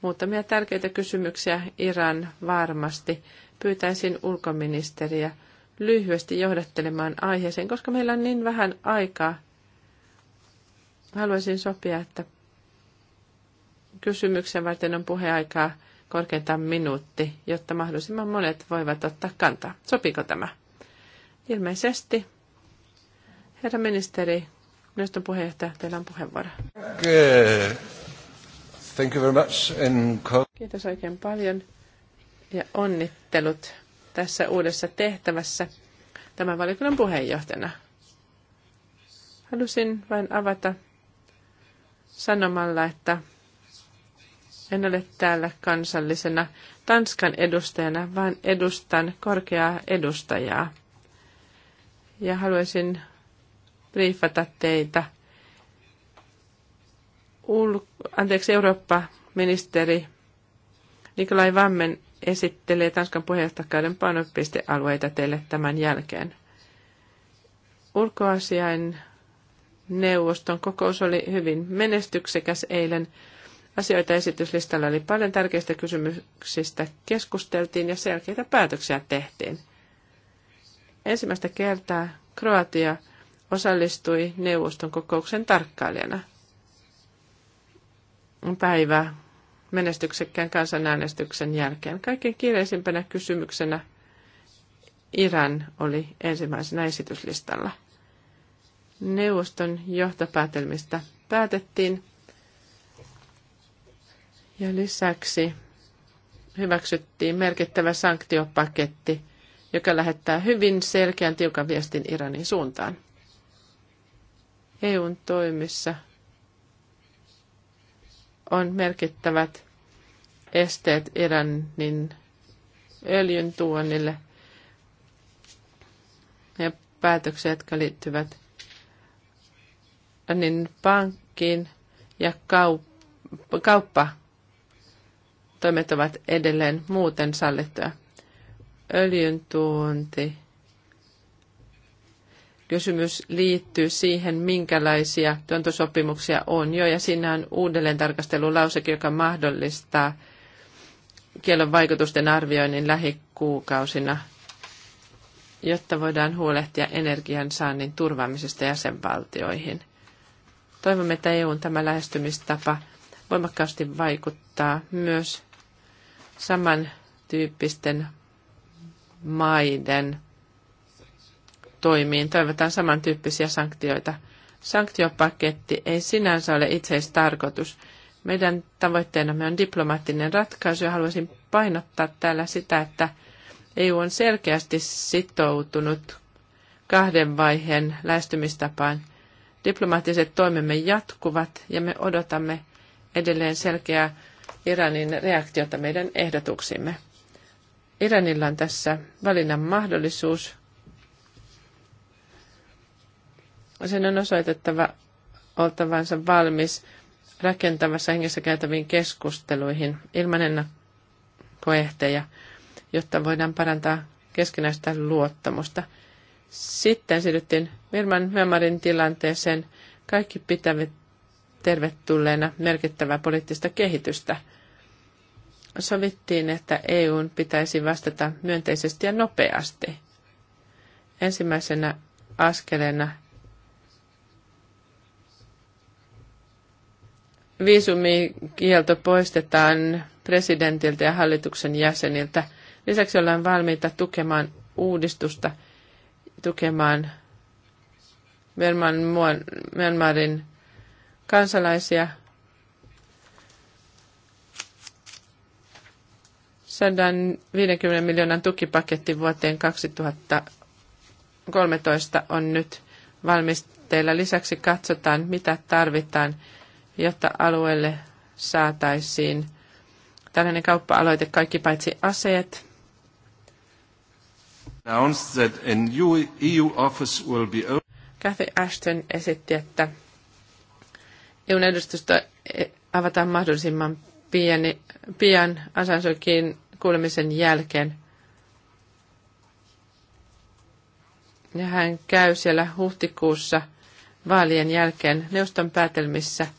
Muutamia tärkeitä kysymyksiä Iran varmasti. Pyytäisin ulkoministeriä lyhyesti johdattelemaan aiheeseen, koska meillä on niin vähän aikaa. Haluaisin sopia, että kysymyksen varten on puheaikaa korkeintaan minuutti, jotta mahdollisimman monet voivat ottaa kantaa. Sopiko tämä? Ilmeisesti. Herra ministeri, Neuvoston puheenjohtaja, teillä on puheenvuoro. Thank you very much. And... Kiitos oikein paljon ja onnittelut tässä uudessa tehtävässä tämän valiokunnan puheenjohtajana. Halusin vain avata sanomalla, että en ole täällä kansallisena Tanskan edustajana, vaan edustan korkeaa edustajaa. Ja haluaisin briefata teitä. Ul- Anteeksi, Eurooppa-ministeri Nikolai Vammen esittelee Tanskan puheenjohtajakauden painopistealueita teille tämän jälkeen. Ulkoasiain neuvoston kokous oli hyvin menestyksekäs eilen. Asioita esityslistalla oli paljon tärkeistä kysymyksistä, keskusteltiin ja selkeitä päätöksiä tehtiin. Ensimmäistä kertaa Kroatia – osallistui neuvoston kokouksen tarkkailijana. Päivä menestyksekkään kansanäänestyksen jälkeen. kaiken kiireisimpänä kysymyksenä Iran oli ensimmäisenä esityslistalla. Neuvoston johtopäätelmistä päätettiin ja lisäksi hyväksyttiin merkittävä sanktiopaketti, joka lähettää hyvin selkeän tiukan viestin Iranin suuntaan. EUn toimissa on merkittävät esteet Iranin öljyn tuonnille ja päätöksiä, jotka liittyvät niin pankkiin ja kaup- kauppa toimet ovat edelleen muuten sallittuja. Öljyn tuonti kysymys liittyy siihen, minkälaisia työntosopimuksia on jo, ja siinä on uudelleen tarkastelulauseke, joka mahdollistaa kielon vaikutusten arvioinnin lähikuukausina, jotta voidaan huolehtia energian saannin turvaamisesta jäsenvaltioihin. Toivomme, että EUn tämä lähestymistapa voimakkaasti vaikuttaa myös samantyyppisten maiden toimiin toivotaan samantyyppisiä sanktioita. Sanktiopaketti ei sinänsä ole itseistarkoitus. Meidän tavoitteenamme on diplomaattinen ratkaisu ja haluaisin painottaa täällä sitä, että EU on selkeästi sitoutunut kahden vaiheen lähestymistapaan. Diplomaattiset toimemme jatkuvat ja me odotamme edelleen selkeää Iranin reaktiota meidän ehdotuksimme. Iranilla on tässä valinnan mahdollisuus sen on osoitettava oltavansa valmis rakentavassa hengessä käytäviin keskusteluihin ilman ennakkoehtejä, jotta voidaan parantaa keskinäistä luottamusta. Sitten siirryttiin Mirman Memarin tilanteeseen. Kaikki pitävät tervetulleena merkittävää poliittista kehitystä. Sovittiin, että EUn pitäisi vastata myönteisesti ja nopeasti. Ensimmäisenä askeleena viisumikielto poistetaan presidentiltä ja hallituksen jäseniltä. Lisäksi ollaan valmiita tukemaan uudistusta, tukemaan Myanmarin kansalaisia. Sadan 50 miljoonan tukipaketti vuoteen 2013 on nyt valmisteilla. Lisäksi katsotaan, mitä tarvitaan jotta alueelle saataisiin tällainen kauppa-aloite kaikki paitsi aseet. Kathy e Ashton esitti, että EUn edustusta e, avataan mahdollisimman pieni, pian Asansokin kuulemisen jälkeen. Ja hän käy siellä huhtikuussa vaalien jälkeen neuvoston päätelmissä –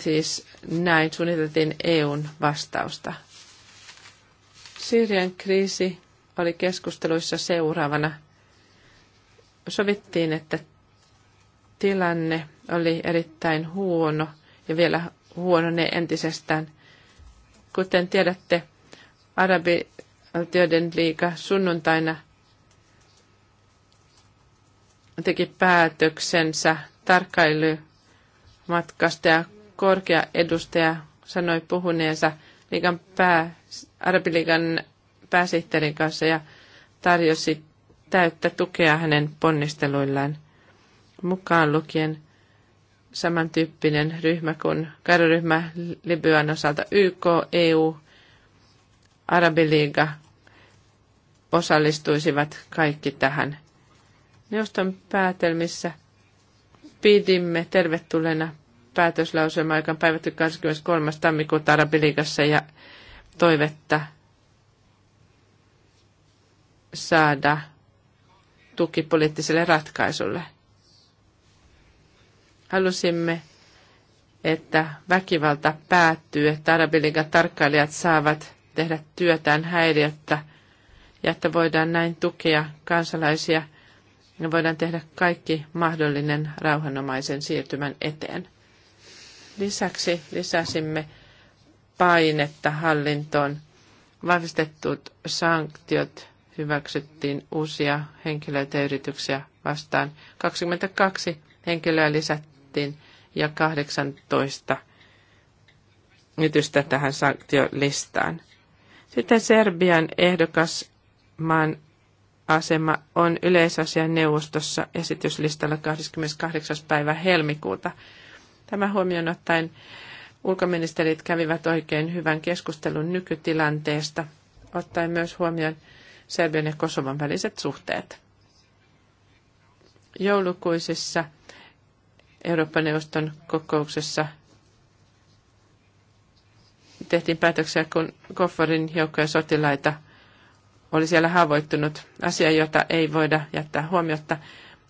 Siis näin suunniteltiin EUn vastausta. Syyrian kriisi oli keskusteluissa seuraavana. Sovittiin, että tilanne oli erittäin huono ja vielä huonone entisestään. Kuten tiedätte, Arabivaltioiden liiga sunnuntaina teki päätöksensä tarkkailumatkasta ja korkea edustaja sanoi puhuneensa liikan pää, Arabiliikan pääsihteerin kanssa ja tarjosi täyttä tukea hänen ponnisteluillaan, mukaan lukien samantyyppinen ryhmä kuin kadoryhmä Libyan osalta YK, EU, Arabiliiga osallistuisivat kaikki tähän. Neuvoston päätelmissä pidimme tervetulleena päätöslauselma, joka on päivätty 23. tammikuuta Arabiliigassa ja toivetta saada tuki poliittiselle ratkaisulle. Halusimme, että väkivalta päättyy, että Arabiliigan tarkkailijat saavat tehdä työtään häiriöttä ja että voidaan näin tukea kansalaisia ja voidaan tehdä kaikki mahdollinen rauhanomaisen siirtymän eteen. Lisäksi lisäsimme painetta hallintoon. Vahvistettut sanktiot hyväksyttiin uusia henkilöitä yrityksiä vastaan. 22 henkilöä lisättiin ja 18 nytystä tähän sanktiolistaan. Sitten Serbian ehdokasmaan asema on yleisasian neuvostossa esityslistalla 28. päivä helmikuuta. Tämä huomioon ottaen ulkoministerit kävivät oikein hyvän keskustelun nykytilanteesta, ottaen myös huomioon Serbian ja Kosovan väliset suhteet. Joulukuisessa Euroopan neuvoston kokouksessa tehtiin päätöksiä, kun Kofforin joukkojen sotilaita oli siellä haavoittunut. Asia, jota ei voida jättää huomiota.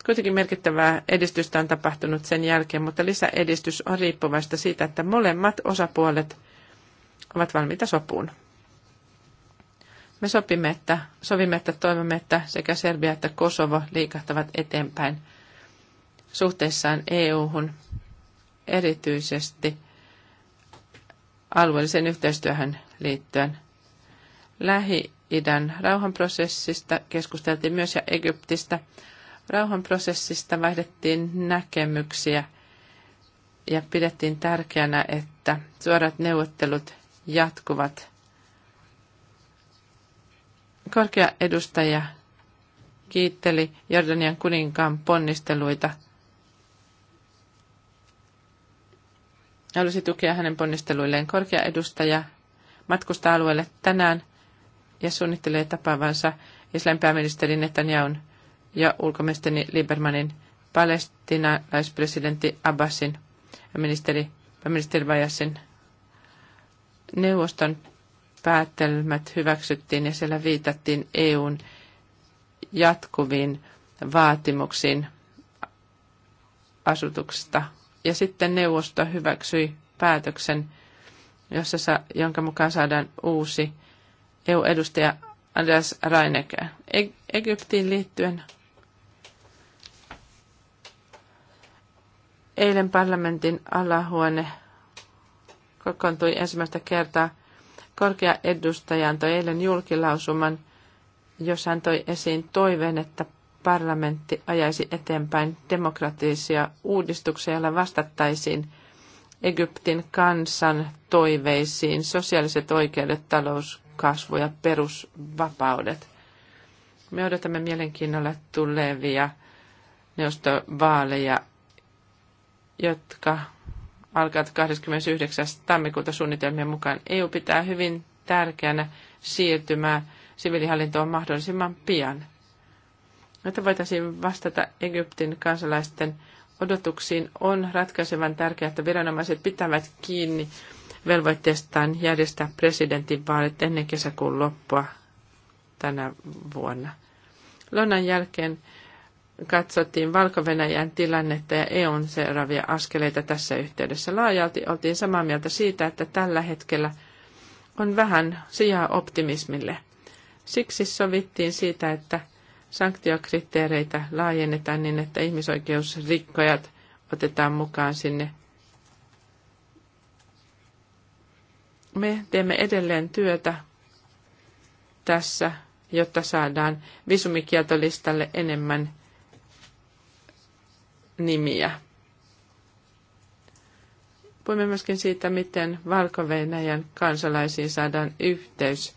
Kuitenkin merkittävää edistystä on tapahtunut sen jälkeen, mutta lisäedistys on riippuvasta siitä, että molemmat osapuolet ovat valmiita sopuun. Me sopimme, että, sovimme, että toivomme, että sekä Serbia että Kosovo liikahtavat eteenpäin suhteessaan EU-hun, erityisesti alueelliseen yhteistyöhön liittyen. Lähi-idän rauhanprosessista keskusteltiin myös ja Egyptistä. Rauhanprosessista vaihdettiin näkemyksiä ja pidettiin tärkeänä, että suorat neuvottelut jatkuvat. Korkea edustaja kiitteli Jordanian kuninkaan ponnisteluita. Halusi tukea hänen ponnisteluilleen. Korkea edustaja matkustaa alueelle tänään ja suunnittelee tapaavansa Islannin pääministeri Netanjaun ja ulkoministeri Liebermanin palestinaispresidentti Abbasin ja ministeri, pääministeri Vajasin neuvoston päätelmät hyväksyttiin ja siellä viitattiin EUn jatkuviin vaatimuksiin asutuksesta. Ja sitten neuvosto hyväksyi päätöksen, jossa sa, jonka mukaan saadaan uusi EU-edustaja Andreas Reinecke. E-, Egyptiin liittyen Eilen parlamentin alahuone kokoontui ensimmäistä kertaa. Korkea edustaja antoi eilen julkilausuman, jossa hän toi esiin toiveen, että parlamentti ajaisi eteenpäin demokratiisia uudistuksia, joilla vastattaisiin Egyptin kansan toiveisiin, sosiaaliset oikeudet, talouskasvu ja perusvapaudet. Me odotamme mielenkiinnolla tulevia neuvostovaaleja jotka alkavat 29. tammikuuta suunnitelmien mukaan. EU pitää hyvin tärkeänä siirtymää siviilihallintoon mahdollisimman pian. Jotta voitaisiin vastata Egyptin kansalaisten odotuksiin, on ratkaisevan tärkeää, että viranomaiset pitävät kiinni velvoitteestaan järjestää presidentinvaalit ennen kesäkuun loppua tänä vuonna. Lonnan jälkeen katsottiin valko tilannetta ja EUn seuraavia askeleita tässä yhteydessä. Laajalti oltiin samaa mieltä siitä, että tällä hetkellä on vähän sijaa optimismille. Siksi sovittiin siitä, että sanktiokriteereitä laajennetaan niin, että ihmisoikeusrikkojat otetaan mukaan sinne. Me teemme edelleen työtä tässä, jotta saadaan visumikieltolistalle enemmän nimiä. Puhumme myöskin siitä, miten valko kansalaisiin saadaan yhteys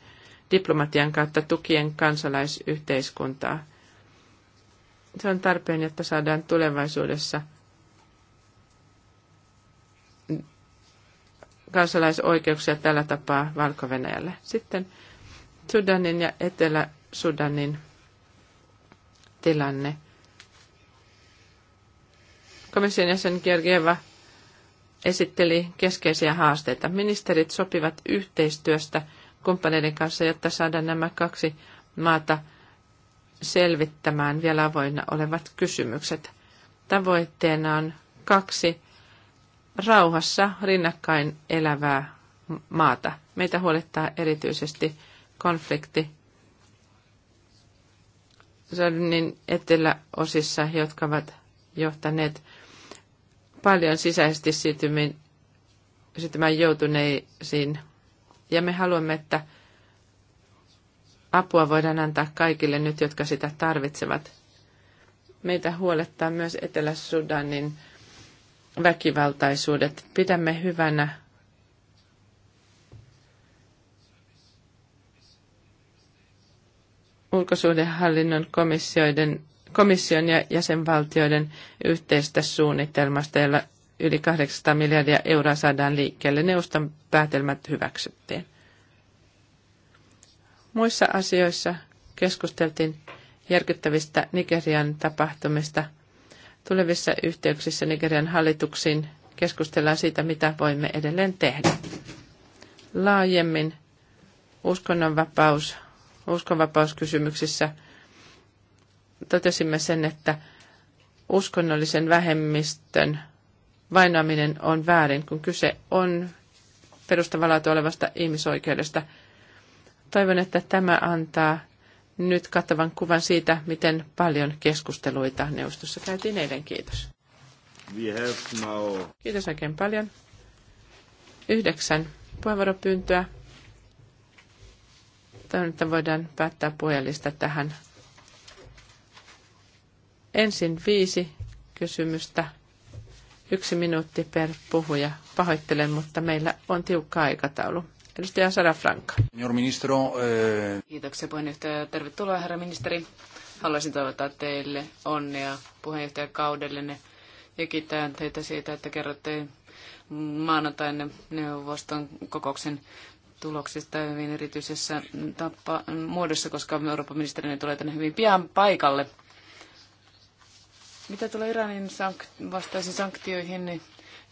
diplomatian kautta tukien kansalaisyhteiskuntaa. Se on tarpeen, jotta saadaan tulevaisuudessa kansalaisoikeuksia tällä tapaa valko Sitten Sudanin ja Etelä-Sudanin tilanne – Komission jäsen Georgieva esitteli keskeisiä haasteita. Ministerit sopivat yhteistyöstä kumppaneiden kanssa, jotta saadaan nämä kaksi maata selvittämään vielä avoinna olevat kysymykset. Tavoitteena on kaksi rauhassa rinnakkain elävää maata. Meitä huolettaa erityisesti konflikti Sardinin eteläosissa, jotka ovat johtaneet paljon sisäisesti sytymään joutuneisiin. Ja me haluamme, että apua voidaan antaa kaikille nyt, jotka sitä tarvitsevat. Meitä huolettaa myös Etelä-Sudanin väkivaltaisuudet. Pidämme hyvänä ulkosuhdehallinnon komissioiden komission ja jäsenvaltioiden yhteistä suunnitelmasta, jolla yli 800 miljardia euroa saadaan liikkeelle. Neuvoston päätelmät hyväksyttiin. Muissa asioissa keskusteltiin järkyttävistä Nigerian tapahtumista. Tulevissa yhteyksissä Nigerian hallituksiin keskustellaan siitä, mitä voimme edelleen tehdä. Laajemmin uskonnonvapaus, uskonvapauskysymyksissä – totesimme sen, että uskonnollisen vähemmistön vainoaminen on väärin, kun kyse on perustavanlaatu olevasta ihmisoikeudesta. Toivon, että tämä antaa nyt kattavan kuvan siitä, miten paljon keskusteluita neuvostossa käytiin eilen. Kiitos. Kiitos oikein paljon. Yhdeksän puheenvuoropyyntöä. Toivon, että voidaan päättää puhelista tähän Ensin viisi kysymystä. Yksi minuutti per puhuja. Pahoittelen, mutta meillä on tiukka aikataulu. Edustaja Sara Franka. Ministro, eh, Kiitoksia puheenjohtaja. Tervetuloa herra ministeri. Haluaisin toivottaa teille onnea puheenjohtajakaudellenne ja kiittää teitä siitä, että kerrotte maanantaina neuvoston kokouksen tuloksista hyvin erityisessä muodossa, koska Euroopan ministerinä tulee tänne hyvin pian paikalle. Mitä tulee Iranin sank- vastaisiin sanktioihin niin,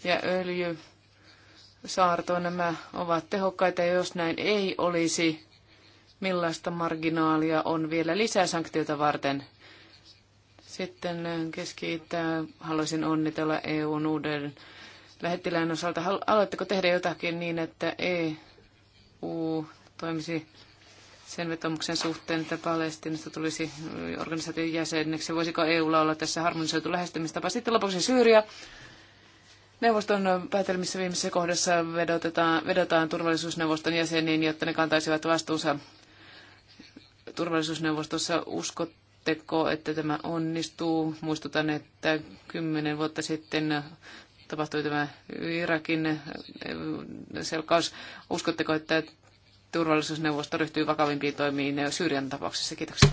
ja öljysaartoon, nämä ovat tehokkaita. Ja jos näin ei olisi, millaista marginaalia on vielä lisää sanktioita varten? Sitten äh, keski haluaisin onnitella EUn uuden lähettilään osalta. Haluatteko tehdä jotakin niin, että EU toimisi sen vetomuksen suhteen, että Palestinasta tulisi organisaation jäseneksi. Voisiko EUlla olla tässä harmonisoitu lähestymistapa? Sitten lopuksi Syyria. Neuvoston päätelmissä viimeisessä kohdassa vedotetaan, vedotaan turvallisuusneuvoston jäseniin, jotta ne kantaisivat vastuunsa turvallisuusneuvostossa. Uskotteko, että tämä onnistuu? Muistutan, että kymmenen vuotta sitten tapahtui tämä Irakin selkaus. Uskotteko, että turvallisuusneuvosto ryhtyy vakavimpiin toimiin Syyrian tapauksessa. Kiitoksia.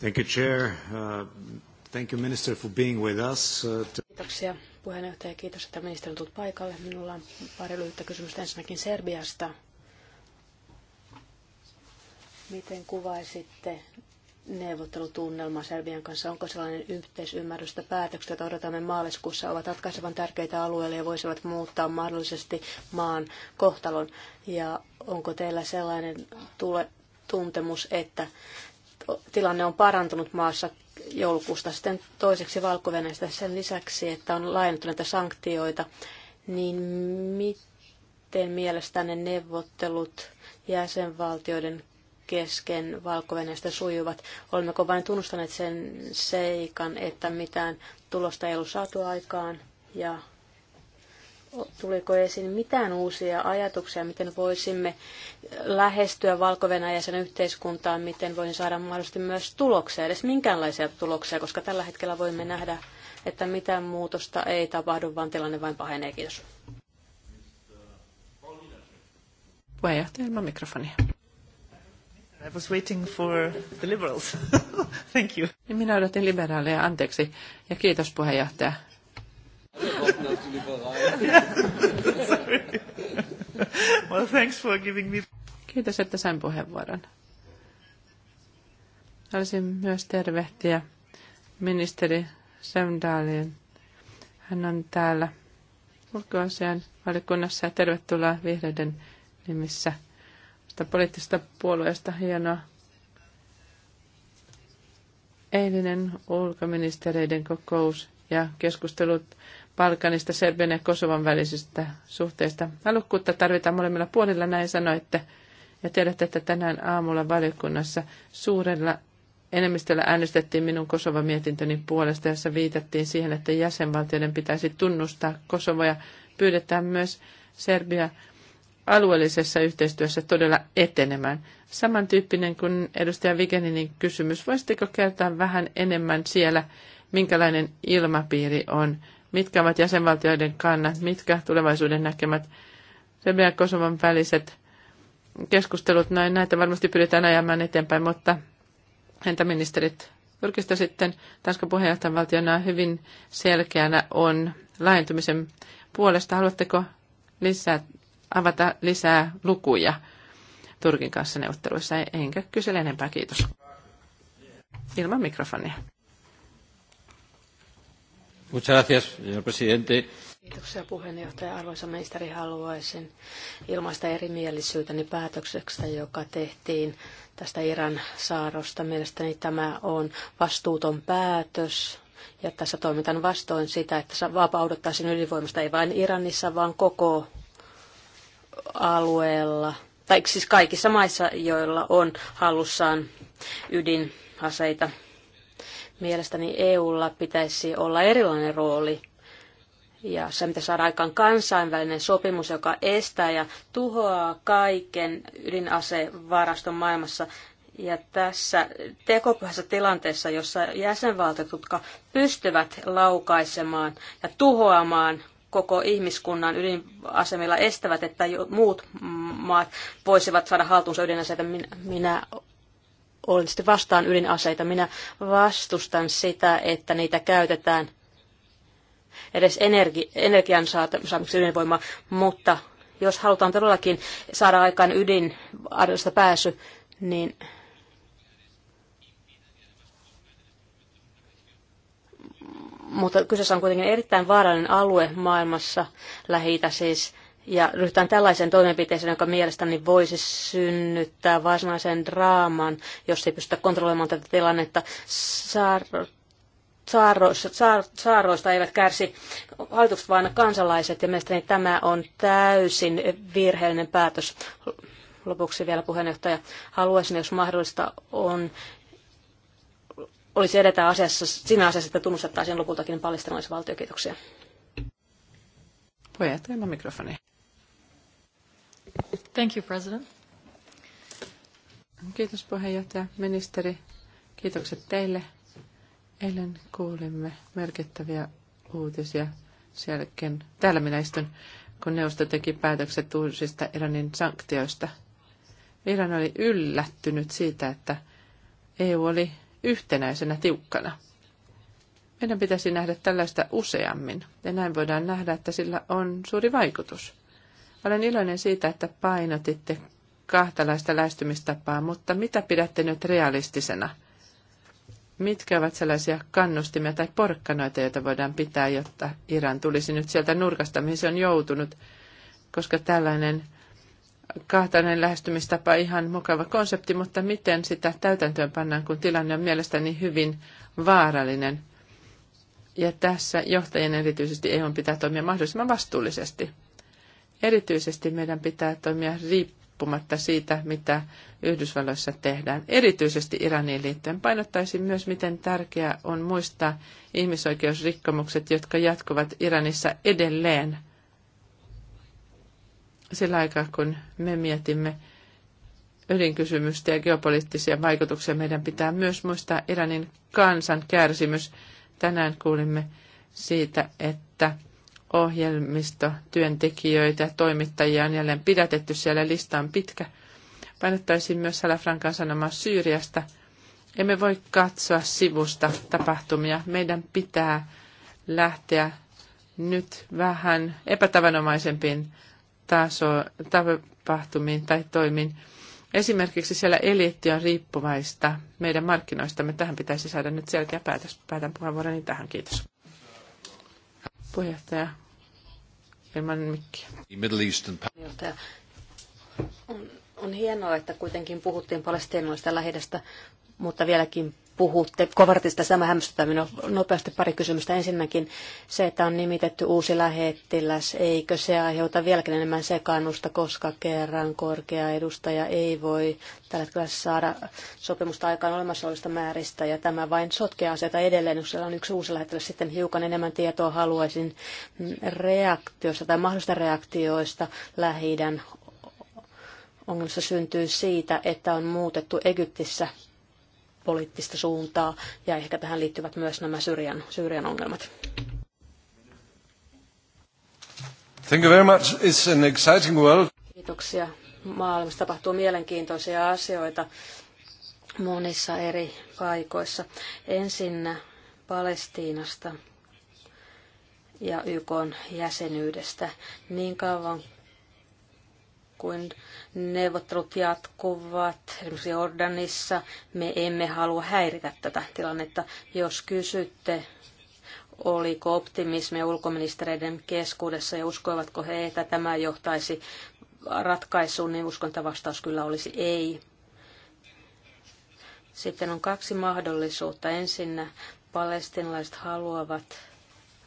Thank you, Chair. Uh, thank you, Minister, for being with us. Uh, Kiitoksia puheenjohtaja. Kiitos, että ministeri on paikalle. Minulla on pari lyhyttä kysymystä ensinnäkin Serbiasta. Miten kuvaisitte neuvottelutunnelma Serbian kanssa? Onko sellainen että päätökset, joita odotamme maaliskuussa, ovat ratkaisevan tärkeitä alueelle ja voisivat muuttaa mahdollisesti maan kohtalon? Ja onko teillä sellainen tule, tuntemus, että tilanne on parantunut maassa joulukuusta sitten toiseksi valko sen lisäksi, että on laajennettu näitä sanktioita, niin miten mielestänne neuvottelut jäsenvaltioiden kesken valko sujuvat. Olemmeko vain tunnustaneet sen seikan, että mitään tulosta ei ollut saatu aikaan ja tuliko esiin mitään uusia ajatuksia, miten voisimme lähestyä valko ja sen yhteiskuntaan, miten voisin saada mahdollisesti myös tuloksia, edes minkäänlaisia tuloksia, koska tällä hetkellä voimme nähdä, että mitään muutosta ei tapahdu, vaan tilanne vain pahenee. Kiitos. Puheenjohtaja ilman mikrofonia. I was waiting for the liberals. Thank you. Niin minä odotin liberaaleja, anteeksi. Ja kiitos puheenjohtaja. well, thanks for giving me... Kiitos, että sain puheenvuoron. Haluaisin myös tervehtiä ministeri Semdalin. Hän on täällä ulkoasian valikunnassa ja tervetuloa vihreiden nimissä – tai poliittisesta puolueesta. Hienoa. Eilinen ulkoministereiden kokous ja keskustelut Balkanista, Serbian ja Kosovan välisistä suhteista. Halukkuutta tarvitaan molemmilla puolilla, näin sanoitte. Ja tiedätte, että tänään aamulla valiokunnassa suurella enemmistöllä äänestettiin minun Kosova-mietintöni puolesta, jossa viitattiin siihen, että jäsenvaltioiden pitäisi tunnustaa Kosovo ja pyydetään myös Serbia alueellisessa yhteistyössä todella etenemään. Samantyyppinen kuin edustaja Vigeninin kysymys, voisitteko kertoa vähän enemmän siellä, minkälainen ilmapiiri on, mitkä ovat jäsenvaltioiden kannat, mitkä tulevaisuuden näkemät, Serbia ja Kosovan väliset keskustelut, näin no, näitä varmasti pyritään ajamaan eteenpäin, mutta entä ministerit? Turkista sitten Tanskan puheenjohtajavaltiona hyvin selkeänä on laajentumisen puolesta. Haluatteko lisää avata lisää lukuja Turkin kanssa neuvotteluissa, enkä kysele enempää, kiitos. Ilman mikrofonia. Muchas gracias, señor presidente. Kiitoksia puheenjohtaja. Arvoisa ministeri, haluaisin ilmaista erimielisyyteni päätöksestä, joka tehtiin tästä Iran saarosta. Mielestäni tämä on vastuuton päätös ja tässä toimitan vastoin sitä, että vapauduttaisiin ydinvoimasta ei vain Iranissa, vaan koko alueella, tai siis kaikissa maissa, joilla on halussaan ydinaseita. Mielestäni EUlla pitäisi olla erilainen rooli ja se, mitä saadaan aikaan kansainvälinen sopimus, joka estää ja tuhoaa kaiken ydinasevaraston maailmassa. Ja tässä tekopyhässä tilanteessa, jossa jäsenvaltiot, jotka pystyvät laukaisemaan ja tuhoamaan koko ihmiskunnan ydinasemilla estävät, että muut maat voisivat saada haltuunsa ydinaseita. Minä, minä olen sitten vastaan ydinaseita. Minä vastustan sitä, että niitä käytetään edes energi, energian saamiseksi ydinvoimaa, mutta jos halutaan todellakin saada aikaan ydinarvoista pääsy, niin mutta kyseessä on kuitenkin erittäin vaarallinen alue maailmassa, lähi siis, ja ryhdytään tällaiseen toimenpiteeseen, joka mielestäni voisi synnyttää varsinaisen draaman, jos ei pystytä kontrolloimaan tätä tilannetta. saarroista, saarroista eivät kärsi hallitukset, vaan kansalaiset, ja mielestäni tämä on täysin virheellinen päätös. Lopuksi vielä puheenjohtaja, haluaisin, jos mahdollista on, olisi edetä asiassa, siinä asiassa, että tunnustettaisiin lopultakin palestinaisvaltio. Kiitoksia. Puheenjohtaja, mikrofoni. Thank you, President. Kiitos puheenjohtaja, ministeri. Kiitokset teille. Eilen kuulimme merkittäviä uutisia sielläkin Täällä minä istun, kun neuvosto teki päätökset uusista Iranin sanktioista. Iran oli yllättynyt siitä, että EU oli yhtenäisenä tiukkana. Meidän pitäisi nähdä tällaista useammin, ja näin voidaan nähdä, että sillä on suuri vaikutus. Olen iloinen siitä, että painotitte kahtalaista lähestymistapaa, mutta mitä pidätte nyt realistisena? Mitkä ovat sellaisia kannustimia tai porkkanoita, joita voidaan pitää, jotta Iran tulisi nyt sieltä nurkasta, mihin se on joutunut, koska tällainen kahtainen lähestymistapa ihan mukava konsepti, mutta miten sitä täytäntöön pannaan, kun tilanne on mielestäni hyvin vaarallinen. Ja tässä johtajien erityisesti EU pitää toimia mahdollisimman vastuullisesti. Erityisesti meidän pitää toimia riippumatta siitä, mitä Yhdysvalloissa tehdään. Erityisesti Iraniin liittyen painottaisin myös, miten tärkeää on muistaa ihmisoikeusrikkomukset, jotka jatkuvat Iranissa edelleen – sillä aikaa, kun me mietimme ydinkysymystä ja geopoliittisia vaikutuksia, meidän pitää myös muistaa Iranin kansan kärsimys. Tänään kuulimme siitä, että ohjelmistotyöntekijöitä ja toimittajia on jälleen pidätetty. Siellä listaan pitkä. Painottaisin myös Salafrankan sanomaa Syyriasta. Emme voi katsoa sivusta tapahtumia. Meidän pitää lähteä nyt vähän epätavanomaisempiin taso, tapahtumiin tai toimiin. Esimerkiksi siellä eliitti on riippuvaista meidän markkinoistamme. Tähän pitäisi saada nyt selkeä päätös. Päätän puheenvuoroni tähän. Kiitos. Puheenjohtaja. Ilman mikkiä. On, on hienoa, että kuitenkin puhuttiin palestinoista lähidestä, mutta vieläkin puhutte kovartista, sama hämmästyttää minua nopeasti pari kysymystä. Ensinnäkin se, että on nimitetty uusi lähettiläs, eikö se aiheuta vieläkin enemmän sekaannusta, koska kerran korkea edustaja ei voi tällä hetkellä saada sopimusta aikaan olemassa olevista määristä, ja tämä vain sotkee asioita edelleen, jos siellä on yksi uusi lähettiläs. Sitten hiukan enemmän tietoa haluaisin reaktioista tai mahdollisista reaktioista lähidän ongelmissa syntyy siitä, että on muutettu Egyptissä poliittista suuntaa ja ehkä tähän liittyvät myös nämä Syyrian, Syyrian ongelmat. Thank you very much. It's an exciting world. Kiitoksia. Maailmassa tapahtuu mielenkiintoisia asioita monissa eri paikoissa. Ensin Palestiinasta ja YK jäsenyydestä. Niin kauan kuin neuvottelut jatkuvat, esimerkiksi Jordanissa, me emme halua häiritä tätä tilannetta. Jos kysytte, oliko optimismi ulkoministereiden keskuudessa ja uskoivatko he, että tämä johtaisi ratkaisuun, niin uskon, että vastaus kyllä olisi ei. Sitten on kaksi mahdollisuutta. Ensinnä palestinalaiset haluavat,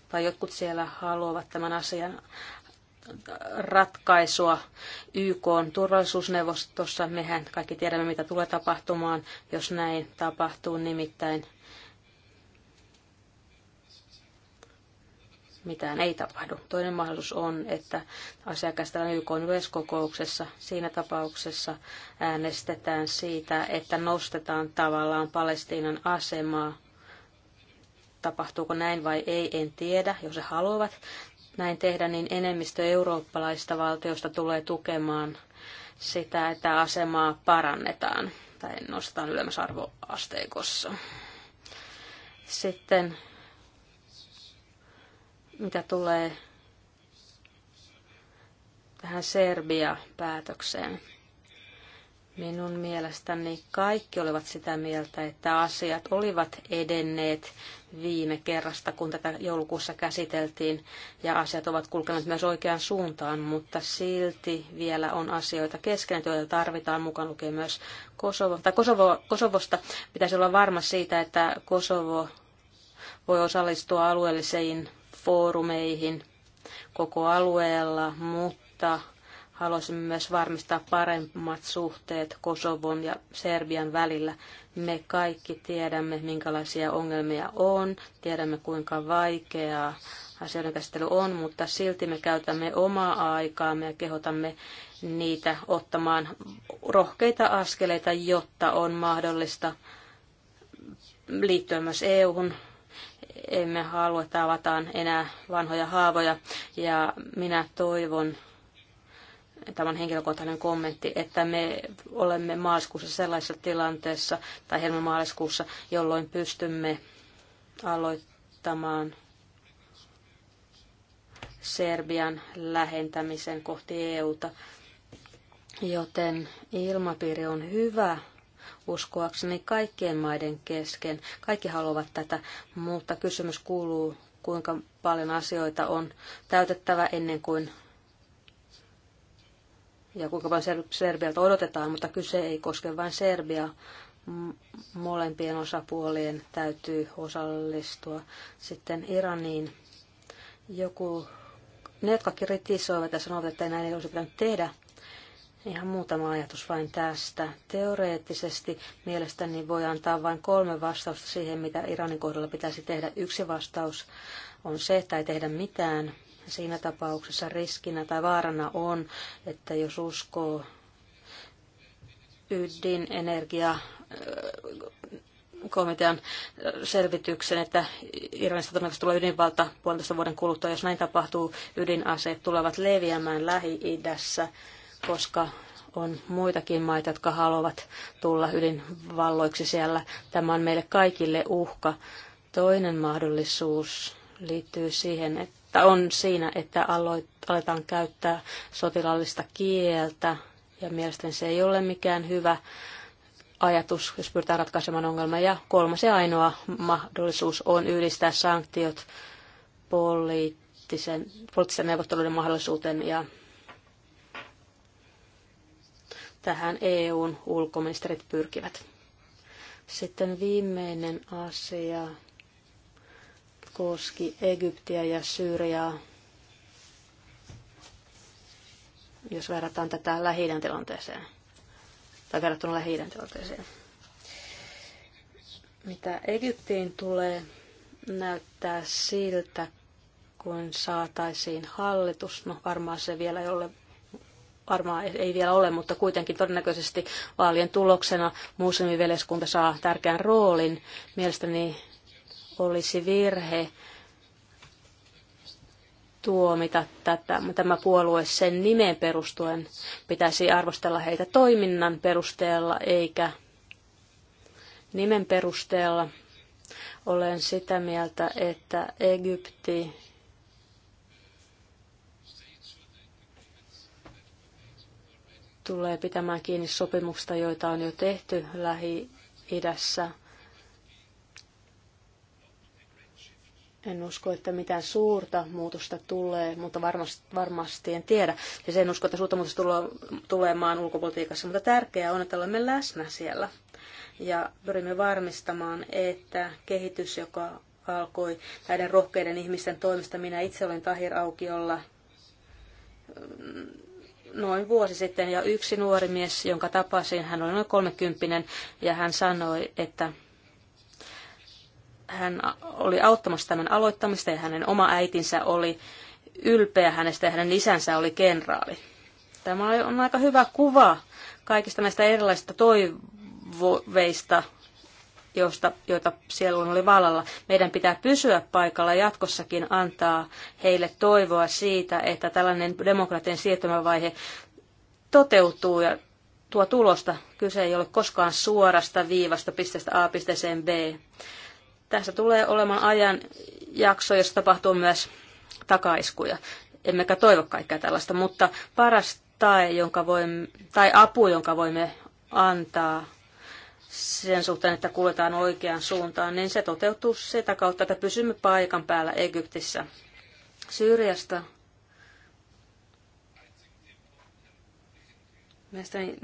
tai jotkut siellä haluavat tämän asian ratkaisua YK on turvallisuusneuvostossa. Mehän kaikki tiedämme, mitä tulee tapahtumaan, jos näin tapahtuu nimittäin. Mitään ei tapahdu. Toinen mahdollisuus on, että asia käsitellään YK yleiskokouksessa. Siinä tapauksessa äänestetään siitä, että nostetaan tavallaan Palestiinan asemaa tapahtuuko näin vai ei, en tiedä. Jos he haluavat, näin tehdä, niin enemmistö eurooppalaista valtioista tulee tukemaan sitä, että asemaa parannetaan tai nostetaan ylemmäs arvoasteikossa. Sitten mitä tulee tähän Serbia-päätökseen. Minun mielestäni kaikki olivat sitä mieltä, että asiat olivat edenneet viime kerrasta, kun tätä joulukuussa käsiteltiin, ja asiat ovat kulkeneet myös oikeaan suuntaan, mutta silti vielä on asioita kesken, joita tarvitaan mukaan lukien myös Kosovo. Tai Kosovo, Kosovosta pitäisi olla varma siitä, että Kosovo voi osallistua alueellisiin foorumeihin koko alueella, mutta Haluaisimme myös varmistaa paremmat suhteet Kosovon ja Serbian välillä. Me kaikki tiedämme, minkälaisia ongelmia on, tiedämme kuinka vaikeaa asioiden käsittely on, mutta silti me käytämme omaa aikaamme ja kehotamme niitä ottamaan rohkeita askeleita, jotta on mahdollista liittyä myös EU-hun. Emme halua, että avataan enää vanhoja haavoja ja minä toivon, tämän henkilökohtainen kommentti, että me olemme maaliskuussa sellaisessa tilanteessa tai helmimaaliskuussa, jolloin pystymme aloittamaan Serbian lähentämisen kohti EUta. Joten ilmapiiri on hyvä uskoakseni kaikkien maiden kesken. Kaikki haluavat tätä, mutta kysymys kuuluu, kuinka paljon asioita on täytettävä ennen kuin ja kuinka paljon Serbialta odotetaan, mutta kyse ei koske vain M- Molempien osapuolien täytyy osallistua sitten Iraniin. Joku, ne, jotka kritisoivat ja sanovat, että näin ei olisi pitänyt tehdä, Ihan muutama ajatus vain tästä. Teoreettisesti mielestäni voi antaa vain kolme vastausta siihen, mitä Iranin kohdalla pitäisi tehdä. Yksi vastaus on se, että ei tehdä mitään. Siinä tapauksessa riskinä tai vaarana on, että jos uskoo ydinenergia komitean selvityksen, että Iranista todennäköisesti tulee ydinvalta puolitoista vuoden kuluttua. Jos näin tapahtuu, ydinaseet tulevat leviämään Lähi-idässä, koska on muitakin maita, jotka haluavat tulla ydinvalloiksi siellä. Tämä on meille kaikille uhka. Toinen mahdollisuus liittyy siihen, että tarvetta on siinä, että aletaan käyttää sotilaallista kieltä, ja mielestäni se ei ole mikään hyvä ajatus, jos pyritään ratkaisemaan ongelma. Ja kolmas ja ainoa mahdollisuus on yhdistää sanktiot poliittisen, poliittisen neuvotteluiden mahdollisuuteen ja tähän EUn ulkoministerit pyrkivät. Sitten viimeinen asia, koski Egyptiä ja Syyriaa, jos verrataan tätä lähi tilanteeseen, tai verrattuna lähi tilanteeseen. Mitä Egyptiin tulee, näyttää siltä, kun saataisiin hallitus. No varmaan se vielä ei ole, varmaan ei vielä ole, mutta kuitenkin todennäköisesti vaalien tuloksena muslimiveljeskunta saa tärkeän roolin. Mielestäni olisi virhe tuomita tätä, tämä puolue sen nimeen perustuen. Pitäisi arvostella heitä toiminnan perusteella eikä nimen perusteella. Olen sitä mieltä, että Egypti tulee pitämään kiinni sopimusta, joita on jo tehty Lähi-idässä – En usko, että mitään suurta muutosta tulee, mutta varmasti, varmasti en tiedä. Ja siis sen usko, että suurta muutosta tulee, tulee maan ulkopolitiikassa, mutta tärkeää on, että olemme läsnä siellä. Ja pyrimme varmistamaan, että kehitys, joka alkoi näiden rohkeiden ihmisten toimista, minä itse olin Tahir Aukiolla mm, noin vuosi sitten, ja yksi nuori mies, jonka tapasin, hän oli noin kolmekymppinen, ja hän sanoi, että hän oli auttamassa tämän aloittamista ja hänen oma äitinsä oli ylpeä hänestä ja hänen isänsä oli kenraali. Tämä on aika hyvä kuva kaikista näistä erilaisista toivoveista, joista, joita siellä oli vallalla. Meidän pitää pysyä paikalla jatkossakin antaa heille toivoa siitä, että tällainen demokratian siirtymävaihe toteutuu ja tuo tulosta. Kyse ei ole koskaan suorasta viivasta pisteestä A pisteeseen B tässä tulee olemaan ajan jakso, jossa tapahtuu myös takaiskuja. Emmekä toivo kaikkea tällaista, mutta paras tae, jonka voimme, tai apu, jonka voimme antaa sen suhteen, että kuljetaan oikeaan suuntaan, niin se toteutuu sitä kautta, että pysymme paikan päällä Egyptissä. Syyriasta Mielestäni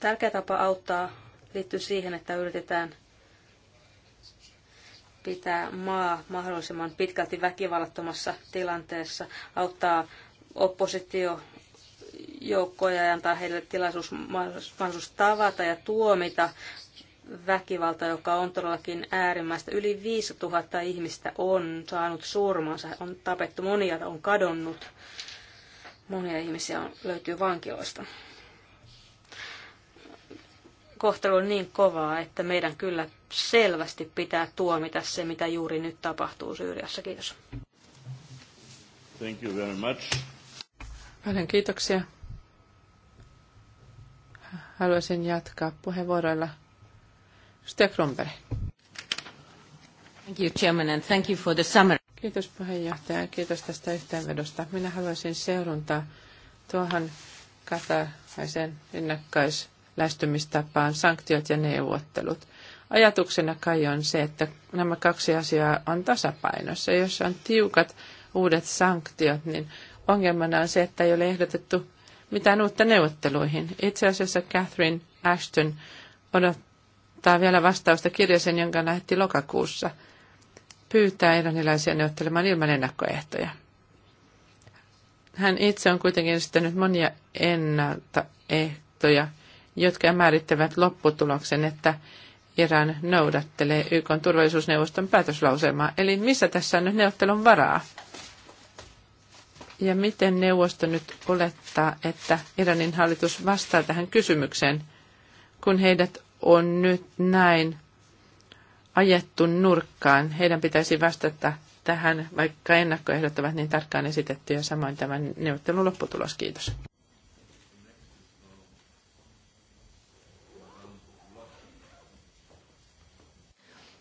tärkeä tapa auttaa liittyy siihen, että yritetään – pitää maa mahdollisimman pitkälti väkivallattomassa tilanteessa, auttaa oppositio joukkoja ja antaa heille tilaisuus mahdollisuus tavata ja tuomita väkivalta, joka on todellakin äärimmäistä. Yli 5000 ihmistä on saanut surmansa, on tapettu, monia on kadonnut, monia ihmisiä on, löytyy vankiloista kohtelu on niin kovaa, että meidän kyllä selvästi pitää tuomita se, mitä juuri nyt tapahtuu Syyriassa. Kiitos. Thank you very much. Paljon kiitoksia. Haluaisin jatkaa puheenvuoroilla. Stia Kronberg. Thank you, Chairman, and thank you for the summary. Kiitos puheenjohtaja ja kiitos tästä yhteenvedosta. Minä haluaisin seurantaa tuohon katalaisen rinnakkaisuuteen lähestymistapaan, sanktiot ja neuvottelut. Ajatuksena kai on se, että nämä kaksi asiaa on tasapainossa. Jos on tiukat uudet sanktiot, niin ongelmana on se, että ei ole ehdotettu mitään uutta neuvotteluihin. Itse asiassa Catherine Ashton odottaa vielä vastausta kirjaisen, jonka lähetti lokakuussa. Pyytää iranilaisia neuvottelemaan ilman ennakkoehtoja. Hän itse on kuitenkin esittänyt monia ennaltaehtoja jotka määrittävät lopputuloksen, että Iran noudattelee YK turvallisuusneuvoston päätöslauselmaa. Eli missä tässä on nyt neuvottelun varaa? Ja miten neuvosto nyt olettaa, että Iranin hallitus vastaa tähän kysymykseen, kun heidät on nyt näin ajettu nurkkaan? Heidän pitäisi vastata tähän, vaikka ennakkoehdot ovat niin tarkkaan esitetty ja samoin tämän neuvottelun lopputulos. Kiitos.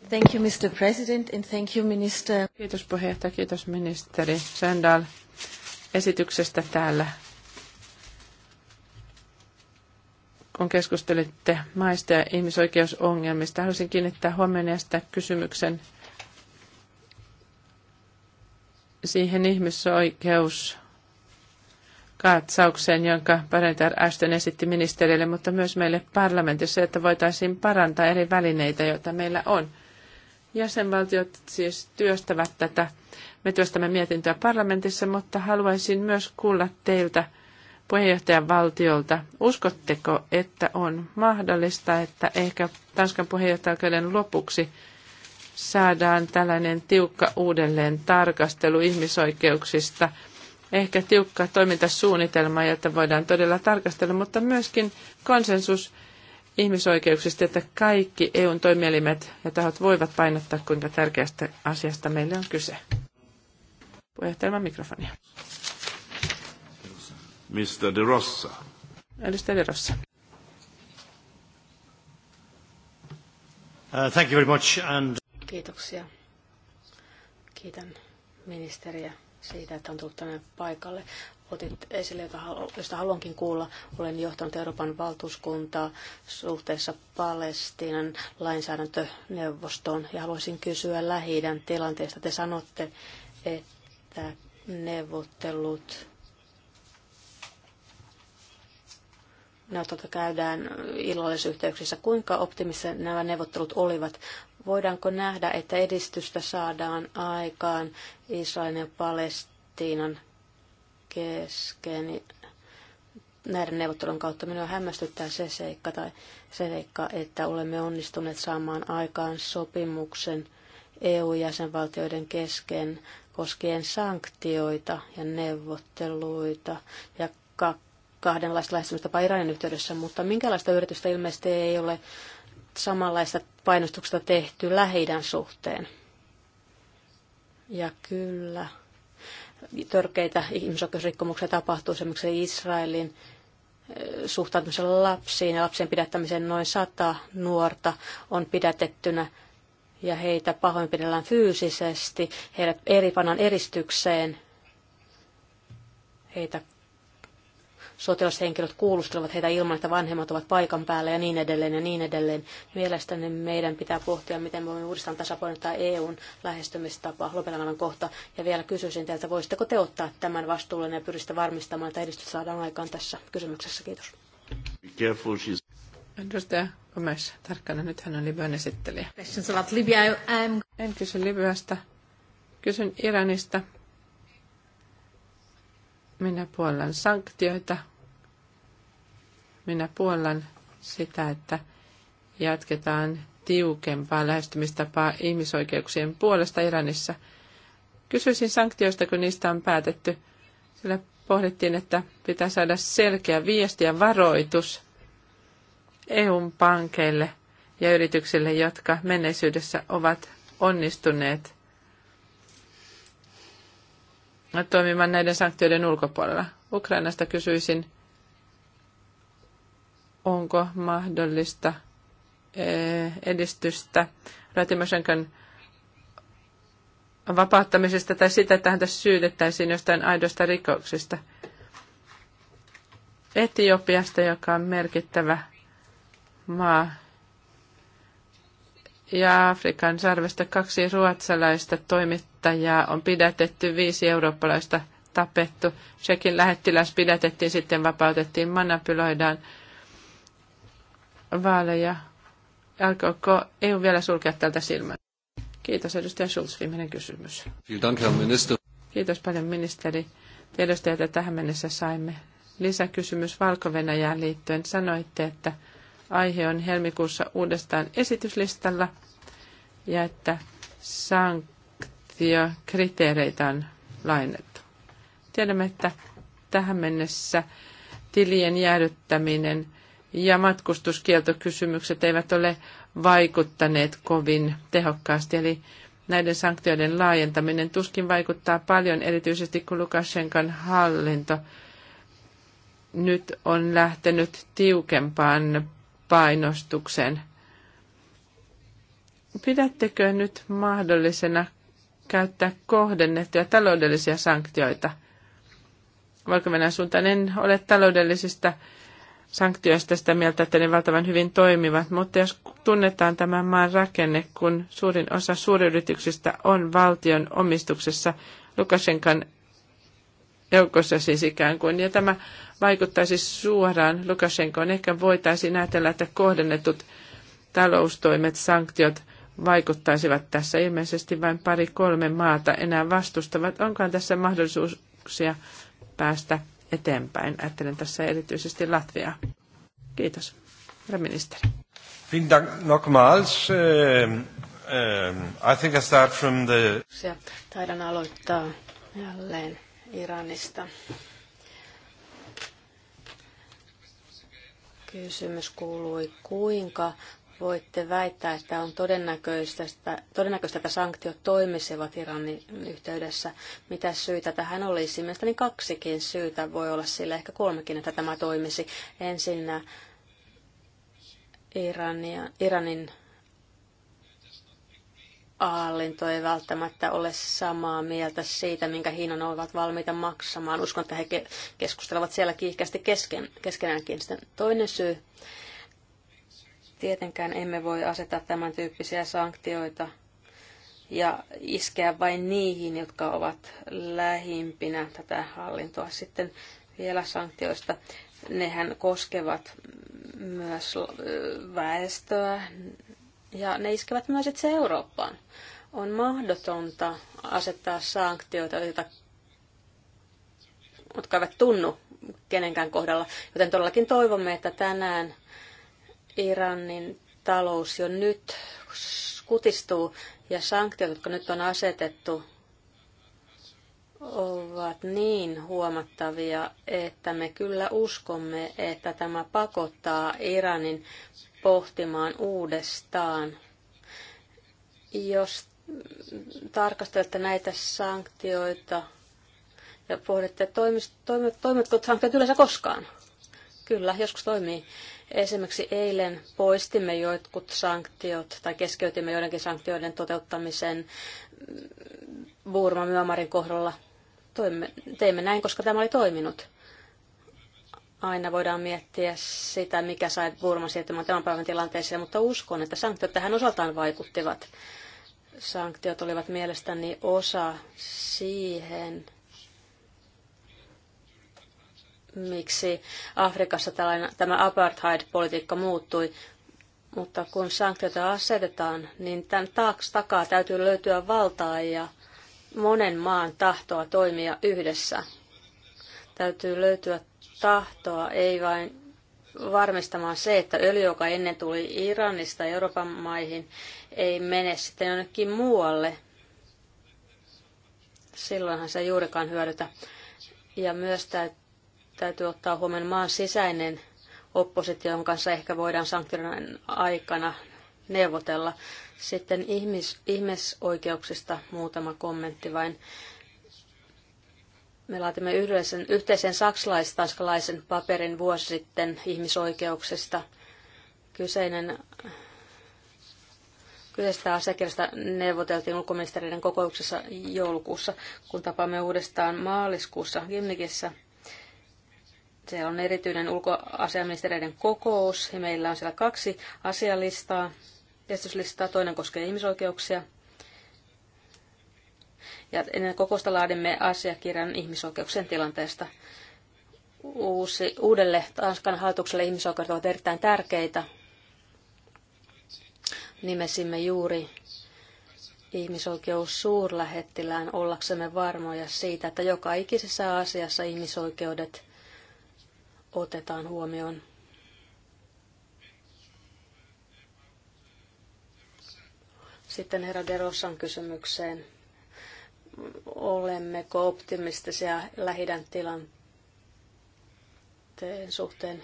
Thank you, Mr. President, and thank you, Minister. Kiitos puheenjohtaja, kiitos ministeri Söndal esityksestä täällä. Kun keskustelitte maista ja ihmisoikeusongelmista, haluaisin kiinnittää huomioon ja sitä kysymyksen siihen ihmisoikeus katsaukseen, jonka Parentar Ashton esitti ministerille, mutta myös meille parlamentissa, että voitaisiin parantaa eri välineitä, joita meillä on. Jäsenvaltiot siis työstävät tätä. Me työstämme mietintöä parlamentissa, mutta haluaisin myös kuulla teiltä puheenjohtajan valtiolta. Uskotteko, että on mahdollista, että ehkä Tanskan puheenjohtajakauden lopuksi saadaan tällainen tiukka uudelleen tarkastelu ihmisoikeuksista, ehkä tiukka toimintasuunnitelma, jota voidaan todella tarkastella, mutta myöskin konsensus ihmisoikeuksista, että kaikki EUn toimielimet ja tahot voivat painottaa, kuinka tärkeästä asiasta meille on kyse. Puheenjohtajan mikrofonia. Mr. De Rossa. Edustaja De Rossa. Uh, thank you very much and... Kiitoksia. Kiitän ministeriä siitä, että on tullut tänne paikalle otit esille, josta haluankin kuulla. Olen johtanut Euroopan valtuuskuntaa suhteessa Palestiinan lainsäädäntöneuvostoon ja haluaisin kysyä lähi tilanteesta. Te sanotte, että neuvottelut ne käydään illallisyhteyksissä. Kuinka optimissa nämä neuvottelut olivat? Voidaanko nähdä, että edistystä saadaan aikaan Israelin ja Palestiinan kesken niin näiden neuvottelun kautta minua hämmästyttää se seikka, tai se seikka, että olemme onnistuneet saamaan aikaan sopimuksen EU-jäsenvaltioiden kesken koskien sanktioita ja neuvotteluita ja kahdenlaista lähestymistapaa Iranin yhteydessä, mutta minkälaista yritystä ilmeisesti ei ole samanlaista painostuksesta tehty lähi suhteen. Ja kyllä törkeitä ihmisoikeusrikkomuksia tapahtuu esimerkiksi Israelin eh, suhtautumisella lapsiin ja lapsien pidättämiseen noin sata nuorta on pidätettynä ja heitä pahoinpidellään fyysisesti, heidät eri panan eristykseen, heitä sotilashenkilöt kuulustelevat heitä ilman, että vanhemmat ovat paikan päällä ja niin edelleen ja niin edelleen. Mielestäni meidän pitää pohtia, miten me voimme uudestaan tasapainottaa EUn lähestymistapa lopetan kohta. Ja vielä kysyisin teiltä, voisitteko te ottaa tämän vastuulle ja pyristä varmistamaan, että edistys saadaan aikaan tässä kysymyksessä. Kiitos. Edustaja Gomes, tarkkana, nyt hän on Libyan esittelijä. En kysy Libyasta, kysyn Iranista. Minä puollan sanktioita. Minä puollan sitä, että jatketaan tiukempaa lähestymistapaa ihmisoikeuksien puolesta Iranissa. Kysyisin sanktioista, kun niistä on päätetty. Sillä pohdittiin, että pitää saada selkeä viesti ja varoitus EUn pankeille ja yrityksille, jotka menneisyydessä ovat onnistuneet toimimaan näiden sanktioiden ulkopuolella. Ukrainasta kysyisin, onko mahdollista eh, edistystä Ratimashenkan vapauttamisesta tai sitä, että häntä syytettäisiin jostain aidosta rikoksista. Etiopiasta, joka on merkittävä maa, ja Afrikan sarvesta kaksi ruotsalaista toimittajaa on pidätetty, viisi eurooppalaista tapettu. Tsekin lähettiläs pidätettiin, sitten vapautettiin, manipuloidaan vaaleja. Alkoiko EU vielä sulkea tältä silmän? Kiitos edustaja Schulz, viimeinen kysymys. Kiitos paljon ministeri Tiedostajat, tähän mennessä saimme. Lisäkysymys valko liittyen. Sanoitte, että aihe on helmikuussa uudestaan esityslistalla ja että sanktiokriteereitä on lainattu. Tiedämme, että tähän mennessä tilien jäädyttäminen ja matkustuskieltokysymykset eivät ole vaikuttaneet kovin tehokkaasti, eli näiden sanktioiden laajentaminen tuskin vaikuttaa paljon, erityisesti kun Lukashenkan hallinto nyt on lähtenyt tiukempaan painostuksen. Pidättekö nyt mahdollisena käyttää kohdennettuja taloudellisia sanktioita? valko suuntaan en ole taloudellisista sanktioista sitä mieltä, että ne valtavan hyvin toimivat, mutta jos tunnetaan tämän maan rakenne, kun suurin osa suuryrityksistä on valtion omistuksessa Lukashenkan joukossa siis ikään kuin. Ja tämä vaikuttaisi suoraan Lukashenkoon. Ehkä voitaisiin ajatella, että kohdennetut taloustoimet, sanktiot vaikuttaisivat tässä. Ilmeisesti vain pari-kolme maata enää vastustavat. Onkaan tässä mahdollisuuksia päästä eteenpäin? Ajattelen tässä erityisesti Latviaa. Kiitos. Herra ministeri. Ähm, ähm, I think I start from the... Taidan aloittaa jälleen Iranista. Kysymys kuului, kuinka voitte väittää, että on todennäköistä, että todennäköistä että sanktiot toimisivat Iranin yhteydessä. Mitä syitä tähän olisi? Mielestäni kaksikin syytä voi olla sille, ehkä kolmekin, että tämä toimisi. Ensinnä Irania, Iranin hallinto ei välttämättä ole samaa mieltä siitä, minkä hinnan ovat valmiita maksamaan. Uskon, että he keskustelevat siellä kiihkeästi kesken, keskenäänkin. Sitten toinen syy. Tietenkään emme voi asettaa tämän tyyppisiä sanktioita ja iskeä vain niihin, jotka ovat lähimpinä tätä hallintoa. Sitten vielä sanktioista. Nehän koskevat myös väestöä, ja ne iskevät myös itse Eurooppaan. On mahdotonta asettaa sanktioita, joita, jotka eivät tunnu kenenkään kohdalla. Joten todellakin toivomme, että tänään Iranin talous jo nyt kutistuu ja sanktiot, jotka nyt on asetettu, ovat niin huomattavia, että me kyllä uskomme, että tämä pakottaa Iranin pohtimaan uudestaan. Jos tarkastelette näitä sanktioita ja pohditte, toimivatko sanktiot yleensä koskaan? Kyllä, joskus toimii. Esimerkiksi eilen poistimme jotkut sanktiot tai keskeytimme joidenkin sanktioiden toteuttamisen Burma Myömarin kohdalla. Toimme, teimme näin, koska tämä oli toiminut aina voidaan miettiä sitä, mikä sai Burman siirtymään tämän päivän tilanteeseen, mutta uskon, että sanktiot tähän osaltaan vaikuttivat. Sanktiot olivat mielestäni osa siihen, miksi Afrikassa tällainen, tämä apartheid-politiikka muuttui. Mutta kun sanktioita asetetaan, niin tämän taakse takaa täytyy löytyä valtaa ja monen maan tahtoa toimia yhdessä. Täytyy löytyä tahtoa, ei vain varmistamaan se, että öljy, joka ennen tuli Iranista Euroopan maihin, ei mene sitten jonnekin muualle. Silloinhan se ei juurikaan hyödytä. Ja myös täytyy ottaa huomioon maan sisäinen oppositio, jonka kanssa ehkä voidaan sanktioiden aikana neuvotella. Sitten ihmis, ihmisoikeuksista muutama kommentti vain. Me laatimme yhdessä, yhteisen saksalais-tanskalaisen paperin vuosi sitten ihmisoikeuksista. Kyseinen, kyseistä asiakirjasta neuvoteltiin ulkoministeriöiden kokouksessa joulukuussa, kun tapaamme uudestaan maaliskuussa Gimnikissä. Se on erityinen ulkoasiaministeriöiden kokous ja meillä on siellä kaksi asialistaa, esityslistaa. Toinen koskee ihmisoikeuksia – ja ennen kokousta laadimme asiakirjan ihmisoikeuksien tilanteesta. Uusi, uudelle Tanskan hallitukselle ihmisoikeudet ovat erittäin tärkeitä. Nimesimme juuri ihmisoikeus suurlähettilään ollaksemme varmoja siitä, että joka ikisessä asiassa ihmisoikeudet otetaan huomioon. Sitten herra Derossan kysymykseen olemmeko optimistisia lähidän tilanteen suhteen.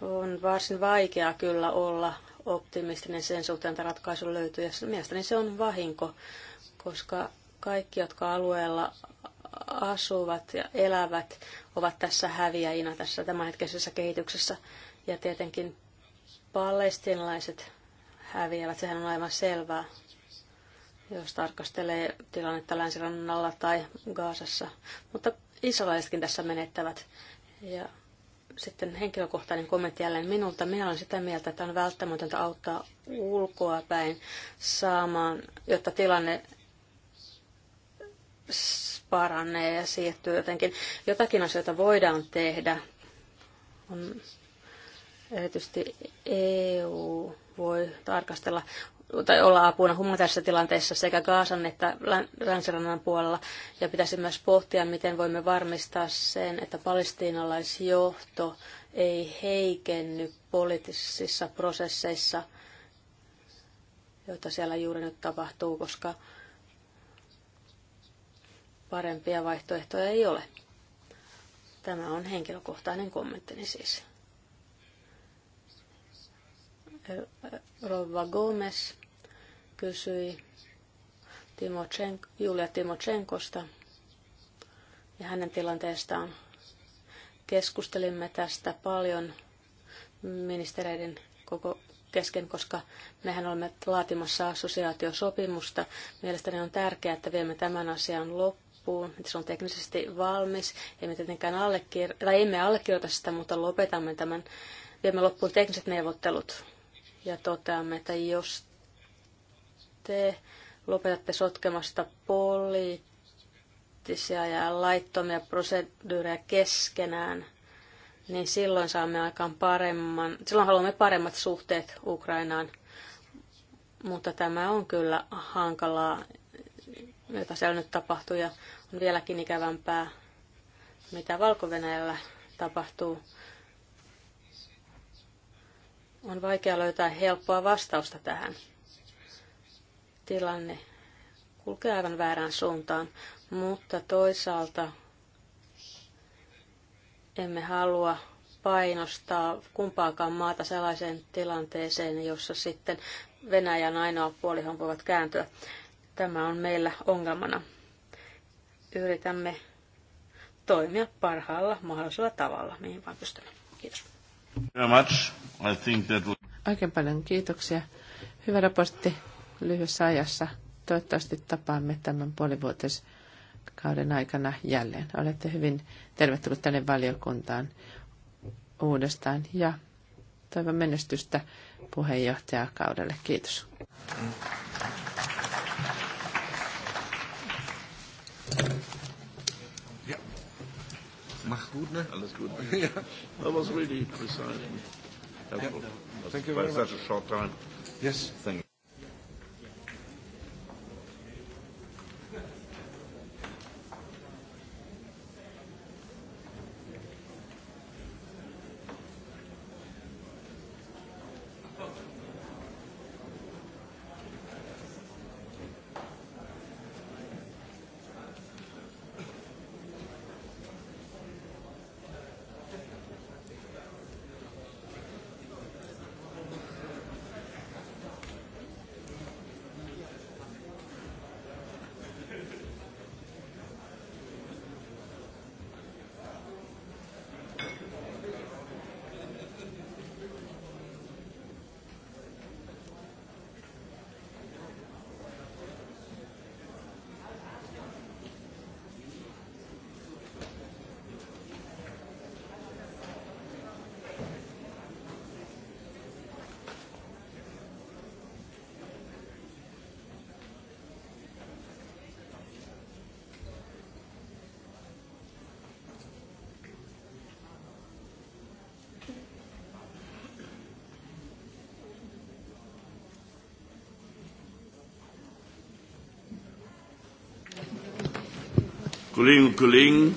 On varsin vaikea kyllä olla optimistinen sen suhteen, että ratkaisu löytyy. Ja mielestäni se on vahinko, koska kaikki, jotka alueella asuvat ja elävät, ovat tässä häviäjinä tässä tämänhetkisessä kehityksessä. Ja tietenkin palestinalaiset häviävät, sehän on aivan selvää jos tarkastelee tilannetta länsirannalla tai Gaasassa. Mutta israelaisetkin tässä menettävät. Ja sitten henkilökohtainen kommentti jälleen minulta. Minä olen sitä mieltä, että on välttämätöntä auttaa ulkoa päin saamaan, jotta tilanne paranee ja siirtyy jotenkin. Jotakin asioita voidaan tehdä. On erityisesti EU voi tarkastella tai olla apuna humanitaarisessa tilanteessa sekä Gaasan että Länsirannan puolella. Ja pitäisi myös pohtia, miten voimme varmistaa sen, että palestiinalaisjohto ei heikenny poliittisissa prosesseissa, joita siellä juuri nyt tapahtuu, koska parempia vaihtoehtoja ei ole. Tämä on henkilökohtainen kommenttini siis. Rova Gomez kysyi Timochenko, Julia Timochenkosta ja hänen tilanteestaan. Keskustelimme tästä paljon ministereiden koko kesken, koska mehän olemme laatimassa assosiaatiosopimusta. Mielestäni on tärkeää, että viemme tämän asian loppuun, että se on teknisesti valmis. Emme tietenkään allekir- tai emme allekirjoita sitä, mutta lopetamme tämän, viemme loppuun tekniset neuvottelut ja toteamme, että jos te lopetatte sotkemasta poliittisia ja laittomia proseduureja keskenään, niin silloin saamme aikaan paremman, silloin haluamme paremmat suhteet Ukrainaan. Mutta tämä on kyllä hankalaa, jota siellä nyt tapahtuu ja on vieläkin ikävämpää, mitä valko tapahtuu. On vaikea löytää helppoa vastausta tähän tilanne kulkee aivan väärään suuntaan, mutta toisaalta emme halua painostaa kumpaakaan maata sellaiseen tilanteeseen, jossa sitten Venäjän ainoa puolihan voivat kääntyä. Tämä on meillä ongelmana. Yritämme toimia parhaalla mahdollisella tavalla, mihin vain pystymme. Kiitos. Very much. I think that... Oikein paljon kiitoksia. Hyvä raportti lyhyessä ajassa. Toivottavasti tapaamme tämän puolivuotiskauden aikana jälleen. Olette hyvin tervetullut tänne valiokuntaan uudestaan ja toivon menestystä puheenjohtajakaudelle. Kiitos. Mach gut, ne? Alles gut. ja, that was really exciting. Thank you very much. Such a short time. Yes. Thank you. Kolleginnen Kollegen.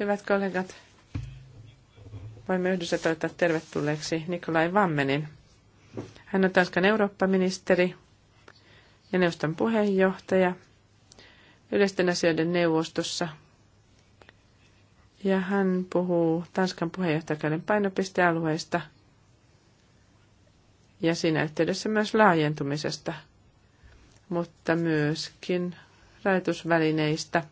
Hyvät kollegat, voimme yhdessä toivottaa tervetulleeksi Nikolai Vammenin. Hän on Tanskan Eurooppa-ministeri ja neuvoston puheenjohtaja yleisten asioiden neuvostossa. Ja hän puhuu Tanskan puheenjohtajakauden painopistealueista ja siinä yhteydessä myös laajentumisesta, mutta myöskin rajoitusvälineistä –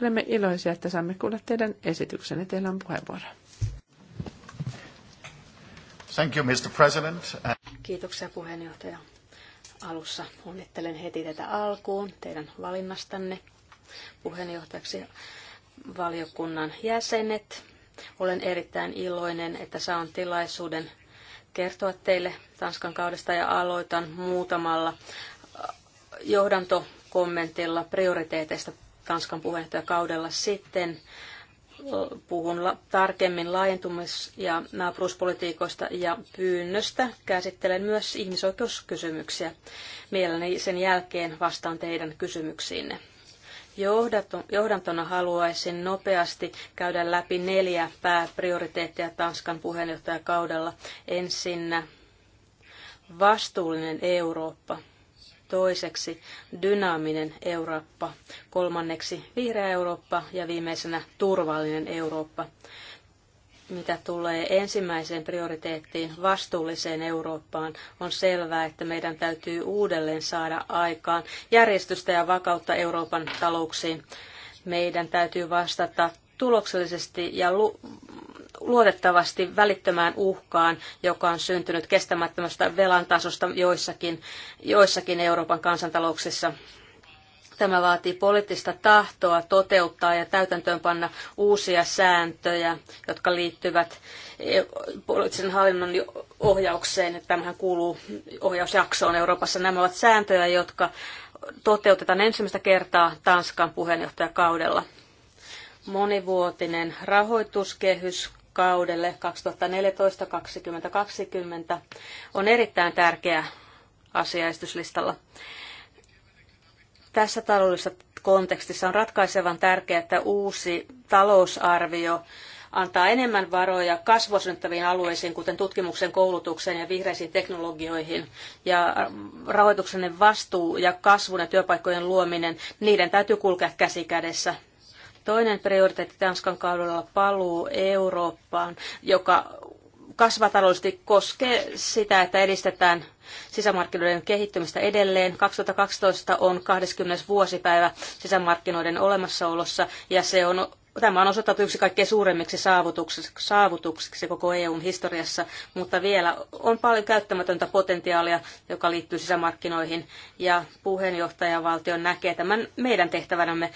Olemme iloisia, että saamme kuulla teidän esityksenne. Teillä on puheenvuoro. Thank you, Mr. President. Kiitoksia puheenjohtaja. Alussa onnittelen heti tätä alkuun teidän valinnastanne puheenjohtajaksi valiokunnan jäsenet. Olen erittäin iloinen, että saan tilaisuuden kertoa teille Tanskan kaudesta ja aloitan muutamalla äh, johdantokommentilla prioriteeteista Tanskan puheenjohtajakaudella sitten. Puhun tarkemmin laajentumis- ja naapuruuspolitiikoista ja pyynnöstä. Käsittelen myös ihmisoikeuskysymyksiä. Mielelläni sen jälkeen vastaan teidän kysymyksiinne. Johdantona haluaisin nopeasti käydä läpi neljä pääprioriteettia Tanskan puheenjohtajakaudella. Ensinnä vastuullinen Eurooppa – toiseksi dynaaminen Eurooppa, kolmanneksi vihreä Eurooppa ja viimeisenä turvallinen Eurooppa. Mitä tulee ensimmäiseen prioriteettiin, vastuulliseen Eurooppaan, on selvää, että meidän täytyy uudelleen saada aikaan järjestystä ja vakautta Euroopan talouksiin. Meidän täytyy vastata tuloksellisesti ja lu- luotettavasti välittömään uhkaan, joka on syntynyt kestämättömästä velan tasosta joissakin, joissakin Euroopan kansantalouksissa. Tämä vaatii poliittista tahtoa toteuttaa ja täytäntöönpanna uusia sääntöjä, jotka liittyvät e- poliittisen hallinnon ohjaukseen. Tämähän kuuluu ohjausjaksoon Euroopassa. Nämä ovat sääntöjä, jotka toteutetaan ensimmäistä kertaa Tanskan puheenjohtajakaudella. Monivuotinen rahoituskehys kaudelle 2014-2020 on erittäin tärkeä asiaistuslistalla. Tässä taloudellisessa kontekstissa on ratkaisevan tärkeää, että uusi talousarvio antaa enemmän varoja kasvua synnyttäviin alueisiin, kuten tutkimukseen, koulutukseen ja vihreisiin teknologioihin. Ja rahoituksen vastuu ja kasvun ja työpaikkojen luominen, niiden täytyy kulkea käsi kädessä. Toinen prioriteetti Tanskan kaudella paluu Eurooppaan, joka kasvataloudellisesti koskee sitä, että edistetään sisämarkkinoiden kehittymistä edelleen. 2012 on 20. vuosipäivä sisämarkkinoiden olemassaolossa ja se on Tämä on osoittautunut yksi kaikkein suurimmiksi saavutuksiksi, saavutuksiksi koko EUn historiassa, mutta vielä on paljon käyttämätöntä potentiaalia, joka liittyy sisämarkkinoihin, ja puheenjohtajavaltio näkee tämän meidän tehtävänämme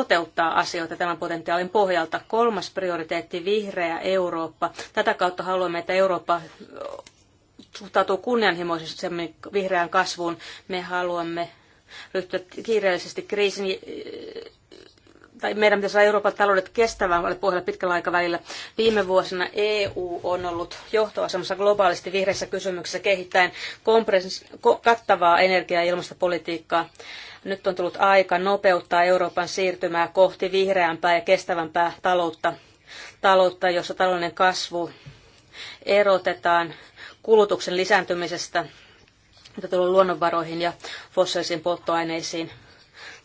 toteuttaa asioita tämän potentiaalin pohjalta. Kolmas prioriteetti, vihreä Eurooppa. Tätä kautta haluamme, että Eurooppa suhtautuu kunnianhimoisemmin vihreään kasvuun. Me haluamme ryhtyä kiireellisesti kriisin tai meidän pitäisi saada Euroopan taloudet kestävälle pohjalle pitkällä aikavälillä. Viime vuosina EU on ollut johtoasemassa globaalisti vihreissä kysymyksissä kehittäen kattavaa energia- ja ilmastopolitiikkaa. Nyt on tullut aika nopeuttaa Euroopan siirtymää kohti vihreämpää ja kestävämpää taloutta, taloutta jossa talouden kasvu erotetaan kulutuksen lisääntymisestä, mitä tulee luonnonvaroihin ja fossiilisiin polttoaineisiin.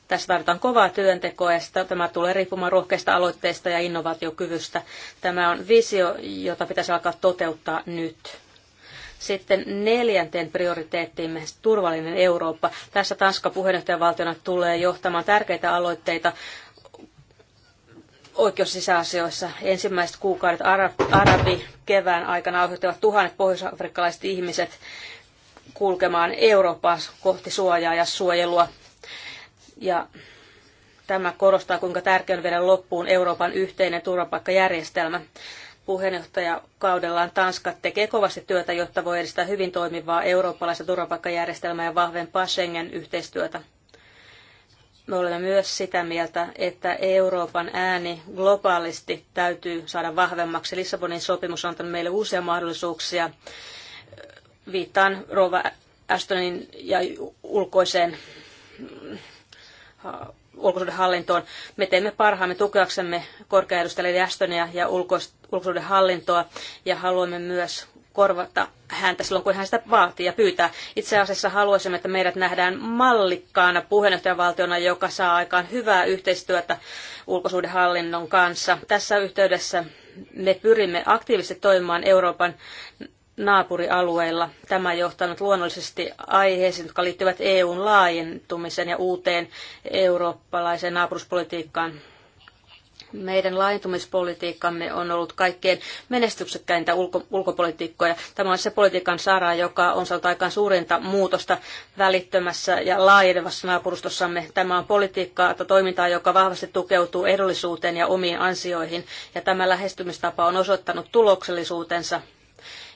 Tässä tarvitaan kovaa työntekoa ja tämä tulee riippumaan rohkeista aloitteista ja innovaatiokyvystä. Tämä on visio, jota pitäisi alkaa toteuttaa nyt. Sitten neljänteen prioriteettiimme, turvallinen Eurooppa. Tässä Tanska puheenjohtajavaltiona tulee johtamaan tärkeitä aloitteita oikeus sisäasioissa. Ensimmäiset kuukaudet arabi kevään aikana ohjattivat tuhannet pohjoisafrikkalaiset ihmiset kulkemaan Eurooppaa kohti suojaa ja suojelua. Ja tämä korostaa, kuinka tärkeää on viedä loppuun Euroopan yhteinen turvapaikkajärjestelmä puheenjohtajakaudellaan Tanska tekee kovasti työtä, jotta voi edistää hyvin toimivaa eurooppalaista turvapaikkajärjestelmää ja vahvempaa Schengen-yhteistyötä. Me olemme myös sitä mieltä, että Euroopan ääni globaalisti täytyy saada vahvemmaksi. Lissabonin sopimus on antanut meille uusia mahdollisuuksia. Viittaan Rova Ashtonin ja ulkoiseen ulkosuudenhallintoon. Me teemme parhaamme tukeaksemme korkeaedustajille Ashtonia ja ulkosuudenhallintoa ja haluamme myös korvata häntä silloin, kun hän sitä vaatii ja pyytää. Itse asiassa haluaisimme, että meidät nähdään mallikkaana puheenjohtajavaltiona, joka saa aikaan hyvää yhteistyötä ulkosuudenhallinnon kanssa. Tässä yhteydessä me pyrimme aktiivisesti toimimaan Euroopan naapurialueilla. Tämä on johtanut luonnollisesti aiheisiin, jotka liittyvät EUn laajentumiseen ja uuteen eurooppalaiseen naapuruspolitiikkaan. Meidän laajentumispolitiikkamme on ollut kaikkein menestyksekkäintä ulko- ulkopolitiikkoja. Tämä on se politiikan saara, joka on saanut aikaan suurinta muutosta välittömässä ja laajenevassa naapurustossamme. Tämä on politiikkaa tai toimintaa, joka vahvasti tukeutuu edullisuuteen ja omiin ansioihin, ja tämä lähestymistapa on osoittanut tuloksellisuutensa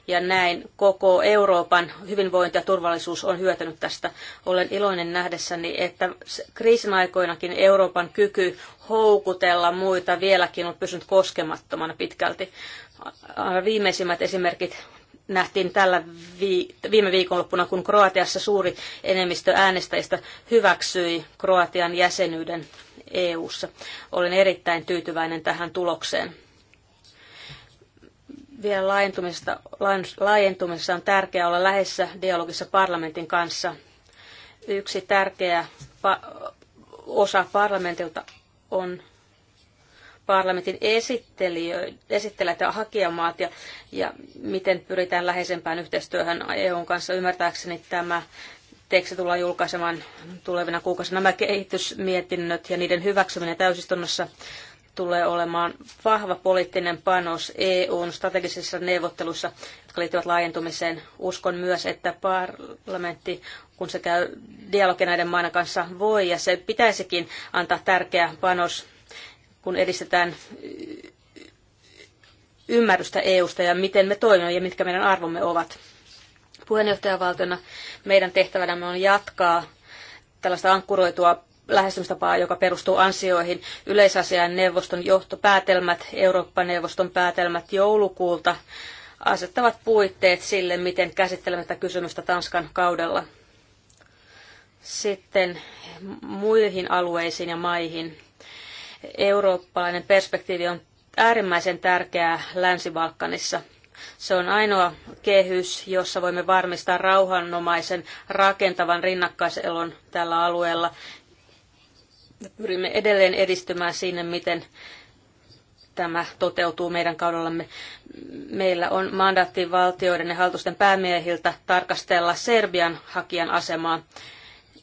ja näin koko Euroopan hyvinvointi ja turvallisuus on hyötynyt tästä. Olen iloinen nähdessäni, että kriisin aikoinakin Euroopan kyky houkutella muita vieläkin on pysynyt koskemattomana pitkälti. Viimeisimmät esimerkit nähtiin tällä viime viikonloppuna, kun Kroatiassa suuri enemmistö äänestäjistä hyväksyi Kroatian jäsenyyden EU-ssa. Olen erittäin tyytyväinen tähän tulokseen vielä laajentumisesta, laajentumisessa on tärkeää olla lähessä dialogissa parlamentin kanssa. Yksi tärkeä osa parlamentilta on parlamentin esittelijät ja hakijamaat ja, ja miten pyritään läheisempään yhteistyöhön EUn kanssa. Ymmärtääkseni tämä teksti tullaan julkaisemaan tulevina kuukausina. Nämä kehitysmietinnöt ja niiden hyväksyminen täysistunnossa tulee olemaan vahva poliittinen panos EUn strategisissa neuvotteluissa, jotka liittyvät laajentumiseen. Uskon myös, että parlamentti, kun se käy dialogia näiden maiden kanssa, voi ja se pitäisikin antaa tärkeä panos, kun edistetään ymmärrystä EUsta ja miten me toimimme ja mitkä meidän arvomme ovat. Puheenjohtajavaltiona meidän tehtävänämme on jatkaa tällaista ankkuroitua lähestymistapaa, joka perustuu ansioihin. Yleisasian neuvoston johtopäätelmät, Eurooppa-neuvoston päätelmät joulukuulta asettavat puitteet sille, miten käsittelemme tätä kysymystä Tanskan kaudella. Sitten muihin alueisiin ja maihin. Eurooppalainen perspektiivi on äärimmäisen tärkeää Länsi-Balkanissa. Se on ainoa kehys, jossa voimme varmistaa rauhanomaisen rakentavan rinnakkaiselon tällä alueella me pyrimme edelleen edistymään siinä, miten tämä toteutuu meidän kaudellamme. Meillä on mandaatti valtioiden ja hallitusten päämiehiltä tarkastella Serbian hakijan asemaa.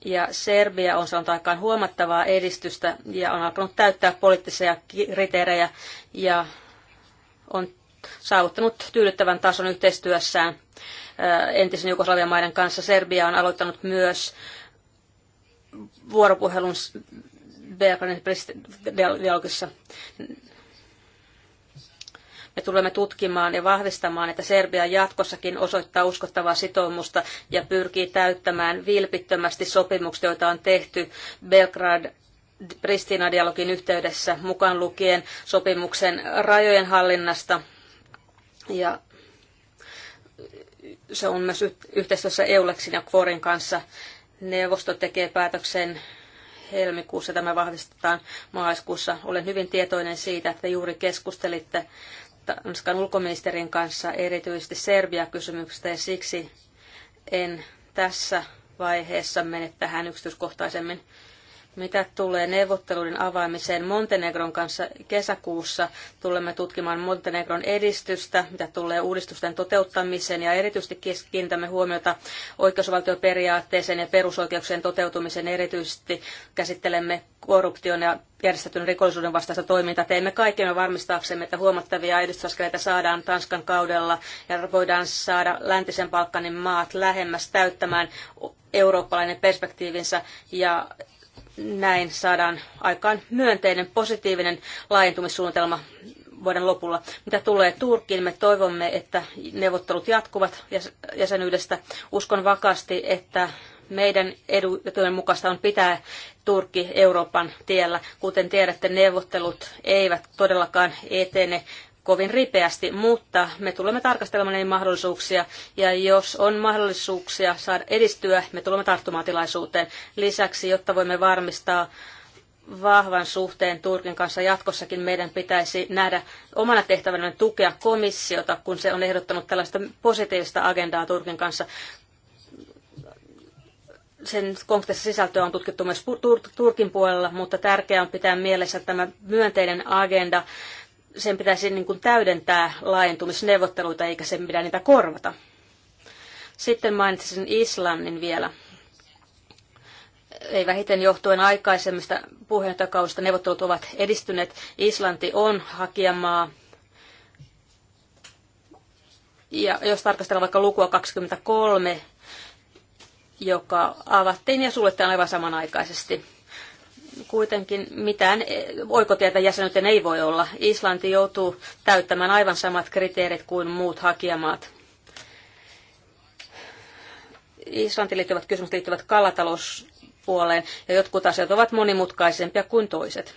Ja Serbia on saanut aikaan huomattavaa edistystä ja on alkanut täyttää poliittisia kriteerejä ja on saavuttanut tyydyttävän tason yhteistyössään äh, entisen Jugoslavian maiden kanssa. Serbia on aloittanut myös vuoropuhelun Belgradin dialogissa. Me tulemme tutkimaan ja vahvistamaan, että Serbia jatkossakin osoittaa uskottavaa sitoumusta ja pyrkii täyttämään vilpittömästi sopimukset, joita on tehty Belgrad Pristina-dialogin yhteydessä mukaan lukien sopimuksen rajojen hallinnasta ja se on myös yhteistyössä EULEXin ja Kvorin kanssa. Neuvosto tekee päätöksen helmikuussa, tämä vahvistetaan maaliskuussa. Olen hyvin tietoinen siitä, että juuri keskustelitte Tanskan ulkoministerin kanssa erityisesti Serbia-kysymyksestä ja siksi en tässä vaiheessa mene tähän yksityiskohtaisemmin. Mitä tulee neuvotteluiden avaamiseen Montenegron kanssa kesäkuussa, tulemme tutkimaan Montenegron edistystä, mitä tulee uudistusten toteuttamiseen ja erityisesti kiinnitämme huomiota oikeusvaltioperiaatteeseen ja perusoikeuksien toteutumiseen. Erityisesti käsittelemme korruption ja järjestetyn rikollisuuden vastaista toimintaa. Teemme kaikkemme varmistaaksemme, että huomattavia edistysaskeleita saadaan Tanskan kaudella ja voidaan saada läntisen Balkanin maat lähemmäs täyttämään eurooppalainen perspektiivinsä ja näin saadaan aikaan myönteinen, positiivinen laajentumissuunnitelma vuoden lopulla. Mitä tulee Turkkiin, me toivomme, että neuvottelut jatkuvat jäsenyydestä. Uskon vakaasti, että meidän edun mukaista on pitää Turkki Euroopan tiellä. Kuten tiedätte, neuvottelut eivät todellakaan etene kovin ripeästi, mutta me tulemme tarkastelemaan niitä mahdollisuuksia, ja jos on mahdollisuuksia saada edistyä, me tulemme tarttumaan tilaisuuteen. Lisäksi, jotta voimme varmistaa vahvan suhteen Turkin kanssa jatkossakin, meidän pitäisi nähdä omana tehtävänä tukea komissiota, kun se on ehdottanut tällaista positiivista agendaa Turkin kanssa sen konkreettista sisältöä on tutkittu myös Turkin puolella, mutta tärkeää on pitää mielessä tämä myönteinen agenda sen pitäisi niin kuin täydentää laajentumisneuvotteluita, eikä sen pidä niitä korvata. Sitten mainitsin Islannin vielä. Ei vähiten johtuen aikaisemmista puheenjohtajakausista neuvottelut ovat edistyneet. Islanti on hakijamaa. Ja jos tarkastellaan vaikka lukua 23, joka avattiin ja suljettiin aivan samanaikaisesti kuitenkin mitään oikotietä jäsenyyteen ei voi olla. Islanti joutuu täyttämään aivan samat kriteerit kuin muut hakijamaat. Islantiin liittyvät kysymykset liittyvät kalatalouspuoleen ja jotkut asiat ovat monimutkaisempia kuin toiset.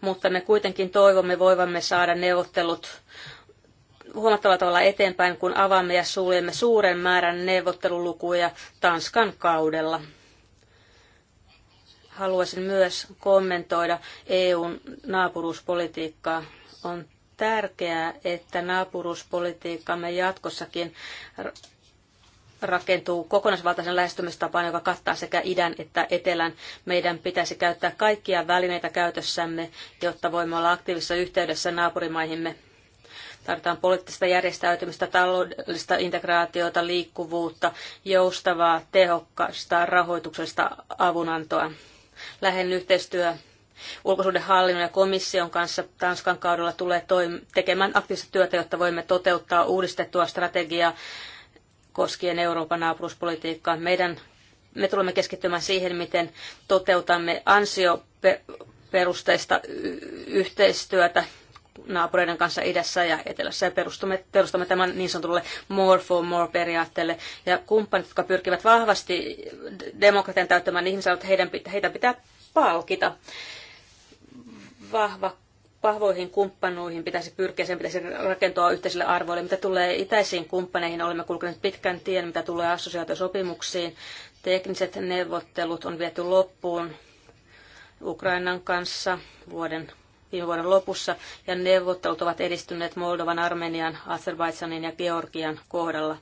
Mutta me kuitenkin toivomme voivamme saada neuvottelut huomattavalla tavalla eteenpäin, kun avaamme ja suljemme suuren määrän neuvottelulukuja Tanskan kaudella haluaisin myös kommentoida EUn naapuruuspolitiikkaa. On tärkeää, että naapuruuspolitiikkamme jatkossakin rakentuu kokonaisvaltaisen lähestymistapaan, joka kattaa sekä idän että etelän. Meidän pitäisi käyttää kaikkia välineitä käytössämme, jotta voimme olla aktiivisessa yhteydessä naapurimaihimme. Tarvitaan poliittista järjestäytymistä, taloudellista integraatiota, liikkuvuutta, joustavaa, tehokkaasta rahoituksesta avunantoa läheinen yhteistyö ulkosuhdehallinnon ja komission kanssa Tanskan kaudella tulee toim- tekemään aktiivista työtä, jotta voimme toteuttaa uudistettua strategiaa koskien Euroopan naapuruuspolitiikkaa. Meidän, me tulemme keskittymään siihen, miten toteutamme ansioperusteista yhteistyötä naapureiden kanssa idässä ja etelässä ja perustamme, perustamme tämän niin sanotulle more for more periaatteelle. Ja kumppanit, jotka pyrkivät vahvasti demokratian täyttämään ihmisarvot, heidän, heitä pitää palkita. Vahva vahvoihin kumppanuihin pitäisi pyrkiä, sen pitäisi rakentua yhteisille arvoille. Mitä tulee itäisiin kumppaneihin, olemme kulkeneet pitkän tien, mitä tulee assosiaatiosopimuksiin. Tekniset neuvottelut on viety loppuun Ukrainan kanssa vuoden viime vuoden lopussa, ja neuvottelut ovat edistyneet Moldovan, Armenian, Azerbaidsanin ja Georgian kohdalla.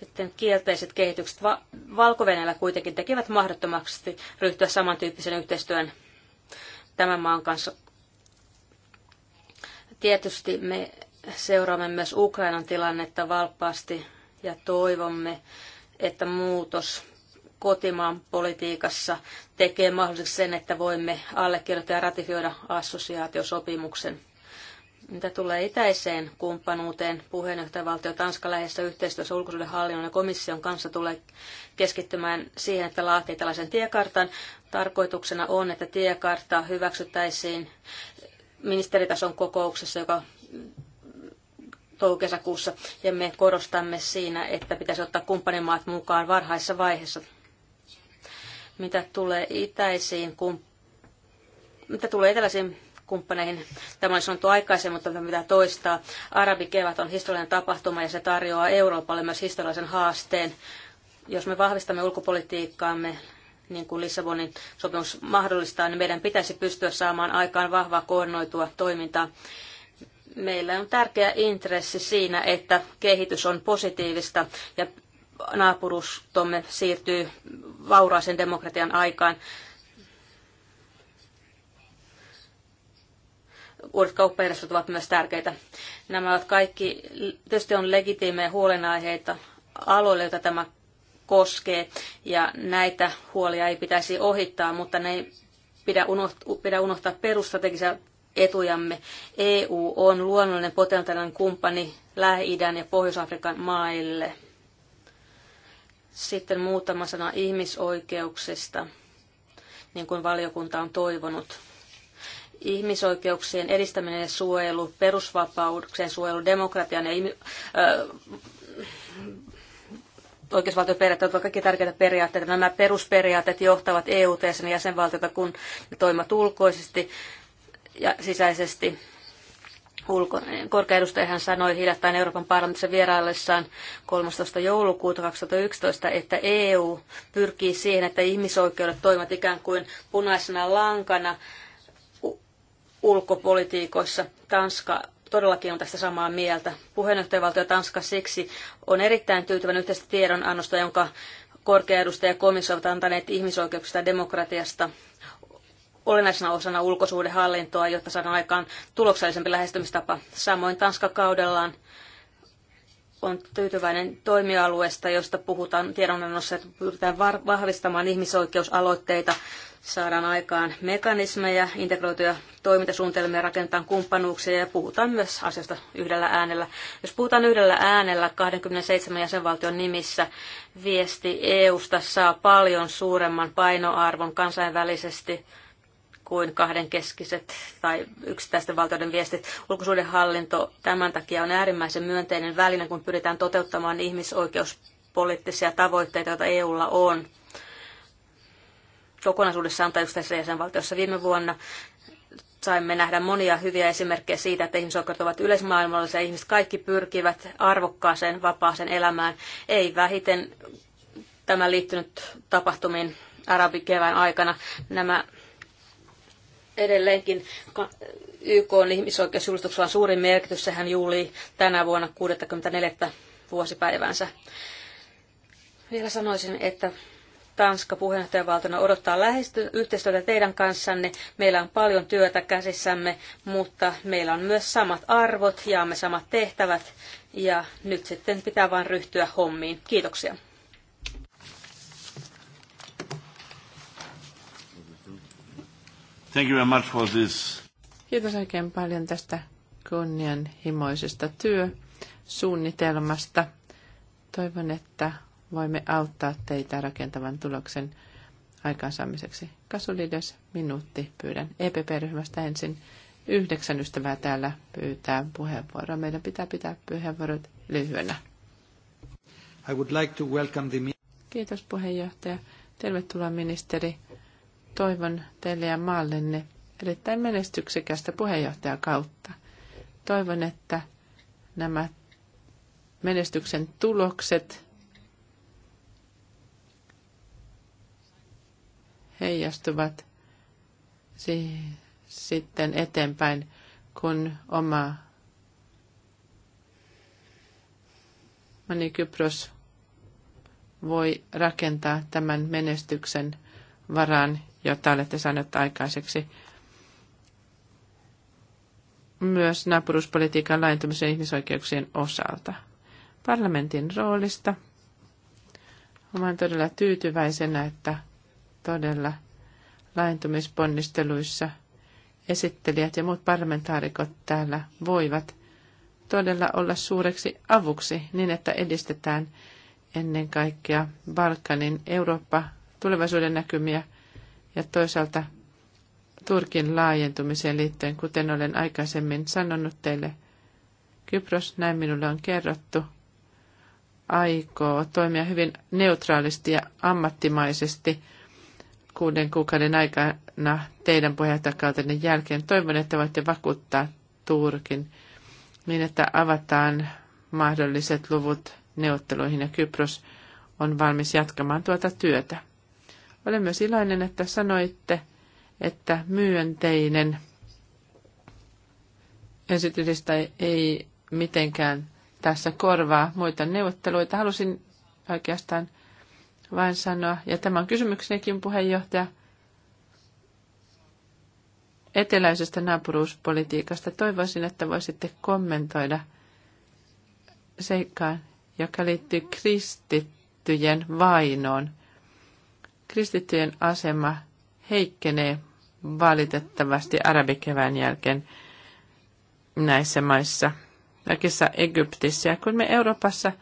Sitten kielteiset kehitykset valko kuitenkin tekevät mahdottomaksi ryhtyä samantyyppisen yhteistyön tämän maan kanssa. Tietysti me seuraamme myös Ukrainan tilannetta valppaasti ja toivomme, että muutos kotimaan politiikassa tekee mahdolliseksi sen, että voimme allekirjoittaa ja ratifioida assosiaatiosopimuksen. Mitä tulee itäiseen kumppanuuteen, puheenjohtajavaltio Tanska läheisessä yhteistyössä ulkoisuuden hallinnon ja komission kanssa tulee keskittymään siihen, että laatii tällaisen tiekartan. Tarkoituksena on, että tiekartta hyväksyttäisiin ministeritason kokouksessa, joka toukokesäkuussa, ja me korostamme siinä, että pitäisi ottaa kumppanimaat mukaan varhaisessa vaiheessa mitä tulee itäisiin, kum, mitä tulee eteläisiin kumppaneihin. Tämä on sanottu aikaisemmin, mutta tämä toistaa. Arabikevät on historiallinen tapahtuma ja se tarjoaa Euroopalle myös historiallisen haasteen. Jos me vahvistamme ulkopolitiikkaamme, niin kuin Lissabonin sopimus mahdollistaa, niin meidän pitäisi pystyä saamaan aikaan vahvaa koordinoitua toimintaa. Meillä on tärkeä intressi siinä, että kehitys on positiivista ja naapurustomme siirtyy vauraaseen demokratian aikaan. Uudet kauppajärjestöt ovat myös tärkeitä. Nämä ovat kaikki, tietysti on legitiimejä huolenaiheita aloille, joita tämä koskee, ja näitä huolia ei pitäisi ohittaa, mutta ne ei pidä unohtaa, pidä unohtaa perustrategisia etujamme. EU on luonnollinen potentiaalinen kumppani Lähi-idän ja Pohjois-Afrikan maille. Sitten muutama sana ihmisoikeuksista, niin kuin valiokunta on toivonut. Ihmisoikeuksien edistäminen ja suojelu, perusvapauksien suojelu, demokratian ja ihmi- oikeusvaltioperiaatteet ovat kaikki tärkeitä periaatteita. Nämä perusperiaatteet johtavat EU-jäsenvaltiota, kun ne toimivat ulkoisesti ja sisäisesti ulko- korkeaedustajahan sanoi hiljattain Euroopan parlamentissa vieraillessaan 13. joulukuuta 2011, että EU pyrkii siihen, että ihmisoikeudet toimivat ikään kuin punaisena lankana ulkopolitiikoissa. Tanska todellakin on tästä samaa mieltä. Puheenjohtajavaltio Tanska siksi on erittäin tyytyväinen yhteistä tiedonannosta, jonka korkea ja komissio ovat antaneet ihmisoikeuksista ja demokratiasta olennaisena osana ulkosuhdehallintoa, jotta saadaan aikaan tuloksellisempi lähestymistapa. Samoin Tanska kaudellaan on tyytyväinen toimialueesta, josta puhutaan tiedonannossa, että pyritään vahvistamaan ihmisoikeusaloitteita, saadaan aikaan mekanismeja, integroituja toimintasuunnitelmia, rakennetaan kumppanuuksia ja puhutaan myös asiasta yhdellä äänellä. Jos puhutaan yhdellä äänellä 27 jäsenvaltion nimissä, viesti EUsta saa paljon suuremman painoarvon kansainvälisesti kuin kahdenkeskiset tai yksittäisten valtioiden viestit. Ulkosuudenhallinto tämän takia on äärimmäisen myönteinen väline, kun pyritään toteuttamaan ihmisoikeuspoliittisia tavoitteita, joita EUlla on kokonaisuudessaan tai yksittäisessä jäsenvaltiossa viime vuonna saimme nähdä monia hyviä esimerkkejä siitä, että ihmisoikeudet ovat yleismaailmallisia. Ihmiset kaikki pyrkivät arvokkaaseen, vapaaseen elämään. Ei vähiten tämä liittynyt tapahtumiin arabikevään aikana. Nämä edelleenkin YK on ihmisoikeusjulistuksella on suuri merkitys. Sehän juuli tänä vuonna 64. vuosipäivänsä. Vielä sanoisin, että Tanska puheenjohtajavaltiona odottaa lähesty- yhteistyötä teidän kanssanne. Meillä on paljon työtä käsissämme, mutta meillä on myös samat arvot, jaamme samat tehtävät ja nyt sitten pitää vain ryhtyä hommiin. Kiitoksia. Thank you very much for this. Kiitos oikein paljon tästä kunnianhimoisesta työsuunnitelmasta. Toivon, että voimme auttaa teitä rakentavan tuloksen aikaansaamiseksi. Kasulides, minuutti pyydän. EPP-ryhmästä ensin yhdeksän ystävää täällä pyytää puheenvuoroa. Meidän pitää pitää puheenvuorot lyhyenä. I would like to welcome the... Kiitos puheenjohtaja. Tervetuloa ministeri. Toivon teille ja maallenne erittäin menestyksekästä puheenjohtajakautta. Toivon, että nämä menestyksen tulokset heijastuvat si- sitten eteenpäin, kun oma Manikypros Kypros voi rakentaa tämän menestyksen varaan jota olette saaneet aikaiseksi myös naapuruuspolitiikan laajentumisen ihmisoikeuksien osalta. Parlamentin roolista. Olen todella tyytyväisenä, että todella laajentumisponnisteluissa esittelijät ja muut parlamentaarikot täällä voivat todella olla suureksi avuksi niin, että edistetään ennen kaikkea Balkanin Eurooppa tulevaisuuden näkymiä – ja toisaalta Turkin laajentumiseen liittyen, kuten olen aikaisemmin sanonut teille, Kypros, näin minulle on kerrottu, aikoo toimia hyvin neutraalisti ja ammattimaisesti kuuden kuukauden aikana teidän puheenjohtajakautenne jälkeen. Toivon, että voitte vakuuttaa Turkin niin, että avataan mahdolliset luvut neuvotteluihin ja Kypros on valmis jatkamaan tuota työtä. Olen myös iloinen, että sanoitte, että myönteinen esitystä ei mitenkään tässä korvaa muita neuvotteluita. Halusin oikeastaan vain sanoa, ja tämä on kysymyksenikin puheenjohtaja, eteläisestä naapuruuspolitiikasta. Toivoisin, että voisitte kommentoida seikkaan, joka liittyy kristittyjen vainoon – Kristittyjen asema heikkenee valitettavasti arabikevään jälkeen näissä maissa, kaikissa Egyptissä. Ja kun me Euroopassa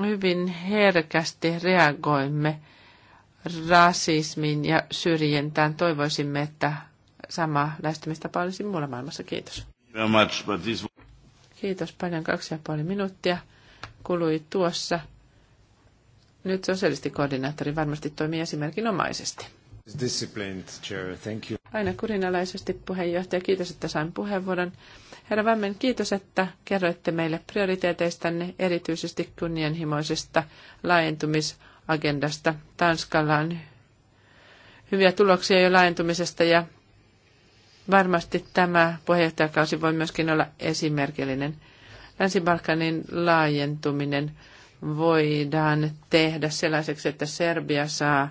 hyvin herkästi reagoimme rasismin ja syrjintään, toivoisimme, että sama lähestymistapa olisi muulla maailmassa. Kiitos. Kiitos paljon. Kaksi ja puoli minuuttia kului tuossa. Nyt sosialistikoordinaattori varmasti toimii esimerkinomaisesti. Aina kurinalaisesti puheenjohtaja, kiitos, että sain puheenvuoron. Herra Vammen, kiitos, että kerroitte meille prioriteeteistanne, erityisesti kunnianhimoisesta laajentumisagendasta. Tanskalla on hyviä tuloksia jo laajentumisesta ja varmasti tämä puheenjohtajakausi voi myöskin olla esimerkillinen. Länsi-Balkanin laajentuminen voidaan tehdä sellaiseksi, että Serbia saa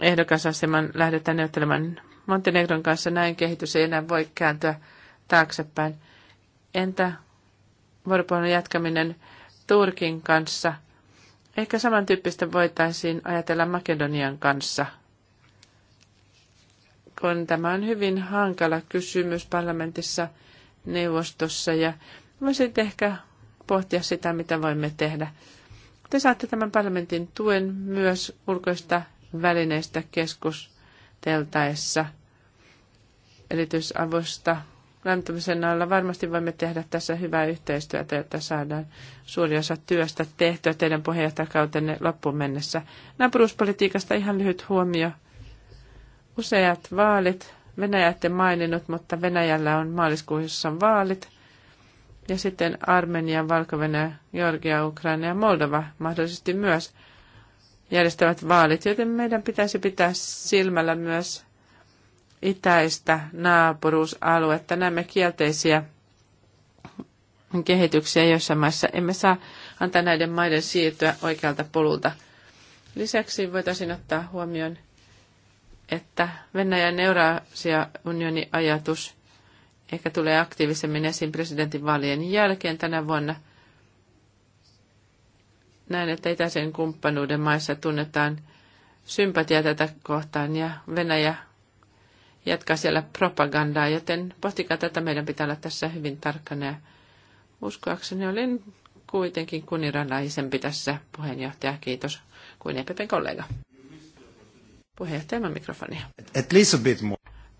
ehdokasaseman, lähdetään neuvottelemaan Montenegron kanssa, näin kehitys ei enää voi kääntyä taaksepäin. Entä vuoropuhelun jatkaminen Turkin kanssa? Ehkä samantyyppistä voitaisiin ajatella Makedonian kanssa, kun tämä on hyvin hankala kysymys parlamentissa, neuvostossa ja voisit ehkä pohtia sitä, mitä voimme tehdä. Te saatte tämän parlamentin tuen myös ulkoista välineistä keskusteltaessa erityisavusta lämpimäisen alla. Varmasti voimme tehdä tässä hyvää yhteistyötä, että saadaan suuri osa työstä tehtyä teidän puheenjohtajakautenne loppuun mennessä. Naapuruuspolitiikasta ihan lyhyt huomio. Useat vaalit. Venäjä ette maininnut, mutta Venäjällä on maaliskuussa vaalit. Ja sitten Armenia, valko Georgia, Ukraina ja Moldova mahdollisesti myös järjestävät vaalit, joten meidän pitäisi pitää silmällä myös itäistä naapuruusaluetta. Näemme kielteisiä kehityksiä joissa maissa. Emme saa antaa näiden maiden siirtyä oikealta polulta. Lisäksi voitaisiin ottaa huomioon, että Venäjän Eurasia-unionin ajatus ehkä tulee aktiivisemmin esiin presidentinvaalien jälkeen tänä vuonna. Näin, että itäisen kumppanuuden maissa tunnetaan sympatia tätä kohtaan ja Venäjä jatkaa siellä propagandaa, joten pohtikaa tätä, meidän pitää olla tässä hyvin tarkkana. uskoakseni olen kuitenkin kuniranaisempi tässä puheenjohtaja, kiitos, kuin EPPn kollega. Puheenjohtaja, mikrofonia. At least a bit more.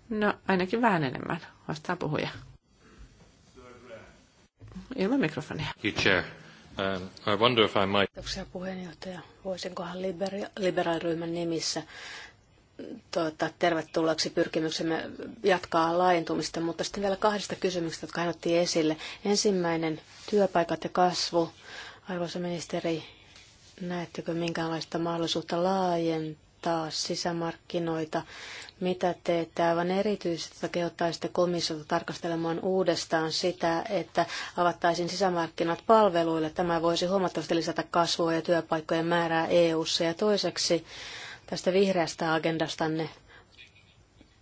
No, ainakin vähän enemmän, vastaa puhuja. Ilman mikrofonia. Chair. Um, I wonder if I might... Kiitoksia puheenjohtaja. Voisinkohan libera- liberaaliryhmän nimissä mm, tuota, tervetulleeksi pyrkimyksemme jatkaa laajentumista, mutta sitten vielä kahdesta kysymyksestä, jotka hän otti esille. Ensimmäinen, työpaikat ja kasvu. Arvoisa ministeri, näettekö minkäänlaista mahdollisuutta laajentaa? parantaa sisämarkkinoita. Mitä teette aivan erityisesti, että kehottaisitte komissiota tarkastelemaan uudestaan sitä, että avattaisiin sisämarkkinat palveluille. Tämä voisi huomattavasti lisätä kasvua ja työpaikkojen määrää EU-ssa. Ja toiseksi tästä vihreästä agendastanne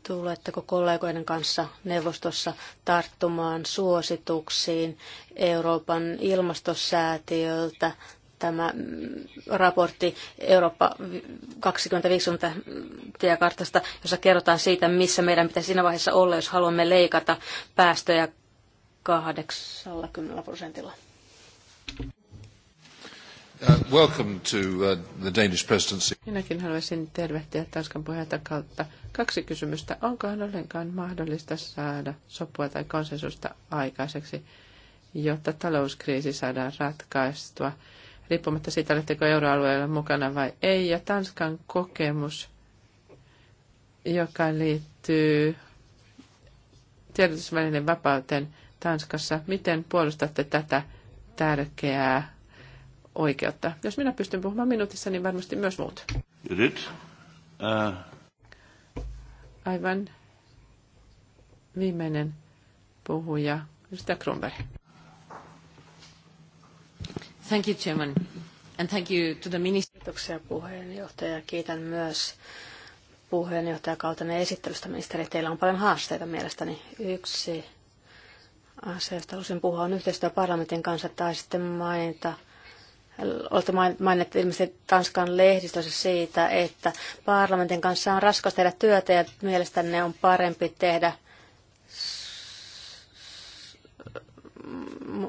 tuletteko kollegoiden kanssa neuvostossa tarttumaan suosituksiin Euroopan ilmastosäätiöltä tämä raportti Eurooppa 2050 tiekartasta, jossa kerrotaan siitä, missä meidän pitäisi siinä vaiheessa olla, jos haluamme leikata päästöjä 80 prosentilla. Uh, welcome to uh, the Danish presidency. Minäkin haluaisin tervehtiä Tanskan kautta. Kaksi kysymystä. Onkohan ollenkaan mahdollista saada sopua tai konsensusta aikaiseksi, jotta talouskriisi saadaan ratkaistua? riippumatta siitä, oletteko euroalueella mukana vai ei. Ja Tanskan kokemus, joka liittyy tiedotusvälineen vapauteen Tanskassa. Miten puolustatte tätä tärkeää oikeutta? Jos minä pystyn puhumaan minuutissa, niin varmasti myös muut. Nyt. Uh... Äh. Aivan viimeinen puhuja, Mr. Kronberg. Thank you, Chairman. And thank you to the minister. Kiitoksia puheenjohtaja. Kiitän myös puheenjohtajakautenne esittelystä, ministeri. Teillä on paljon haasteita mielestäni. Yksi asia, josta haluaisin puhua, on yhteistyö parlamentin kanssa tai sitten mainita olette mainittu ilmeisesti Tanskan lehdistössä siitä, että parlamentin kanssa on raskas tehdä työtä ja mielestänne on parempi tehdä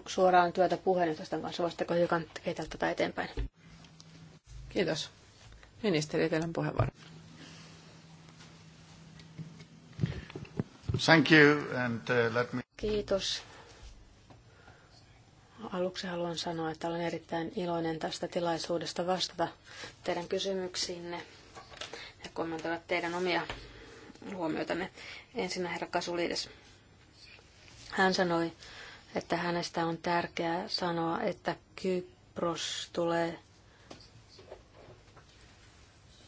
suoraan työtä puheenjohtajan kanssa. Voisitteko hiukan kehitellä tätä eteenpäin? Kiitos. Ministeri, teidän puheenvuoro. Thank you and uh, let me... Kiitos. Aluksi haluan sanoa, että olen erittäin iloinen tästä tilaisuudesta vastata teidän kysymyksiinne ja kommentoida teidän omia huomioitanne. Ensinnä herra Kasulides. Hän sanoi, että hänestä on tärkeää sanoa, että Kypros tulee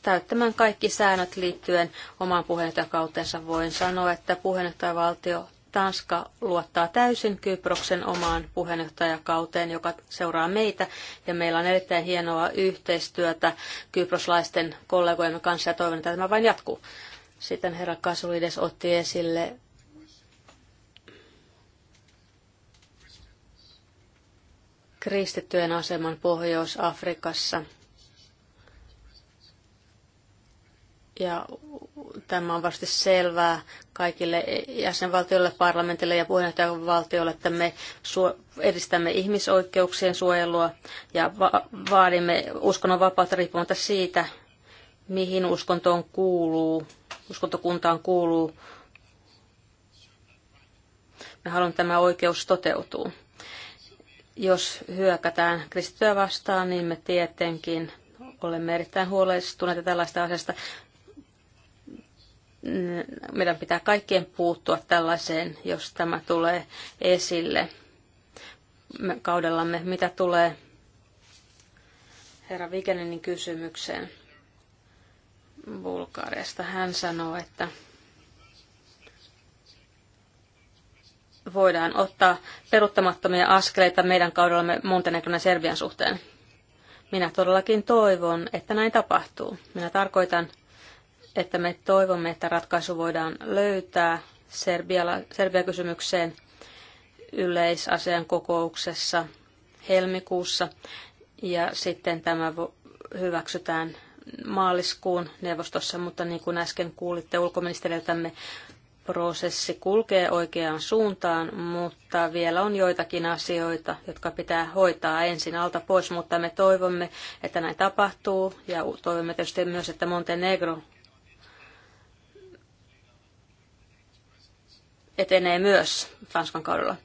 täyttämään kaikki säännöt liittyen omaan puheenjohtajakautensa. Voin sanoa, että puheenjohtajavaltio Tanska luottaa täysin Kyproksen omaan puheenjohtajakauteen, joka seuraa meitä, ja meillä on erittäin hienoa yhteistyötä kyproslaisten kollegojemme kanssa, ja toivon, että tämä vain jatkuu. Sitten herra Kasulides otti esille kristittyjen aseman Pohjois-Afrikassa. Ja tämä on varmasti selvää kaikille jäsenvaltioille, parlamentille ja puheenjohtajavaltioille, että me edistämme ihmisoikeuksien suojelua ja va- vaadimme uskonnonvapautta riippumatta siitä, mihin uskontoon kuuluu, uskontokuntaan kuuluu. Me haluamme, että tämä oikeus toteutuu. Jos hyökätään kristittyä vastaan, niin me tietenkin olemme erittäin huolestuneita tällaista asiasta. Meidän pitää kaikkien puuttua tällaiseen, jos tämä tulee esille me kaudellamme. Mitä tulee herra Vigeninin kysymykseen Bulgariasta, hän sanoo, että voidaan ottaa peruttamattomia askeleita meidän kaudellamme Montenegron ja Serbian suhteen. Minä todellakin toivon, että näin tapahtuu. Minä tarkoitan, että me toivomme, että ratkaisu voidaan löytää Serbia-kysymykseen yleisasian kokouksessa helmikuussa. Ja sitten tämä hyväksytään maaliskuun neuvostossa, mutta niin kuin äsken kuulitte ulkoministeriltämme, prosessi kulkee oikeaan suuntaan, mutta vielä on joitakin asioita, jotka pitää hoitaa ensin alta pois, mutta me toivomme, että näin tapahtuu ja toivomme tietysti myös, että Montenegro etenee myös Tanskan kaudella.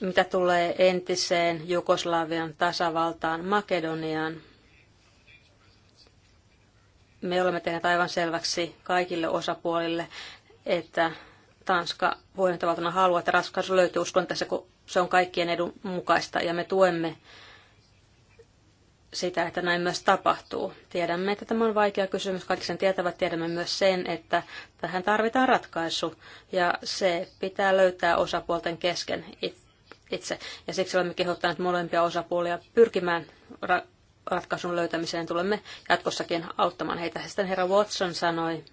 Mitä tulee entiseen Jugoslavian tasavaltaan Makedoniaan, me olemme tehneet aivan selväksi kaikille osapuolille että Tanska puheenjohtajavaltiona haluaa, että ratkaisu löytyy. Uskon tässä, kun se on kaikkien edun mukaista ja me tuemme sitä, että näin myös tapahtuu. Tiedämme, että tämä on vaikea kysymys. Kaikki sen tietävät tiedämme myös sen, että tähän tarvitaan ratkaisu ja se pitää löytää osapuolten kesken itse. Ja siksi olemme kehottaneet molempia osapuolia pyrkimään ra- ratkaisun löytämiseen. Tulemme jatkossakin auttamaan heitä. Sitten herra Watson sanoi,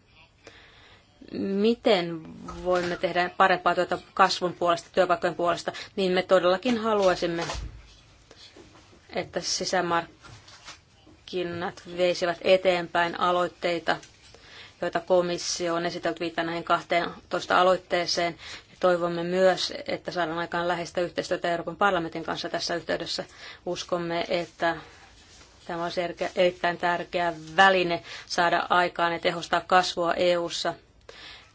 miten voimme tehdä parempaa työtä kasvun puolesta, työpaikkojen puolesta, niin me todellakin haluaisimme, että sisämarkkinat veisivät eteenpäin aloitteita, joita komissio on esitellyt viittaan näihin 12 aloitteeseen. Toivomme myös, että saadaan aikaan läheistä yhteistyötä Euroopan parlamentin kanssa tässä yhteydessä. Uskomme, että Tämä on erittäin tärkeä väline saada aikaan ja tehostaa kasvua EU:ssa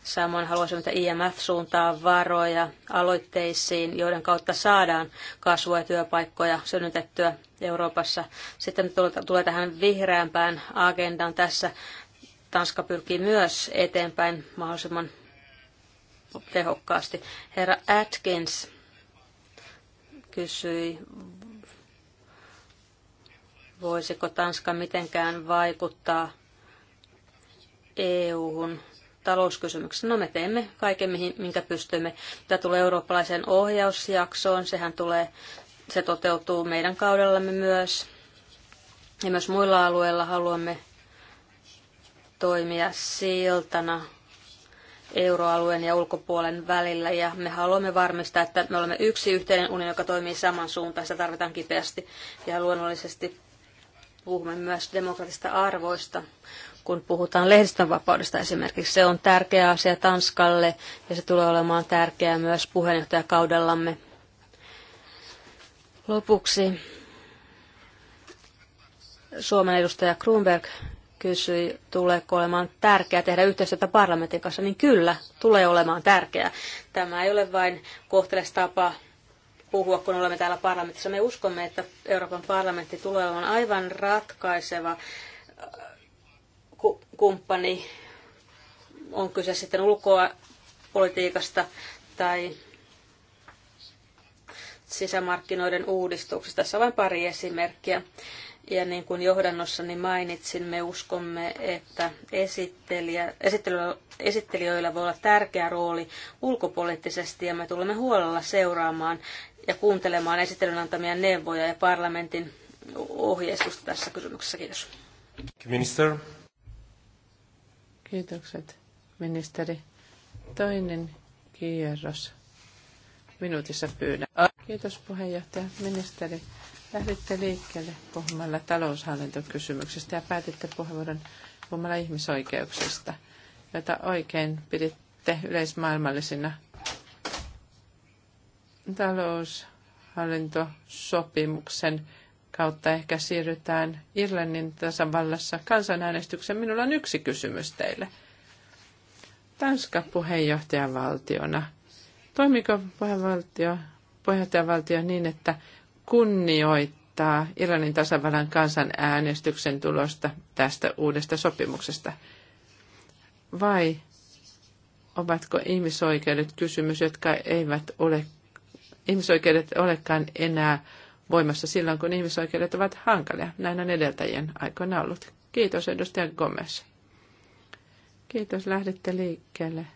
Samoin haluaisin, että IMF suuntaa varoja aloitteisiin, joiden kautta saadaan kasvua ja työpaikkoja synnytettyä Euroopassa. Sitten tulee tähän vihreämpään agendaan tässä. Tanska pyrkii myös eteenpäin mahdollisimman tehokkaasti. Herra Atkins kysyi, voisiko Tanska mitenkään vaikuttaa EU-hun talouskysymyksessä. No me teemme kaiken, mihin, minkä pystymme. Tämä tulee eurooppalaiseen ohjausjaksoon, sehän tulee, se toteutuu meidän kaudellamme myös. Ja myös muilla alueilla haluamme toimia siltana euroalueen ja ulkopuolen välillä. Ja me haluamme varmistaa, että me olemme yksi yhteinen unioni, joka toimii saman suuntaan. Sitä tarvitaan kipeästi. Ja luonnollisesti puhumme myös demokratista arvoista kun puhutaan lehdistönvapaudesta esimerkiksi. Se on tärkeä asia Tanskalle ja se tulee olemaan tärkeää myös puheenjohtajakaudellamme. Lopuksi Suomen edustaja Grunberg kysyi, tuleeko olemaan tärkeää tehdä yhteistyötä parlamentin kanssa, niin kyllä, tulee olemaan tärkeää. Tämä ei ole vain kohteles tapa puhua, kun olemme täällä parlamentissa. Me uskomme, että Euroopan parlamentti tulee olemaan aivan ratkaiseva kumppani, on kyse sitten ulkoa politiikasta tai sisämarkkinoiden uudistuksista. Tässä on vain pari esimerkkiä. Ja niin kuin johdannossani mainitsin, me uskomme, että esittelijä, esittelijöillä voi olla tärkeä rooli ulkopoliittisesti ja me tulemme huolella seuraamaan ja kuuntelemaan esittelyn antamia neuvoja ja parlamentin ohjeistusta tässä kysymyksessä. Kiitos. Minister. Kiitokset, ministeri. Toinen kierros. Minuutissa pyydän. Kiitos puheenjohtaja, ministeri. Lähditte liikkeelle puhumalla taloushallintokysymyksestä ja päätitte puheenvuoron puhumalla ihmisoikeuksista, joita oikein piditte yleismaailmallisina taloushallintosopimuksen kautta ehkä siirrytään Irlannin tasavallassa kansanäänestykseen. Minulla on yksi kysymys teille. Tanska puheenjohtajavaltiona. Toimiko puheenvaltio, puheenjohtajavaltio niin, että kunnioittaa Irlannin tasavallan kansanäänestyksen tulosta tästä uudesta sopimuksesta? Vai ovatko ihmisoikeudet kysymys, jotka eivät ole, ihmisoikeudet olekaan enää voimassa silloin, kun ihmisoikeudet ovat hankalia. Näin on edeltäjien aikoina ollut. Kiitos edustaja Gomez. Kiitos, lähdette liikkeelle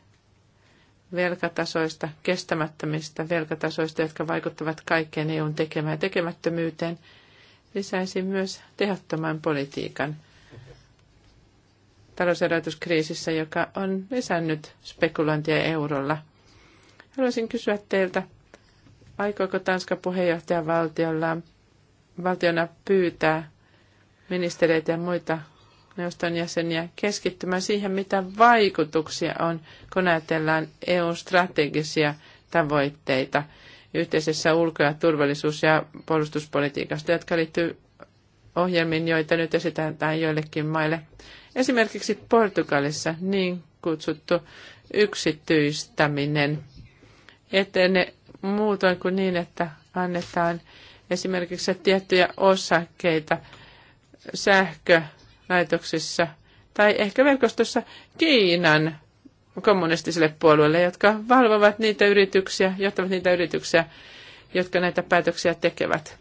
velkatasoista, kestämättömistä velkatasoista, jotka vaikuttavat kaikkeen EUn tekemään tekemättömyyteen. Lisäisin myös tehottoman politiikan talouserotuskriisissä, joka on lisännyt spekulointia eurolla. Haluaisin kysyä teiltä, Aikooko Tanska valtiolla valtiona pyytää ministereitä ja muita neuvoston jäseniä keskittymään siihen, mitä vaikutuksia on, kun ajatellaan eu strategisia tavoitteita yhteisessä ulko- ja turvallisuus- ja puolustuspolitiikasta, jotka liittyy ohjelmiin, joita nyt esitetään joillekin maille. Esimerkiksi Portugalissa niin kutsuttu yksityistäminen etene muutoin kuin niin, että annetaan esimerkiksi tiettyjä osakkeita sähkölaitoksissa tai ehkä verkostossa Kiinan kommunistisille puolueille, jotka valvovat niitä yrityksiä, johtavat niitä yrityksiä, jotka näitä päätöksiä tekevät.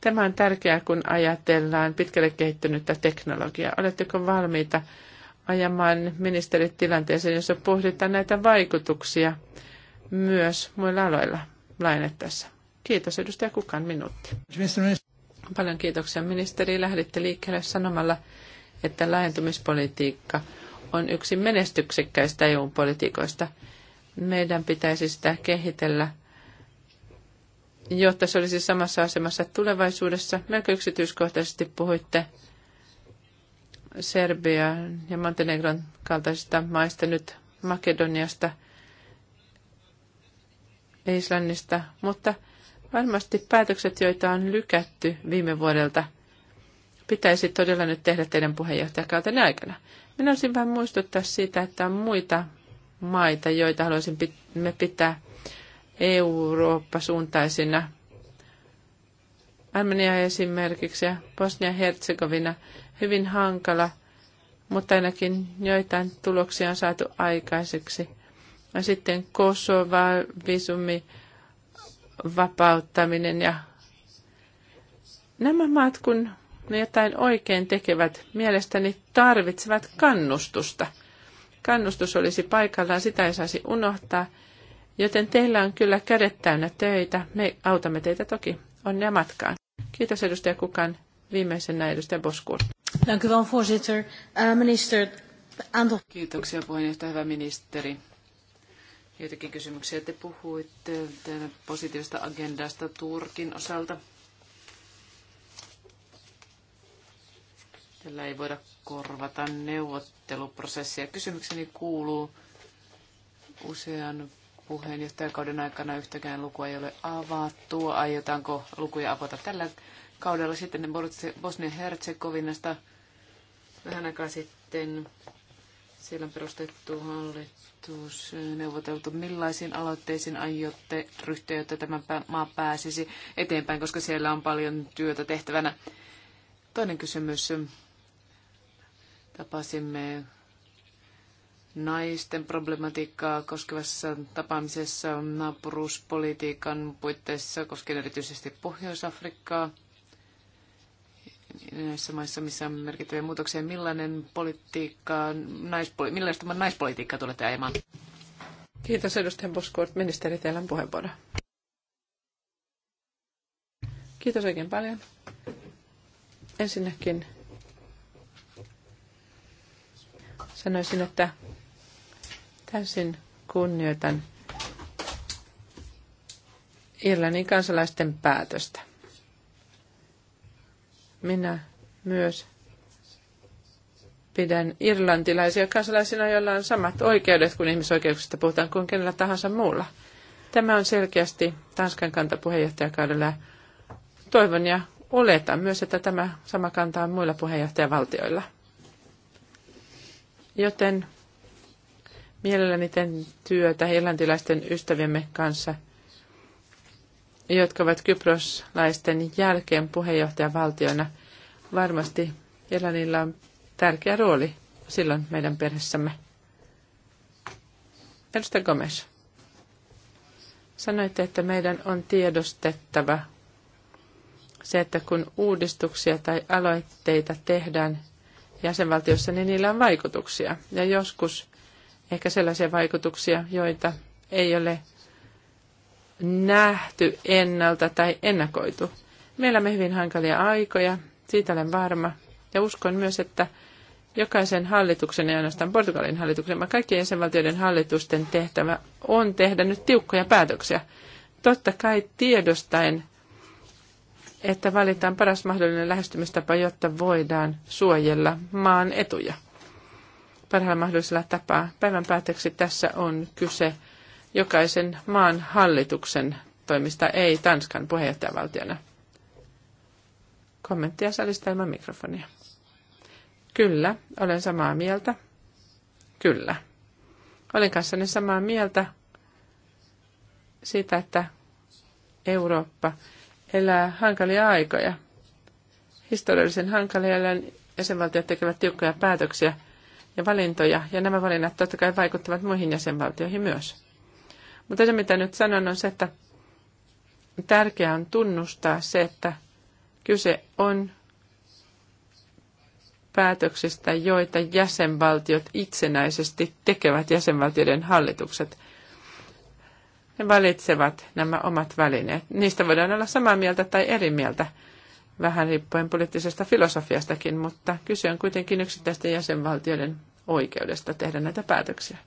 Tämä on tärkeää, kun ajatellaan pitkälle kehittynyttä teknologiaa. Oletteko valmiita ajamaan ministerit tilanteeseen, jossa pohditaan näitä vaikutuksia myös muilla aloilla lainettaessa. Kiitos edustaja Kukan minuutti. Paljon kiitoksia ministeri. Lähditte liikkeelle sanomalla, että laajentumispolitiikka on yksi menestyksekkäistä EU-politiikoista. Meidän pitäisi sitä kehitellä, jotta se olisi samassa asemassa tulevaisuudessa. Melko yksityiskohtaisesti puhuitte Serbian ja Montenegron kaltaisista maista nyt Makedoniasta – Islannista, mutta varmasti päätökset, joita on lykätty viime vuodelta, pitäisi todella nyt tehdä teidän puheenjohtajakautenne aikana. Minä olisin vain muistuttaa siitä, että on muita maita, joita haluaisin me pitää Eurooppa-suuntaisina. Armenia esimerkiksi ja Bosnia-Herzegovina hyvin hankala, mutta ainakin joitain tuloksia on saatu aikaiseksi ja sitten Kosova, visumi, vapauttaminen ja nämä maat, kun ne jotain oikein tekevät, mielestäni tarvitsevat kannustusta. Kannustus olisi paikallaan, sitä ei saisi unohtaa. Joten teillä on kyllä kädet täynnä töitä. Me autamme teitä toki. on Onnea matkaan. Kiitos edustaja Kukan. Viimeisenä edustaja Boskuun. Eh, Kiitoksia puheenjohtaja, hyvä ministeri joitakin kysymyksiä. Te puhuitte positiivista agendasta Turkin osalta. Tällä ei voida korvata neuvotteluprosessia. Kysymykseni kuuluu usean puheenjohtajakauden aikana yhtäkään lukua ei ole avattu. Aiotaanko lukuja avata tällä kaudella sitten Bosnia-Herzegovinasta vähän aikaa sitten siellä on perustettu hallitus, neuvoteltu millaisiin aloitteisiin aiotte ryhtyä, jotta tämä maa pääsisi eteenpäin, koska siellä on paljon työtä tehtävänä. Toinen kysymys. Tapasimme naisten problematiikkaa koskevassa tapaamisessa naapuruuspolitiikan puitteissa koskien erityisesti Pohjois-Afrikkaa – näissä maissa, missä on merkittäviä muutoksia. Millainen politiikka, naispoli, millaista naispolitiikkaa tulette ajamaan? Kiitos edustajan Boskort. Ministeri, teillä on puheenvuoro. Kiitos oikein paljon. Ensinnäkin sanoisin, että täysin kunnioitan Irlannin kansalaisten päätöstä. Minä myös pidän irlantilaisia kansalaisina, joilla on samat oikeudet kuin ihmisoikeuksista puhutaan kuin kenellä tahansa muulla. Tämä on selkeästi Tanskan kanta puheenjohtajakaudella. Toivon ja oletan myös, että tämä sama kanta on muilla puheenjohtajavaltioilla. Joten mielelläni teen työtä irlantilaisten ystäviemme kanssa – jotka ovat kyproslaisten jälkeen puheenjohtajavaltiona. Varmasti Elanilla on tärkeä rooli silloin meidän perheessämme. Edustaja Gomes, sanoitte, että meidän on tiedostettava se, että kun uudistuksia tai aloitteita tehdään jäsenvaltiossa, niin niillä on vaikutuksia. Ja joskus ehkä sellaisia vaikutuksia, joita ei ole nähty ennalta tai ennakoitu. Meillä on hyvin hankalia aikoja, siitä olen varma. Ja uskon myös, että jokaisen hallituksen, ei ainoastaan Portugalin hallituksen, vaan kaikkien jäsenvaltioiden hallitusten tehtävä on tehdä nyt tiukkoja päätöksiä. Totta kai tiedostaen, että valitaan paras mahdollinen lähestymistapa, jotta voidaan suojella maan etuja. Parhaalla mahdollisella tapaa. Päivän päätöksi tässä on kyse jokaisen maan hallituksen toimista, ei Tanskan puheenjohtajavaltiona. Kommenttia salista ilman mikrofonia. Kyllä, olen samaa mieltä. Kyllä. Olen kanssani samaa mieltä siitä, että Eurooppa elää hankalia aikoja. Historiallisen hankalia jäsenvaltiot tekevät tiukkoja päätöksiä ja valintoja, ja nämä valinnat totta kai vaikuttavat muihin jäsenvaltioihin myös. Mutta se, mitä nyt sanon, on se, että tärkeää on tunnustaa se, että kyse on päätöksistä, joita jäsenvaltiot itsenäisesti tekevät, jäsenvaltioiden hallitukset. Ne valitsevat nämä omat välineet. Niistä voidaan olla samaa mieltä tai eri mieltä, vähän riippuen poliittisesta filosofiastakin, mutta kyse on kuitenkin yksittäisten jäsenvaltioiden oikeudesta tehdä näitä päätöksiä.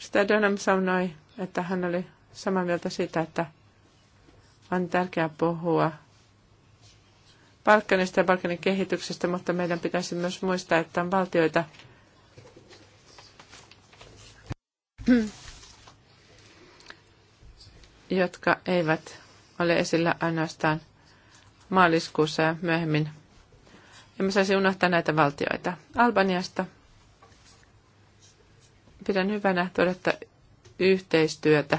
Sitä Dönem sanoi, että hän oli samaa mieltä siitä, että on tärkeää puhua Balkanista ja Balkanin kehityksestä, mutta meidän pitäisi myös muistaa, että on valtioita, jotka eivät ole esillä ainoastaan maaliskuussa ja myöhemmin. Emme saisi unohtaa näitä valtioita. Albaniasta pidän hyvänä todetta yhteistyötä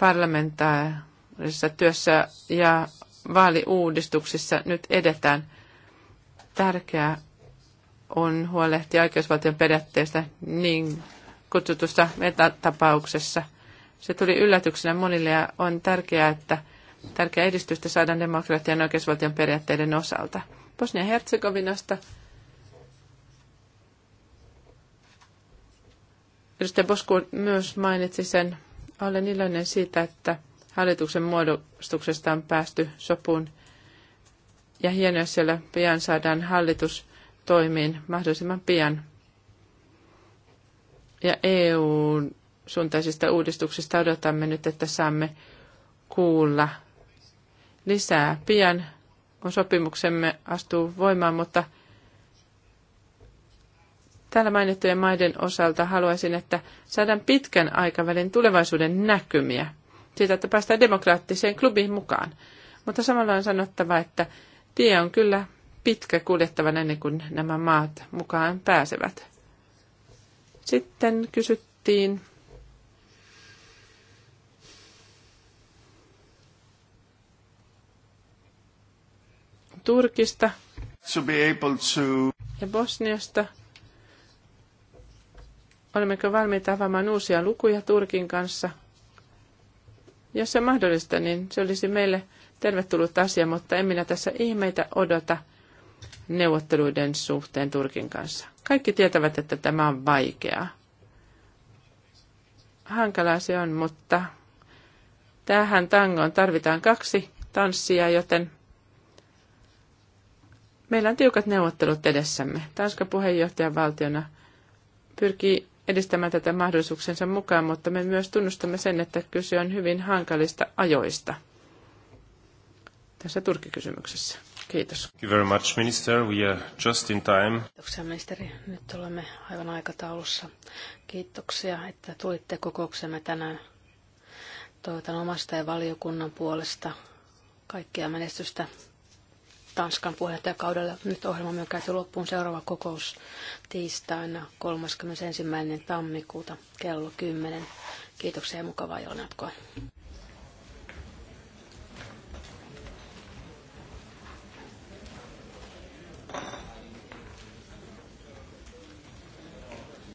parlamentaarisessa työssä ja vaaliuudistuksissa nyt edetään. Tärkeää on huolehtia oikeusvaltion periaatteesta niin kutsutussa metatapauksessa. Se tuli yllätyksenä monille ja on tärkeää, että tärkeä edistystä saadaan demokratian ja oikeusvaltion periaatteiden osalta. Bosnia-Herzegovinasta Edustaja Bosku myös mainitsi sen. Olen iloinen siitä, että hallituksen muodostuksesta on päästy sopuun. Ja hienoa, siellä pian saadaan hallitus toimiin mahdollisimman pian. Ja EU-suuntaisista uudistuksista odotamme nyt, että saamme kuulla lisää. Pian kun sopimuksemme astuu voimaan, mutta Täällä mainittujen maiden osalta haluaisin, että saadaan pitkän aikavälin tulevaisuuden näkymiä siitä, että päästään demokraattiseen klubiin mukaan. Mutta samalla on sanottava, että tie on kyllä pitkä kuljettavan ennen kuin nämä maat mukaan pääsevät. Sitten kysyttiin Turkista ja Bosniasta olemmeko valmiita avaamaan uusia lukuja Turkin kanssa. Jos se on mahdollista, niin se olisi meille tervetullut asia, mutta en minä tässä ihmeitä odota neuvotteluiden suhteen Turkin kanssa. Kaikki tietävät, että tämä on vaikeaa. Hankalaa se on, mutta tähän tangoon tarvitaan kaksi tanssia, joten meillä on tiukat neuvottelut edessämme. Tanska puheenjohtajan valtiona pyrkii edistämään tätä mahdollisuuksensa mukaan, mutta me myös tunnustamme sen, että kyse on hyvin hankalista ajoista tässä Turkki-kysymyksessä. Kiitos. Thank you very much, minister. We are just in time. Kiitoksia, ministeri. Nyt olemme aivan aikataulussa. Kiitoksia, että tulitte kokouksemme tänään. Toivotan omasta ja valiokunnan puolesta kaikkia menestystä Tanskan puheenjohtajakaudella. Nyt ohjelma on käyty loppuun seuraava kokous tiistaina 31. tammikuuta kello 10. Kiitoksia ja mukavaa joulun jatkoa.